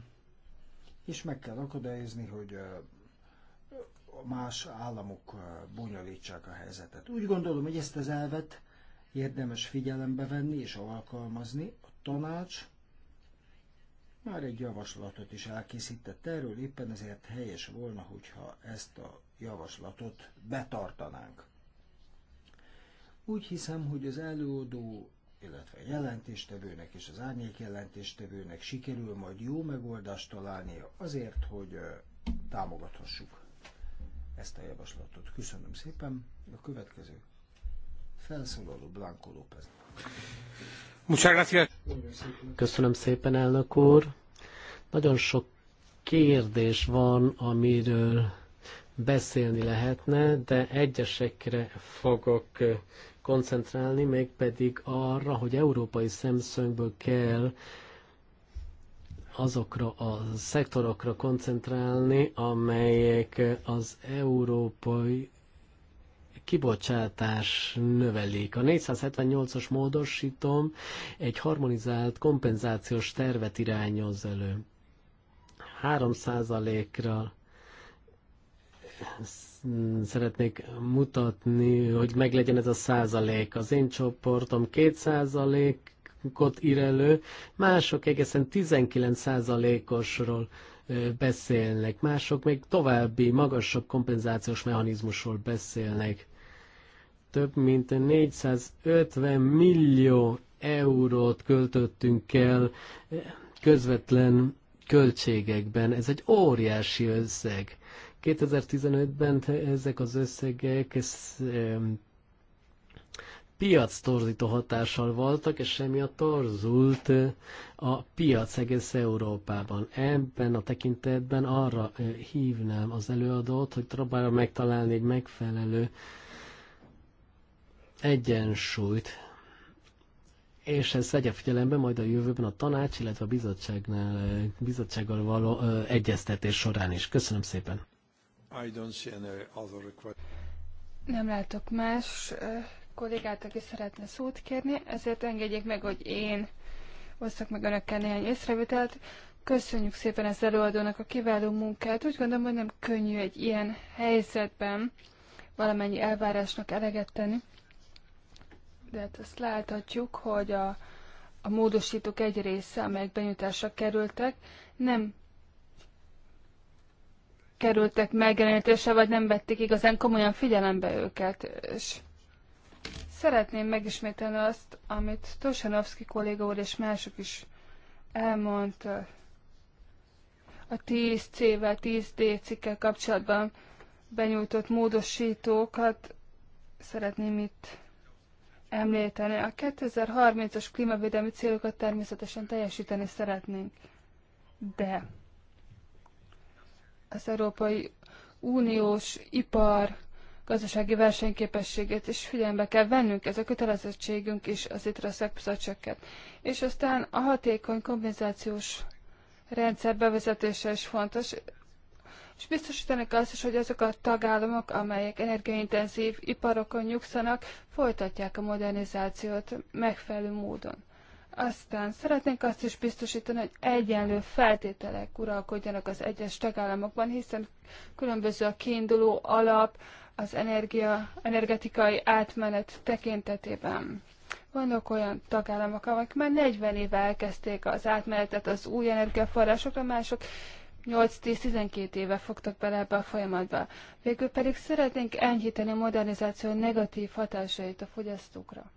és meg kell akadályozni, hogy más államok bonyolítsák a helyzetet. Úgy gondolom, hogy ezt az elvet érdemes figyelembe venni és alkalmazni. A tanács már egy javaslatot is elkészített erről, éppen ezért helyes volna, hogyha ezt a javaslatot betartanánk. Úgy hiszem, hogy az előadó, illetve a jelentéstevőnek és az árnyék jelentéstevőnek sikerül majd jó megoldást találnia azért, hogy támogathassuk ezt a javaslatot. Köszönöm szépen. A következő felszólaló Blanco López. Köszönöm szépen, elnök úr. Nagyon sok kérdés van, amiről beszélni lehetne, de egyesekre fogok eh, koncentrálni, mégpedig arra, hogy európai szemszögből kell azokra a szektorokra koncentrálni, amelyek az európai kibocsátás növelik. A 478-as módosítom egy harmonizált kompenzációs tervet irányoz elő. 3%-ra szeretnék mutatni, hogy meglegyen ez a százalék. Az én csoportom 2 százalék ot ír elő, mások egészen 19%-osról beszélnek, mások még további magasabb kompenzációs mechanizmusról beszélnek. Több mint 450 millió eurót költöttünk el közvetlen költségekben. Ez egy óriási összeg. 2015-ben ezek az összegek piac torzító hatással voltak, és emiatt torzult a piac egész Európában. Ebben a tekintetben arra eh, hívnám az előadót, hogy próbálja megtalálni egy megfelelő egyensúlyt, és ezt vegye figyelembe majd a jövőben a tanács, illetve a bizottságnál, eh, bizottsággal való eh, egyeztetés során is. Köszönöm szépen! I don't see any other Nem látok más kollégát, aki szeretne szót kérni, ezért engedjék meg, hogy én osszak meg önökkel néhány észrevételt. Köszönjük szépen az előadónak a kiváló munkát. Úgy gondolom, hogy nem könnyű egy ilyen helyzetben valamennyi elvárásnak eleget tenni. De hát azt láthatjuk, hogy a, a módosítók egy része, amelyek benyújtásra kerültek, nem kerültek megjelenítésre, vagy nem vették igazán komolyan figyelembe őket. És Szeretném megismételni azt, amit Tosanovszki kolléga úr és mások is elmondta a 10C-vel, 10D cikkel kapcsolatban benyújtott módosítókat szeretném itt említeni. A 2030-as klímavédelmi célokat természetesen teljesíteni szeretnénk, de az Európai Uniós ipar gazdasági versenyképességét is figyelembe kell vennünk, ez a kötelezettségünk is az ITRA szakbizottságként. És aztán a hatékony kompenzációs rendszer bevezetése is fontos, és biztosítanak azt is, hogy azok a tagállamok, amelyek energiaintenzív iparokon nyugszanak, folytatják a modernizációt megfelelő módon. Aztán szeretnénk azt is biztosítani, hogy egyenlő feltételek uralkodjanak az egyes tagállamokban, hiszen különböző a kiinduló alap, az energia, energetikai átmenet tekintetében. Vannak olyan tagállamok, amik már 40 éve elkezdték az átmenetet az új energiaforrásokra, mások 8-10-12 éve fogtak bele ebbe a folyamatba. Végül pedig szeretnénk enyhíteni a modernizáció negatív hatásait a fogyasztókra.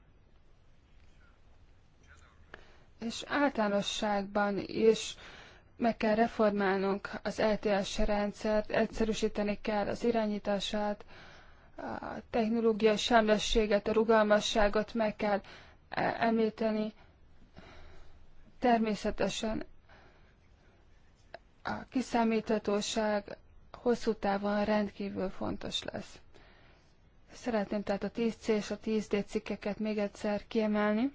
És általánosságban is meg kell reformálnunk az LTS e rendszert, egyszerűsíteni kell az irányítását, a technológiai semlességet, a rugalmasságot meg kell e, említeni. Természetesen a kiszámíthatóság hosszú távon rendkívül fontos lesz. Szeretném tehát a 10C és a 10D cikkeket még egyszer kiemelni,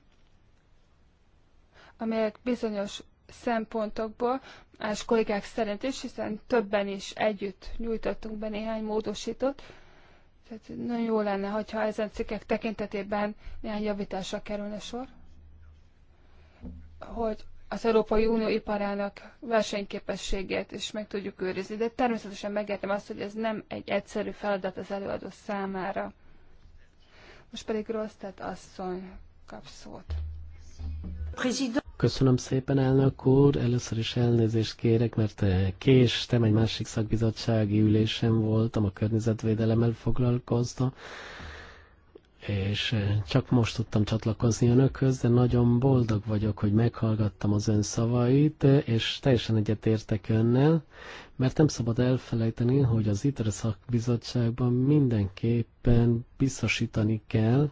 amelyek bizonyos szempontokból, más kollégák szerint is, hiszen többen is együtt nyújtottunk be néhány módosított, tehát nagyon jó lenne, hogyha ezen cikkek tekintetében néhány javításra kerülne sor, hogy az Európai Unió iparának versenyképességét is meg tudjuk őrizni. De természetesen megértem azt, hogy ez nem egy egyszerű feladat az előadó számára. Most pedig Rosztát asszony kap szót. Köszönöm szépen, elnök úr. Először is elnézést kérek, mert eh, késtem, egy másik szakbizottsági ülésen voltam, a környezetvédelemmel foglalkoztam, és eh, csak most tudtam csatlakozni önökhöz, de nagyon boldog vagyok, hogy meghallgattam az ön szavait, eh, és teljesen egyetértek önnel, mert nem szabad elfelejteni, hogy az ITRE szakbizottságban mindenképpen biztosítani kell,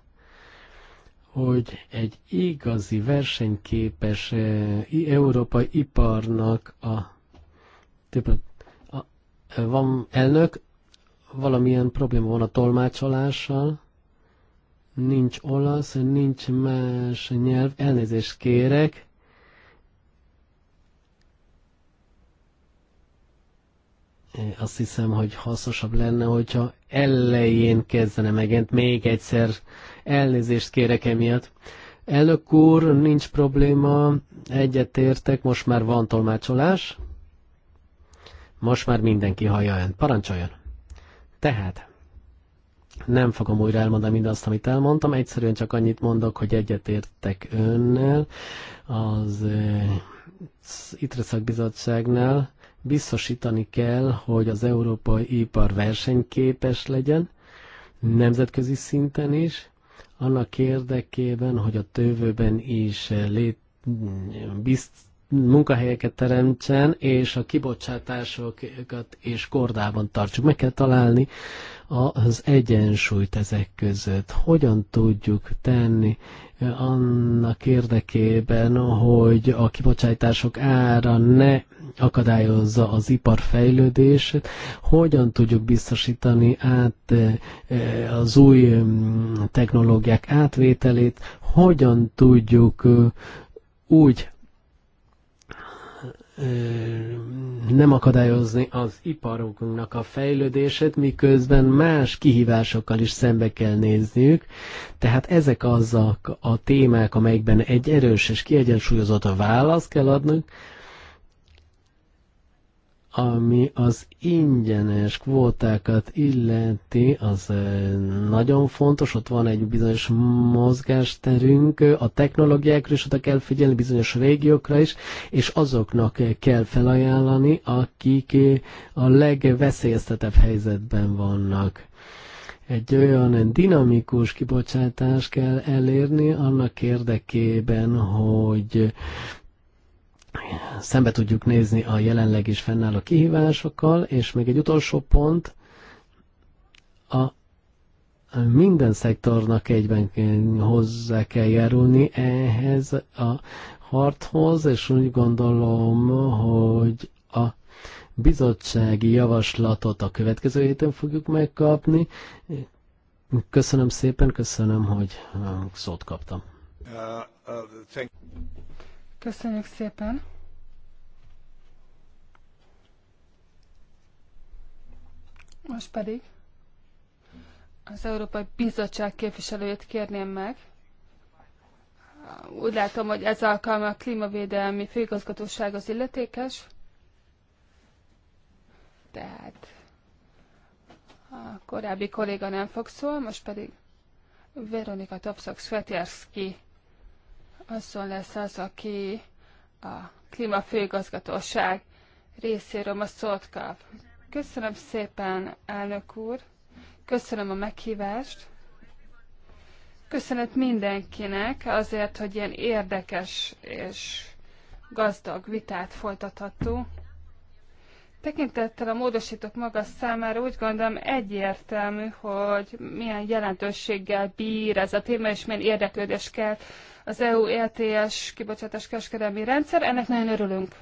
hogy egy igazi versenyképes eh, európai iparnak a, a, van elnök, valamilyen probléma van a tolmácsolással, nincs olasz, nincs más nyelv, elnézést kérek, azt hiszem, hogy hasznosabb lenne, hogyha elején kezdene megent még egyszer. Elnézést kérek emiatt. Elnök úr, nincs probléma, egyetértek, most már van tolmácsolás. Most már mindenki hallja ön, Parancsoljon! Tehát, nem fogom újra elmondani mindazt, amit elmondtam, egyszerűen csak annyit mondok, hogy egyetértek önnel, az, eh, az ITRE szakbizottságnál, Biztosítani kell, hogy az európai ipar versenyképes legyen, nemzetközi szinten is, annak érdekében, hogy a tövőben is lét, bizt, munkahelyeket teremtsen, és a kibocsátásokat és kordában tartsuk. Meg kell találni az egyensúlyt ezek között. Hogyan tudjuk tenni annak érdekében, hogy a kibocsátások ára ne akadályozza az ipar fejlődését, hogyan tudjuk biztosítani át eh, az új mm, technológiák átvételét, hogyan tudjuk eh, úgy eh, nem akadályozni az iparunknak a fejlődését, miközben más kihívásokkal is szembe kell nézniük. Tehát ezek azok a témák, amelyekben egy erős és kiegyensúlyozott válasz kell adnunk, ami az ingyenes kvótákat illeti, az nagyon fontos, ott van egy bizonyos mozgásterünk, a technológiákra is oda kell figyelni, bizonyos régiókra is, és azoknak kell felajánlani, akik a legveszélyeztetebb helyzetben vannak egy olyan dinamikus kibocsátást kell elérni annak érdekében, hogy szembe tudjuk nézni a jelenleg is fennálló kihívásokkal, és még egy utolsó pont, a minden szektornak egyben hozzá kell járulni ehhez a harthoz, és úgy gondolom, hogy a bizottsági javaslatot a következő héten fogjuk megkapni. Köszönöm szépen, köszönöm, hogy szót kaptam. Uh, uh, Köszönjük szépen! Most pedig az Európai Bizottság képviselőjét kérném meg. Úgy látom, hogy ez alkalma a Klímavédelmi Főigazgatóság az illetékes. Tehát a korábbi kolléga nem fog szól, most pedig Veronika topszak svetjerszki azon lesz az, aki a klímafőigazgatóság részéről a szót kap. Köszönöm szépen, elnök úr. Köszönöm a meghívást. Köszönet mindenkinek azért, hogy ilyen érdekes és gazdag vitát folytathattunk. Tekintettel a módosított maga számára úgy gondolom egyértelmű, hogy milyen jelentőséggel bír ez a téma, és milyen érdeklődés kell az EU ETS kibocsátás kereskedelmi rendszer. Ennek nagyon örülünk.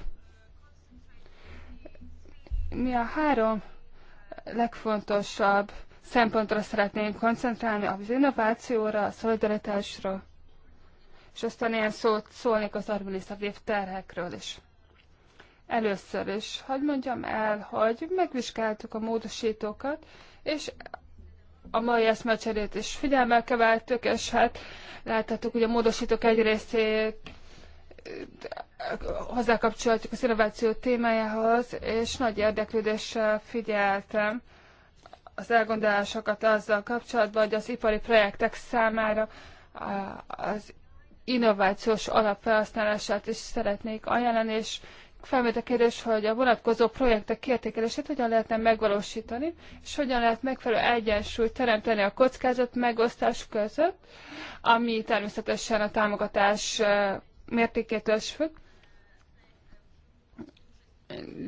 Mi a három legfontosabb szempontra szeretnénk koncentrálni, az innovációra, a szolidaritásra, és aztán ilyen szót szólnék az administratív terhekről is. Először is, hogy mondjam el, hogy megvizsgáltuk a módosítókat, és a mai eszmecserét is figyelmel keveltük, és hát láthattuk, hogy a módosítók egy részét eh, hozzákapcsolhatjuk az innováció témájához, és nagy érdeklődéssel figyeltem az elgondolásokat azzal kapcsolatban, hogy az ipari projektek számára az innovációs alapfelhasználását is szeretnék ajánlani, és felmerült a kérdés, hogy a vonatkozó projektek értékelését hogyan lehetne megvalósítani, és hogyan lehet megfelelő egyensúlyt teremteni a kockázat megosztás között, ami természetesen a támogatás eh, mértékétől is függ,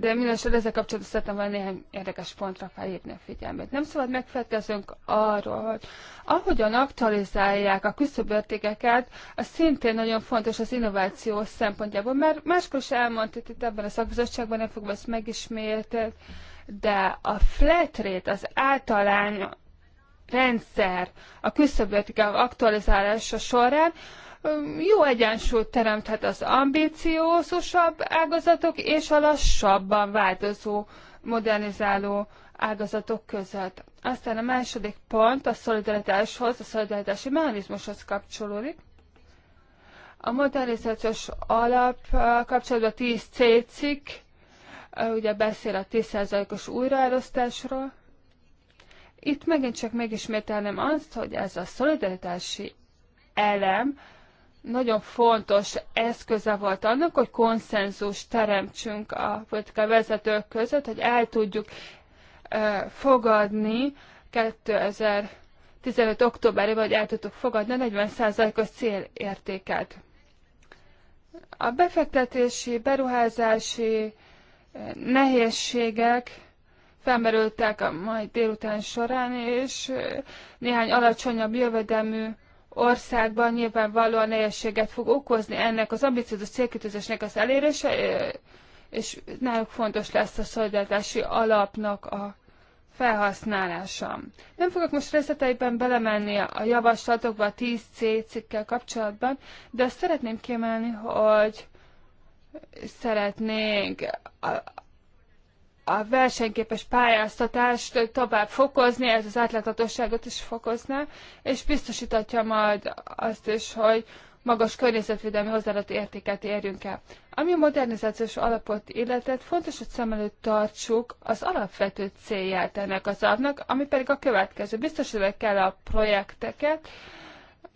de mindenesetre ezzel kapcsolatban szeretném van néhány érdekes pontra felhívni a figyelmet. Nem szabad megfelelkezünk arról, hogy ahogyan aktualizálják a küszöbértékeket, az szintén nagyon fontos az innováció szempontjából, mert máskor is elmondtad itt ebben a szakbizottságban, nem fogom ezt megismételni, de a flat rate, az általán rendszer a küszöbértékek aktualizálása során jó egyensúlyt teremthet az ambíciózusabb ágazatok és a lassabban változó, modernizáló ágazatok között. Aztán a második pont a szolidaritáshoz, a szolidaritási mechanizmushoz kapcsolódik. A modernizációs alap kapcsolatban 10 C cikk, ugye beszél a 10%-os újraelosztásról. Itt megint csak megismételném azt, hogy ez a szolidaritási elem nagyon fontos eszköze volt annak, hogy konszenzus teremtsünk a politikai vezetők között, hogy el tudjuk fogadni 2015. októberében, vagy el tudtuk fogadni a 40%-os célértéket. A befektetési, beruházási nehézségek felmerültek a mai délután során, és néhány alacsonyabb jövedelmű országban nyilvánvalóan nehézséget fog okozni ennek az ambiciózus célkitűzésnek az elérése, és náluk fontos lesz a szolidaritási alapnak a felhasználása. Nem fogok most részleteiben belemenni a javaslatokba a 10C cikkel kapcsolatban, de azt szeretném kiemelni, hogy szeretnénk a versenyképes pályáztatást tovább fokozni, ez az átláthatóságot is fokozna, és biztosítatja majd azt is, hogy magas környezetvédelmi hozzáadott értéket érjünk el. Ami a modernizációs alapot illetett, fontos, hogy szem előtt tartsuk az alapvető célját ennek az alapnak, ami pedig a következő. Biztosítani kell a projekteket,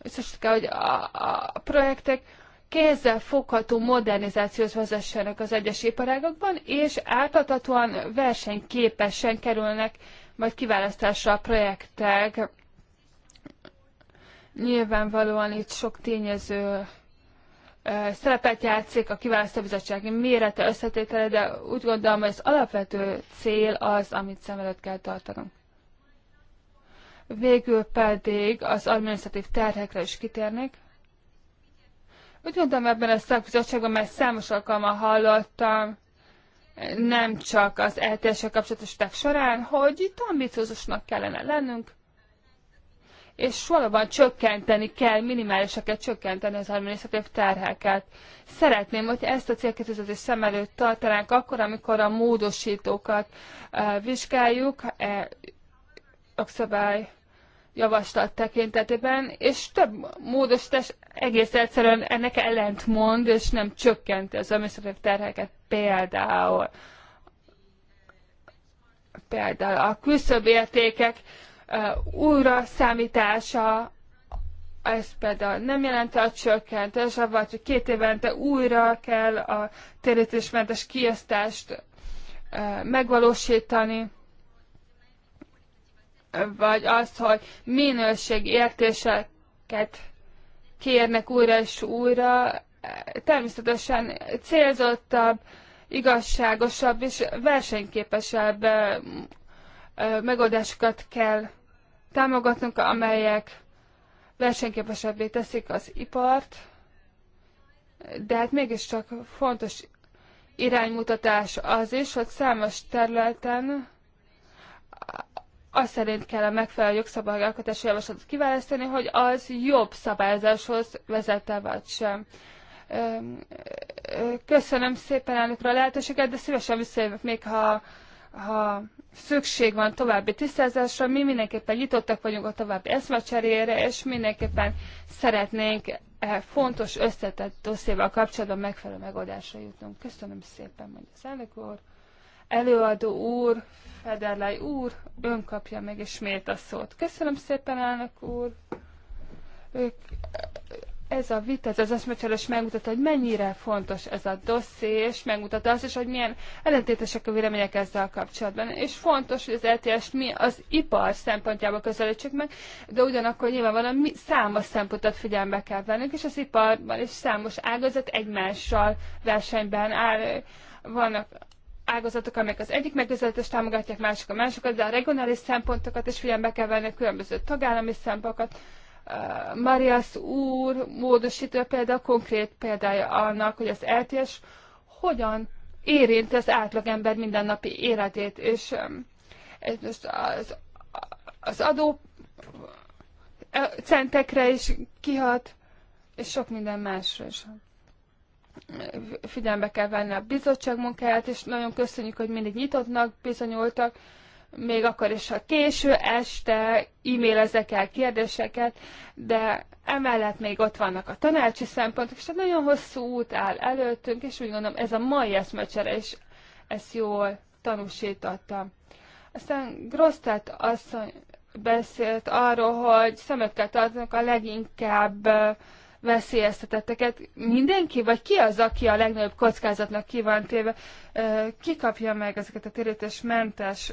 biztosítani kell, hogy a, a projektek kézzel fogható modernizációhoz vezessenek az egyes iparágokban, és átadhatóan versenyképesen kerülnek majd kiválasztásra a projektek. Nyilvánvalóan itt sok tényező szerepet játszik a kiválasztó bizottság mérete, összetétele, de úgy gondolom, hogy az alapvető cél az, amit szem előtt kell tartanunk. Végül pedig az administratív terhekre is kitérnék. Úgy mondtam ebben a szakbizottságban, mert számos alkalommal hallottam, nem csak az ets kapcsolatos viták során, hogy itt ambiciózusnak kellene lennünk, és valóban csökkenteni kell, kell csökkenteni az administratív terheket. Szeretném, hogy ezt a célkitűzést szem előtt tartanánk akkor, amikor a módosítókat uh, vizsgáljuk, uh, jogszabály javaslat tekintetében, és több módosítás egész egyszerűen ennek mond, és nem csökkenti az administratív terheket például. Például a értékek uh, újra számítása, ez például nem jelenti a csökkentés, vagy hogy két évente újra kell a térítésmentes kiasztást uh, megvalósítani vagy azt, hogy értéseket kérnek újra és újra, természetesen célzottabb, igazságosabb és versenyképesebb megoldásokat kell támogatnunk, amelyek versenyképesebbé teszik az ipart, de hát mégiscsak fontos iránymutatás az is, hogy számos területen azt szerint kell a megfelelő jogszabályalkotási javaslatot kiválasztani, hogy az jobb szabályozáshoz vezette vagy sem. Köszönöm szépen elnök a lehetőséget, de szívesen visszajövök még, ha, ha szükség van további tisztázásra. Mi mindenképpen nyitottak vagyunk a további eszmecserére, és mindenképpen szeretnénk e fontos összetett dosszéval kapcsolatban megfelelő megoldásra jutnunk. Köszönöm szépen, mondja az elnök úr előadó úr, Federlej úr, ön kapja meg ismét a szót. Köszönöm szépen, elnök úr. Ők, ez a vita, ez az eszmecseles megmutatta, hogy mennyire fontos ez a dosszé, és megmutatta azt is, hogy milyen ellentétesek a vélemények ezzel kapcsolatban. És fontos, hogy az lts e mi az ipar szempontjából közelítsük meg, de ugyanakkor nyilvánvalóan mi számos szempontot figyelembe kell vennünk, és az iparban is számos ágazat egymással versenyben áll. Vannak ágazatok, amelyek az egyik megközelítést támogatják, mások a másokat, de a regionális szempontokat is figyelembe kell venni, különböző tagállami szempontokat. Marias úr módosító példa konkrét példája annak, hogy az LTS hogyan érint az átlagember mindennapi életét, és ez most az, az adó centekre is kihat, és sok minden másra is figyelembe kell venni a bizottság munkáját, és nagyon köszönjük, hogy mindig nyitottnak bizonyultak, még akkor is, ha késő este e-mailezek el kérdéseket, de emellett még ott vannak a tanácsi szempontok, és hát nagyon hosszú út áll előttünk, és úgy gondolom ez a mai eszmecsere is ezt jól tanúsította. Aztán Grosztát asszony beszélt arról, hogy szemet kell tartanunk a leginkább uh, veszélyeztetetteket. Mindenki, vagy ki az, aki a legnagyobb kockázatnak ki van téve, ki kapja meg ezeket a mentes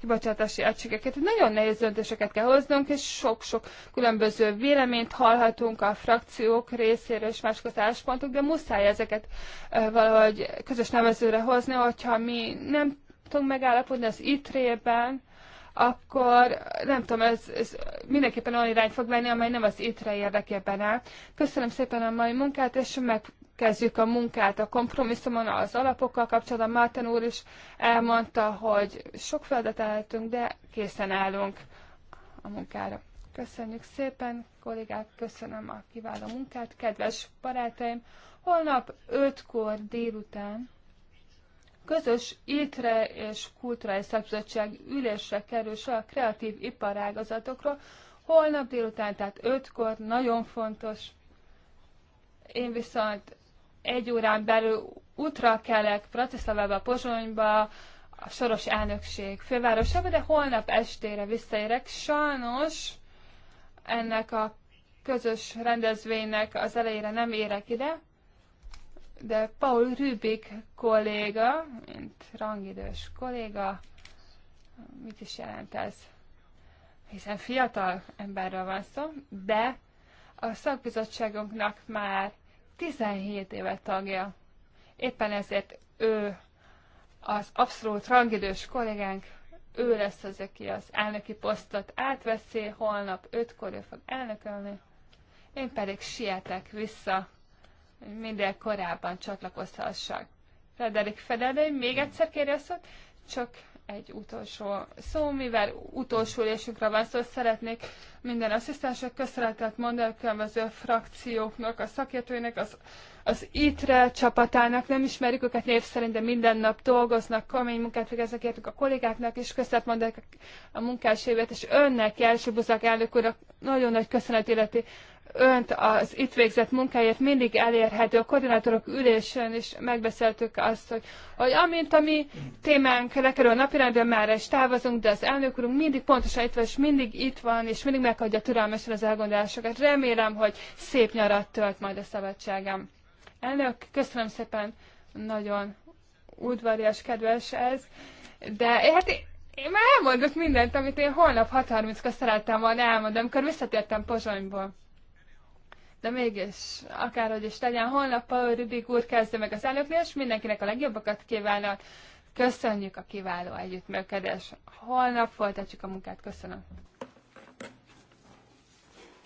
kibocsátási egységeket. Nagyon nehéz döntéseket kell hoznunk, és sok-sok különböző véleményt hallhatunk a frakciók részéről és más álláspontok, de muszáj ezeket valahogy közös nevezőre hozni, hogyha mi nem tudunk megállapodni az itre akkor nem tudom, ez, ez mindenképpen olyan irány fog venni, amely nem az étre érdekében áll. Köszönöm szépen a mai munkát, és megkezdjük a munkát a kompromisszumon, az alapokkal kapcsolatban. Márten úr is elmondta, hogy sok feladat álltunk, de készen állunk a munkára. Köszönjük szépen, kollégák, köszönöm a kiváló munkát, kedves barátaim. Holnap 5-kor délután közös étre és kulturális szakbizottság ülésre kerül a kreatív iparágazatokról. Holnap délután, tehát ötkor, nagyon fontos. Én viszont egy órán belül útra kelek Bratislavába, Pozsonyba, a soros elnökség fővárosába, de holnap estére visszaérek. Sajnos ennek a közös rendezvénynek az elejére nem érek ide, de Paul Rübik kolléga, mint rangidős kolléga, mit is jelent ez? Hiszen fiatal emberről van szó, de a szakbizottságunknak már 17 éve tagja. Éppen ezért ő az abszolút rangidős kollégánk, ő lesz az, aki az elnöki posztot átveszi, holnap 5-kor ő fog elnökölni, én pedig sietek vissza minden korábban csatlakozhassak. Frederik Federer, még egyszer kérje a szót, csak egy utolsó szó, mivel utolsó ülésünkre van szó, szeretnék minden asszisztensek köszönetet mondani a különböző frakcióknak, a szakértőinek, az, az ITRE csapatának, nem ismerik őket név szerint, de minden nap dolgoznak, kemény munkát végeznek, értük a kollégáknak, és köszönet mondani a munkás évet, és önnek, Jelsi Buzak elnök úr, nagyon nagy köszönet életi önt az itt végzett munkáért mindig elérhető. A koordinátorok ülésen is megbeszéltük azt, hogy, hogy amint a mi témánk lekerül a napirendben, már is távozunk, de az elnök úrunk mindig pontosan itt van, és mindig itt van, és mindig meghagyja türelmesen az elgondolásokat. Remélem, hogy szép nyarat tölt majd a szabadságem. Elnök, köszönöm szépen, nagyon udvarias, kedves ez, de hát én már elmondok mindent, amit én holnap 6.30-kor szerettem volna elmondani, amikor visszatértem Pozsonyból de mégis akárhogy is legyen, holnap Paul Rubik úr kezdő meg az elnöknél, és mindenkinek a legjobbakat kívánok. Köszönjük a kiváló együttműködést. Holnap folytatjuk a munkát. Köszönöm.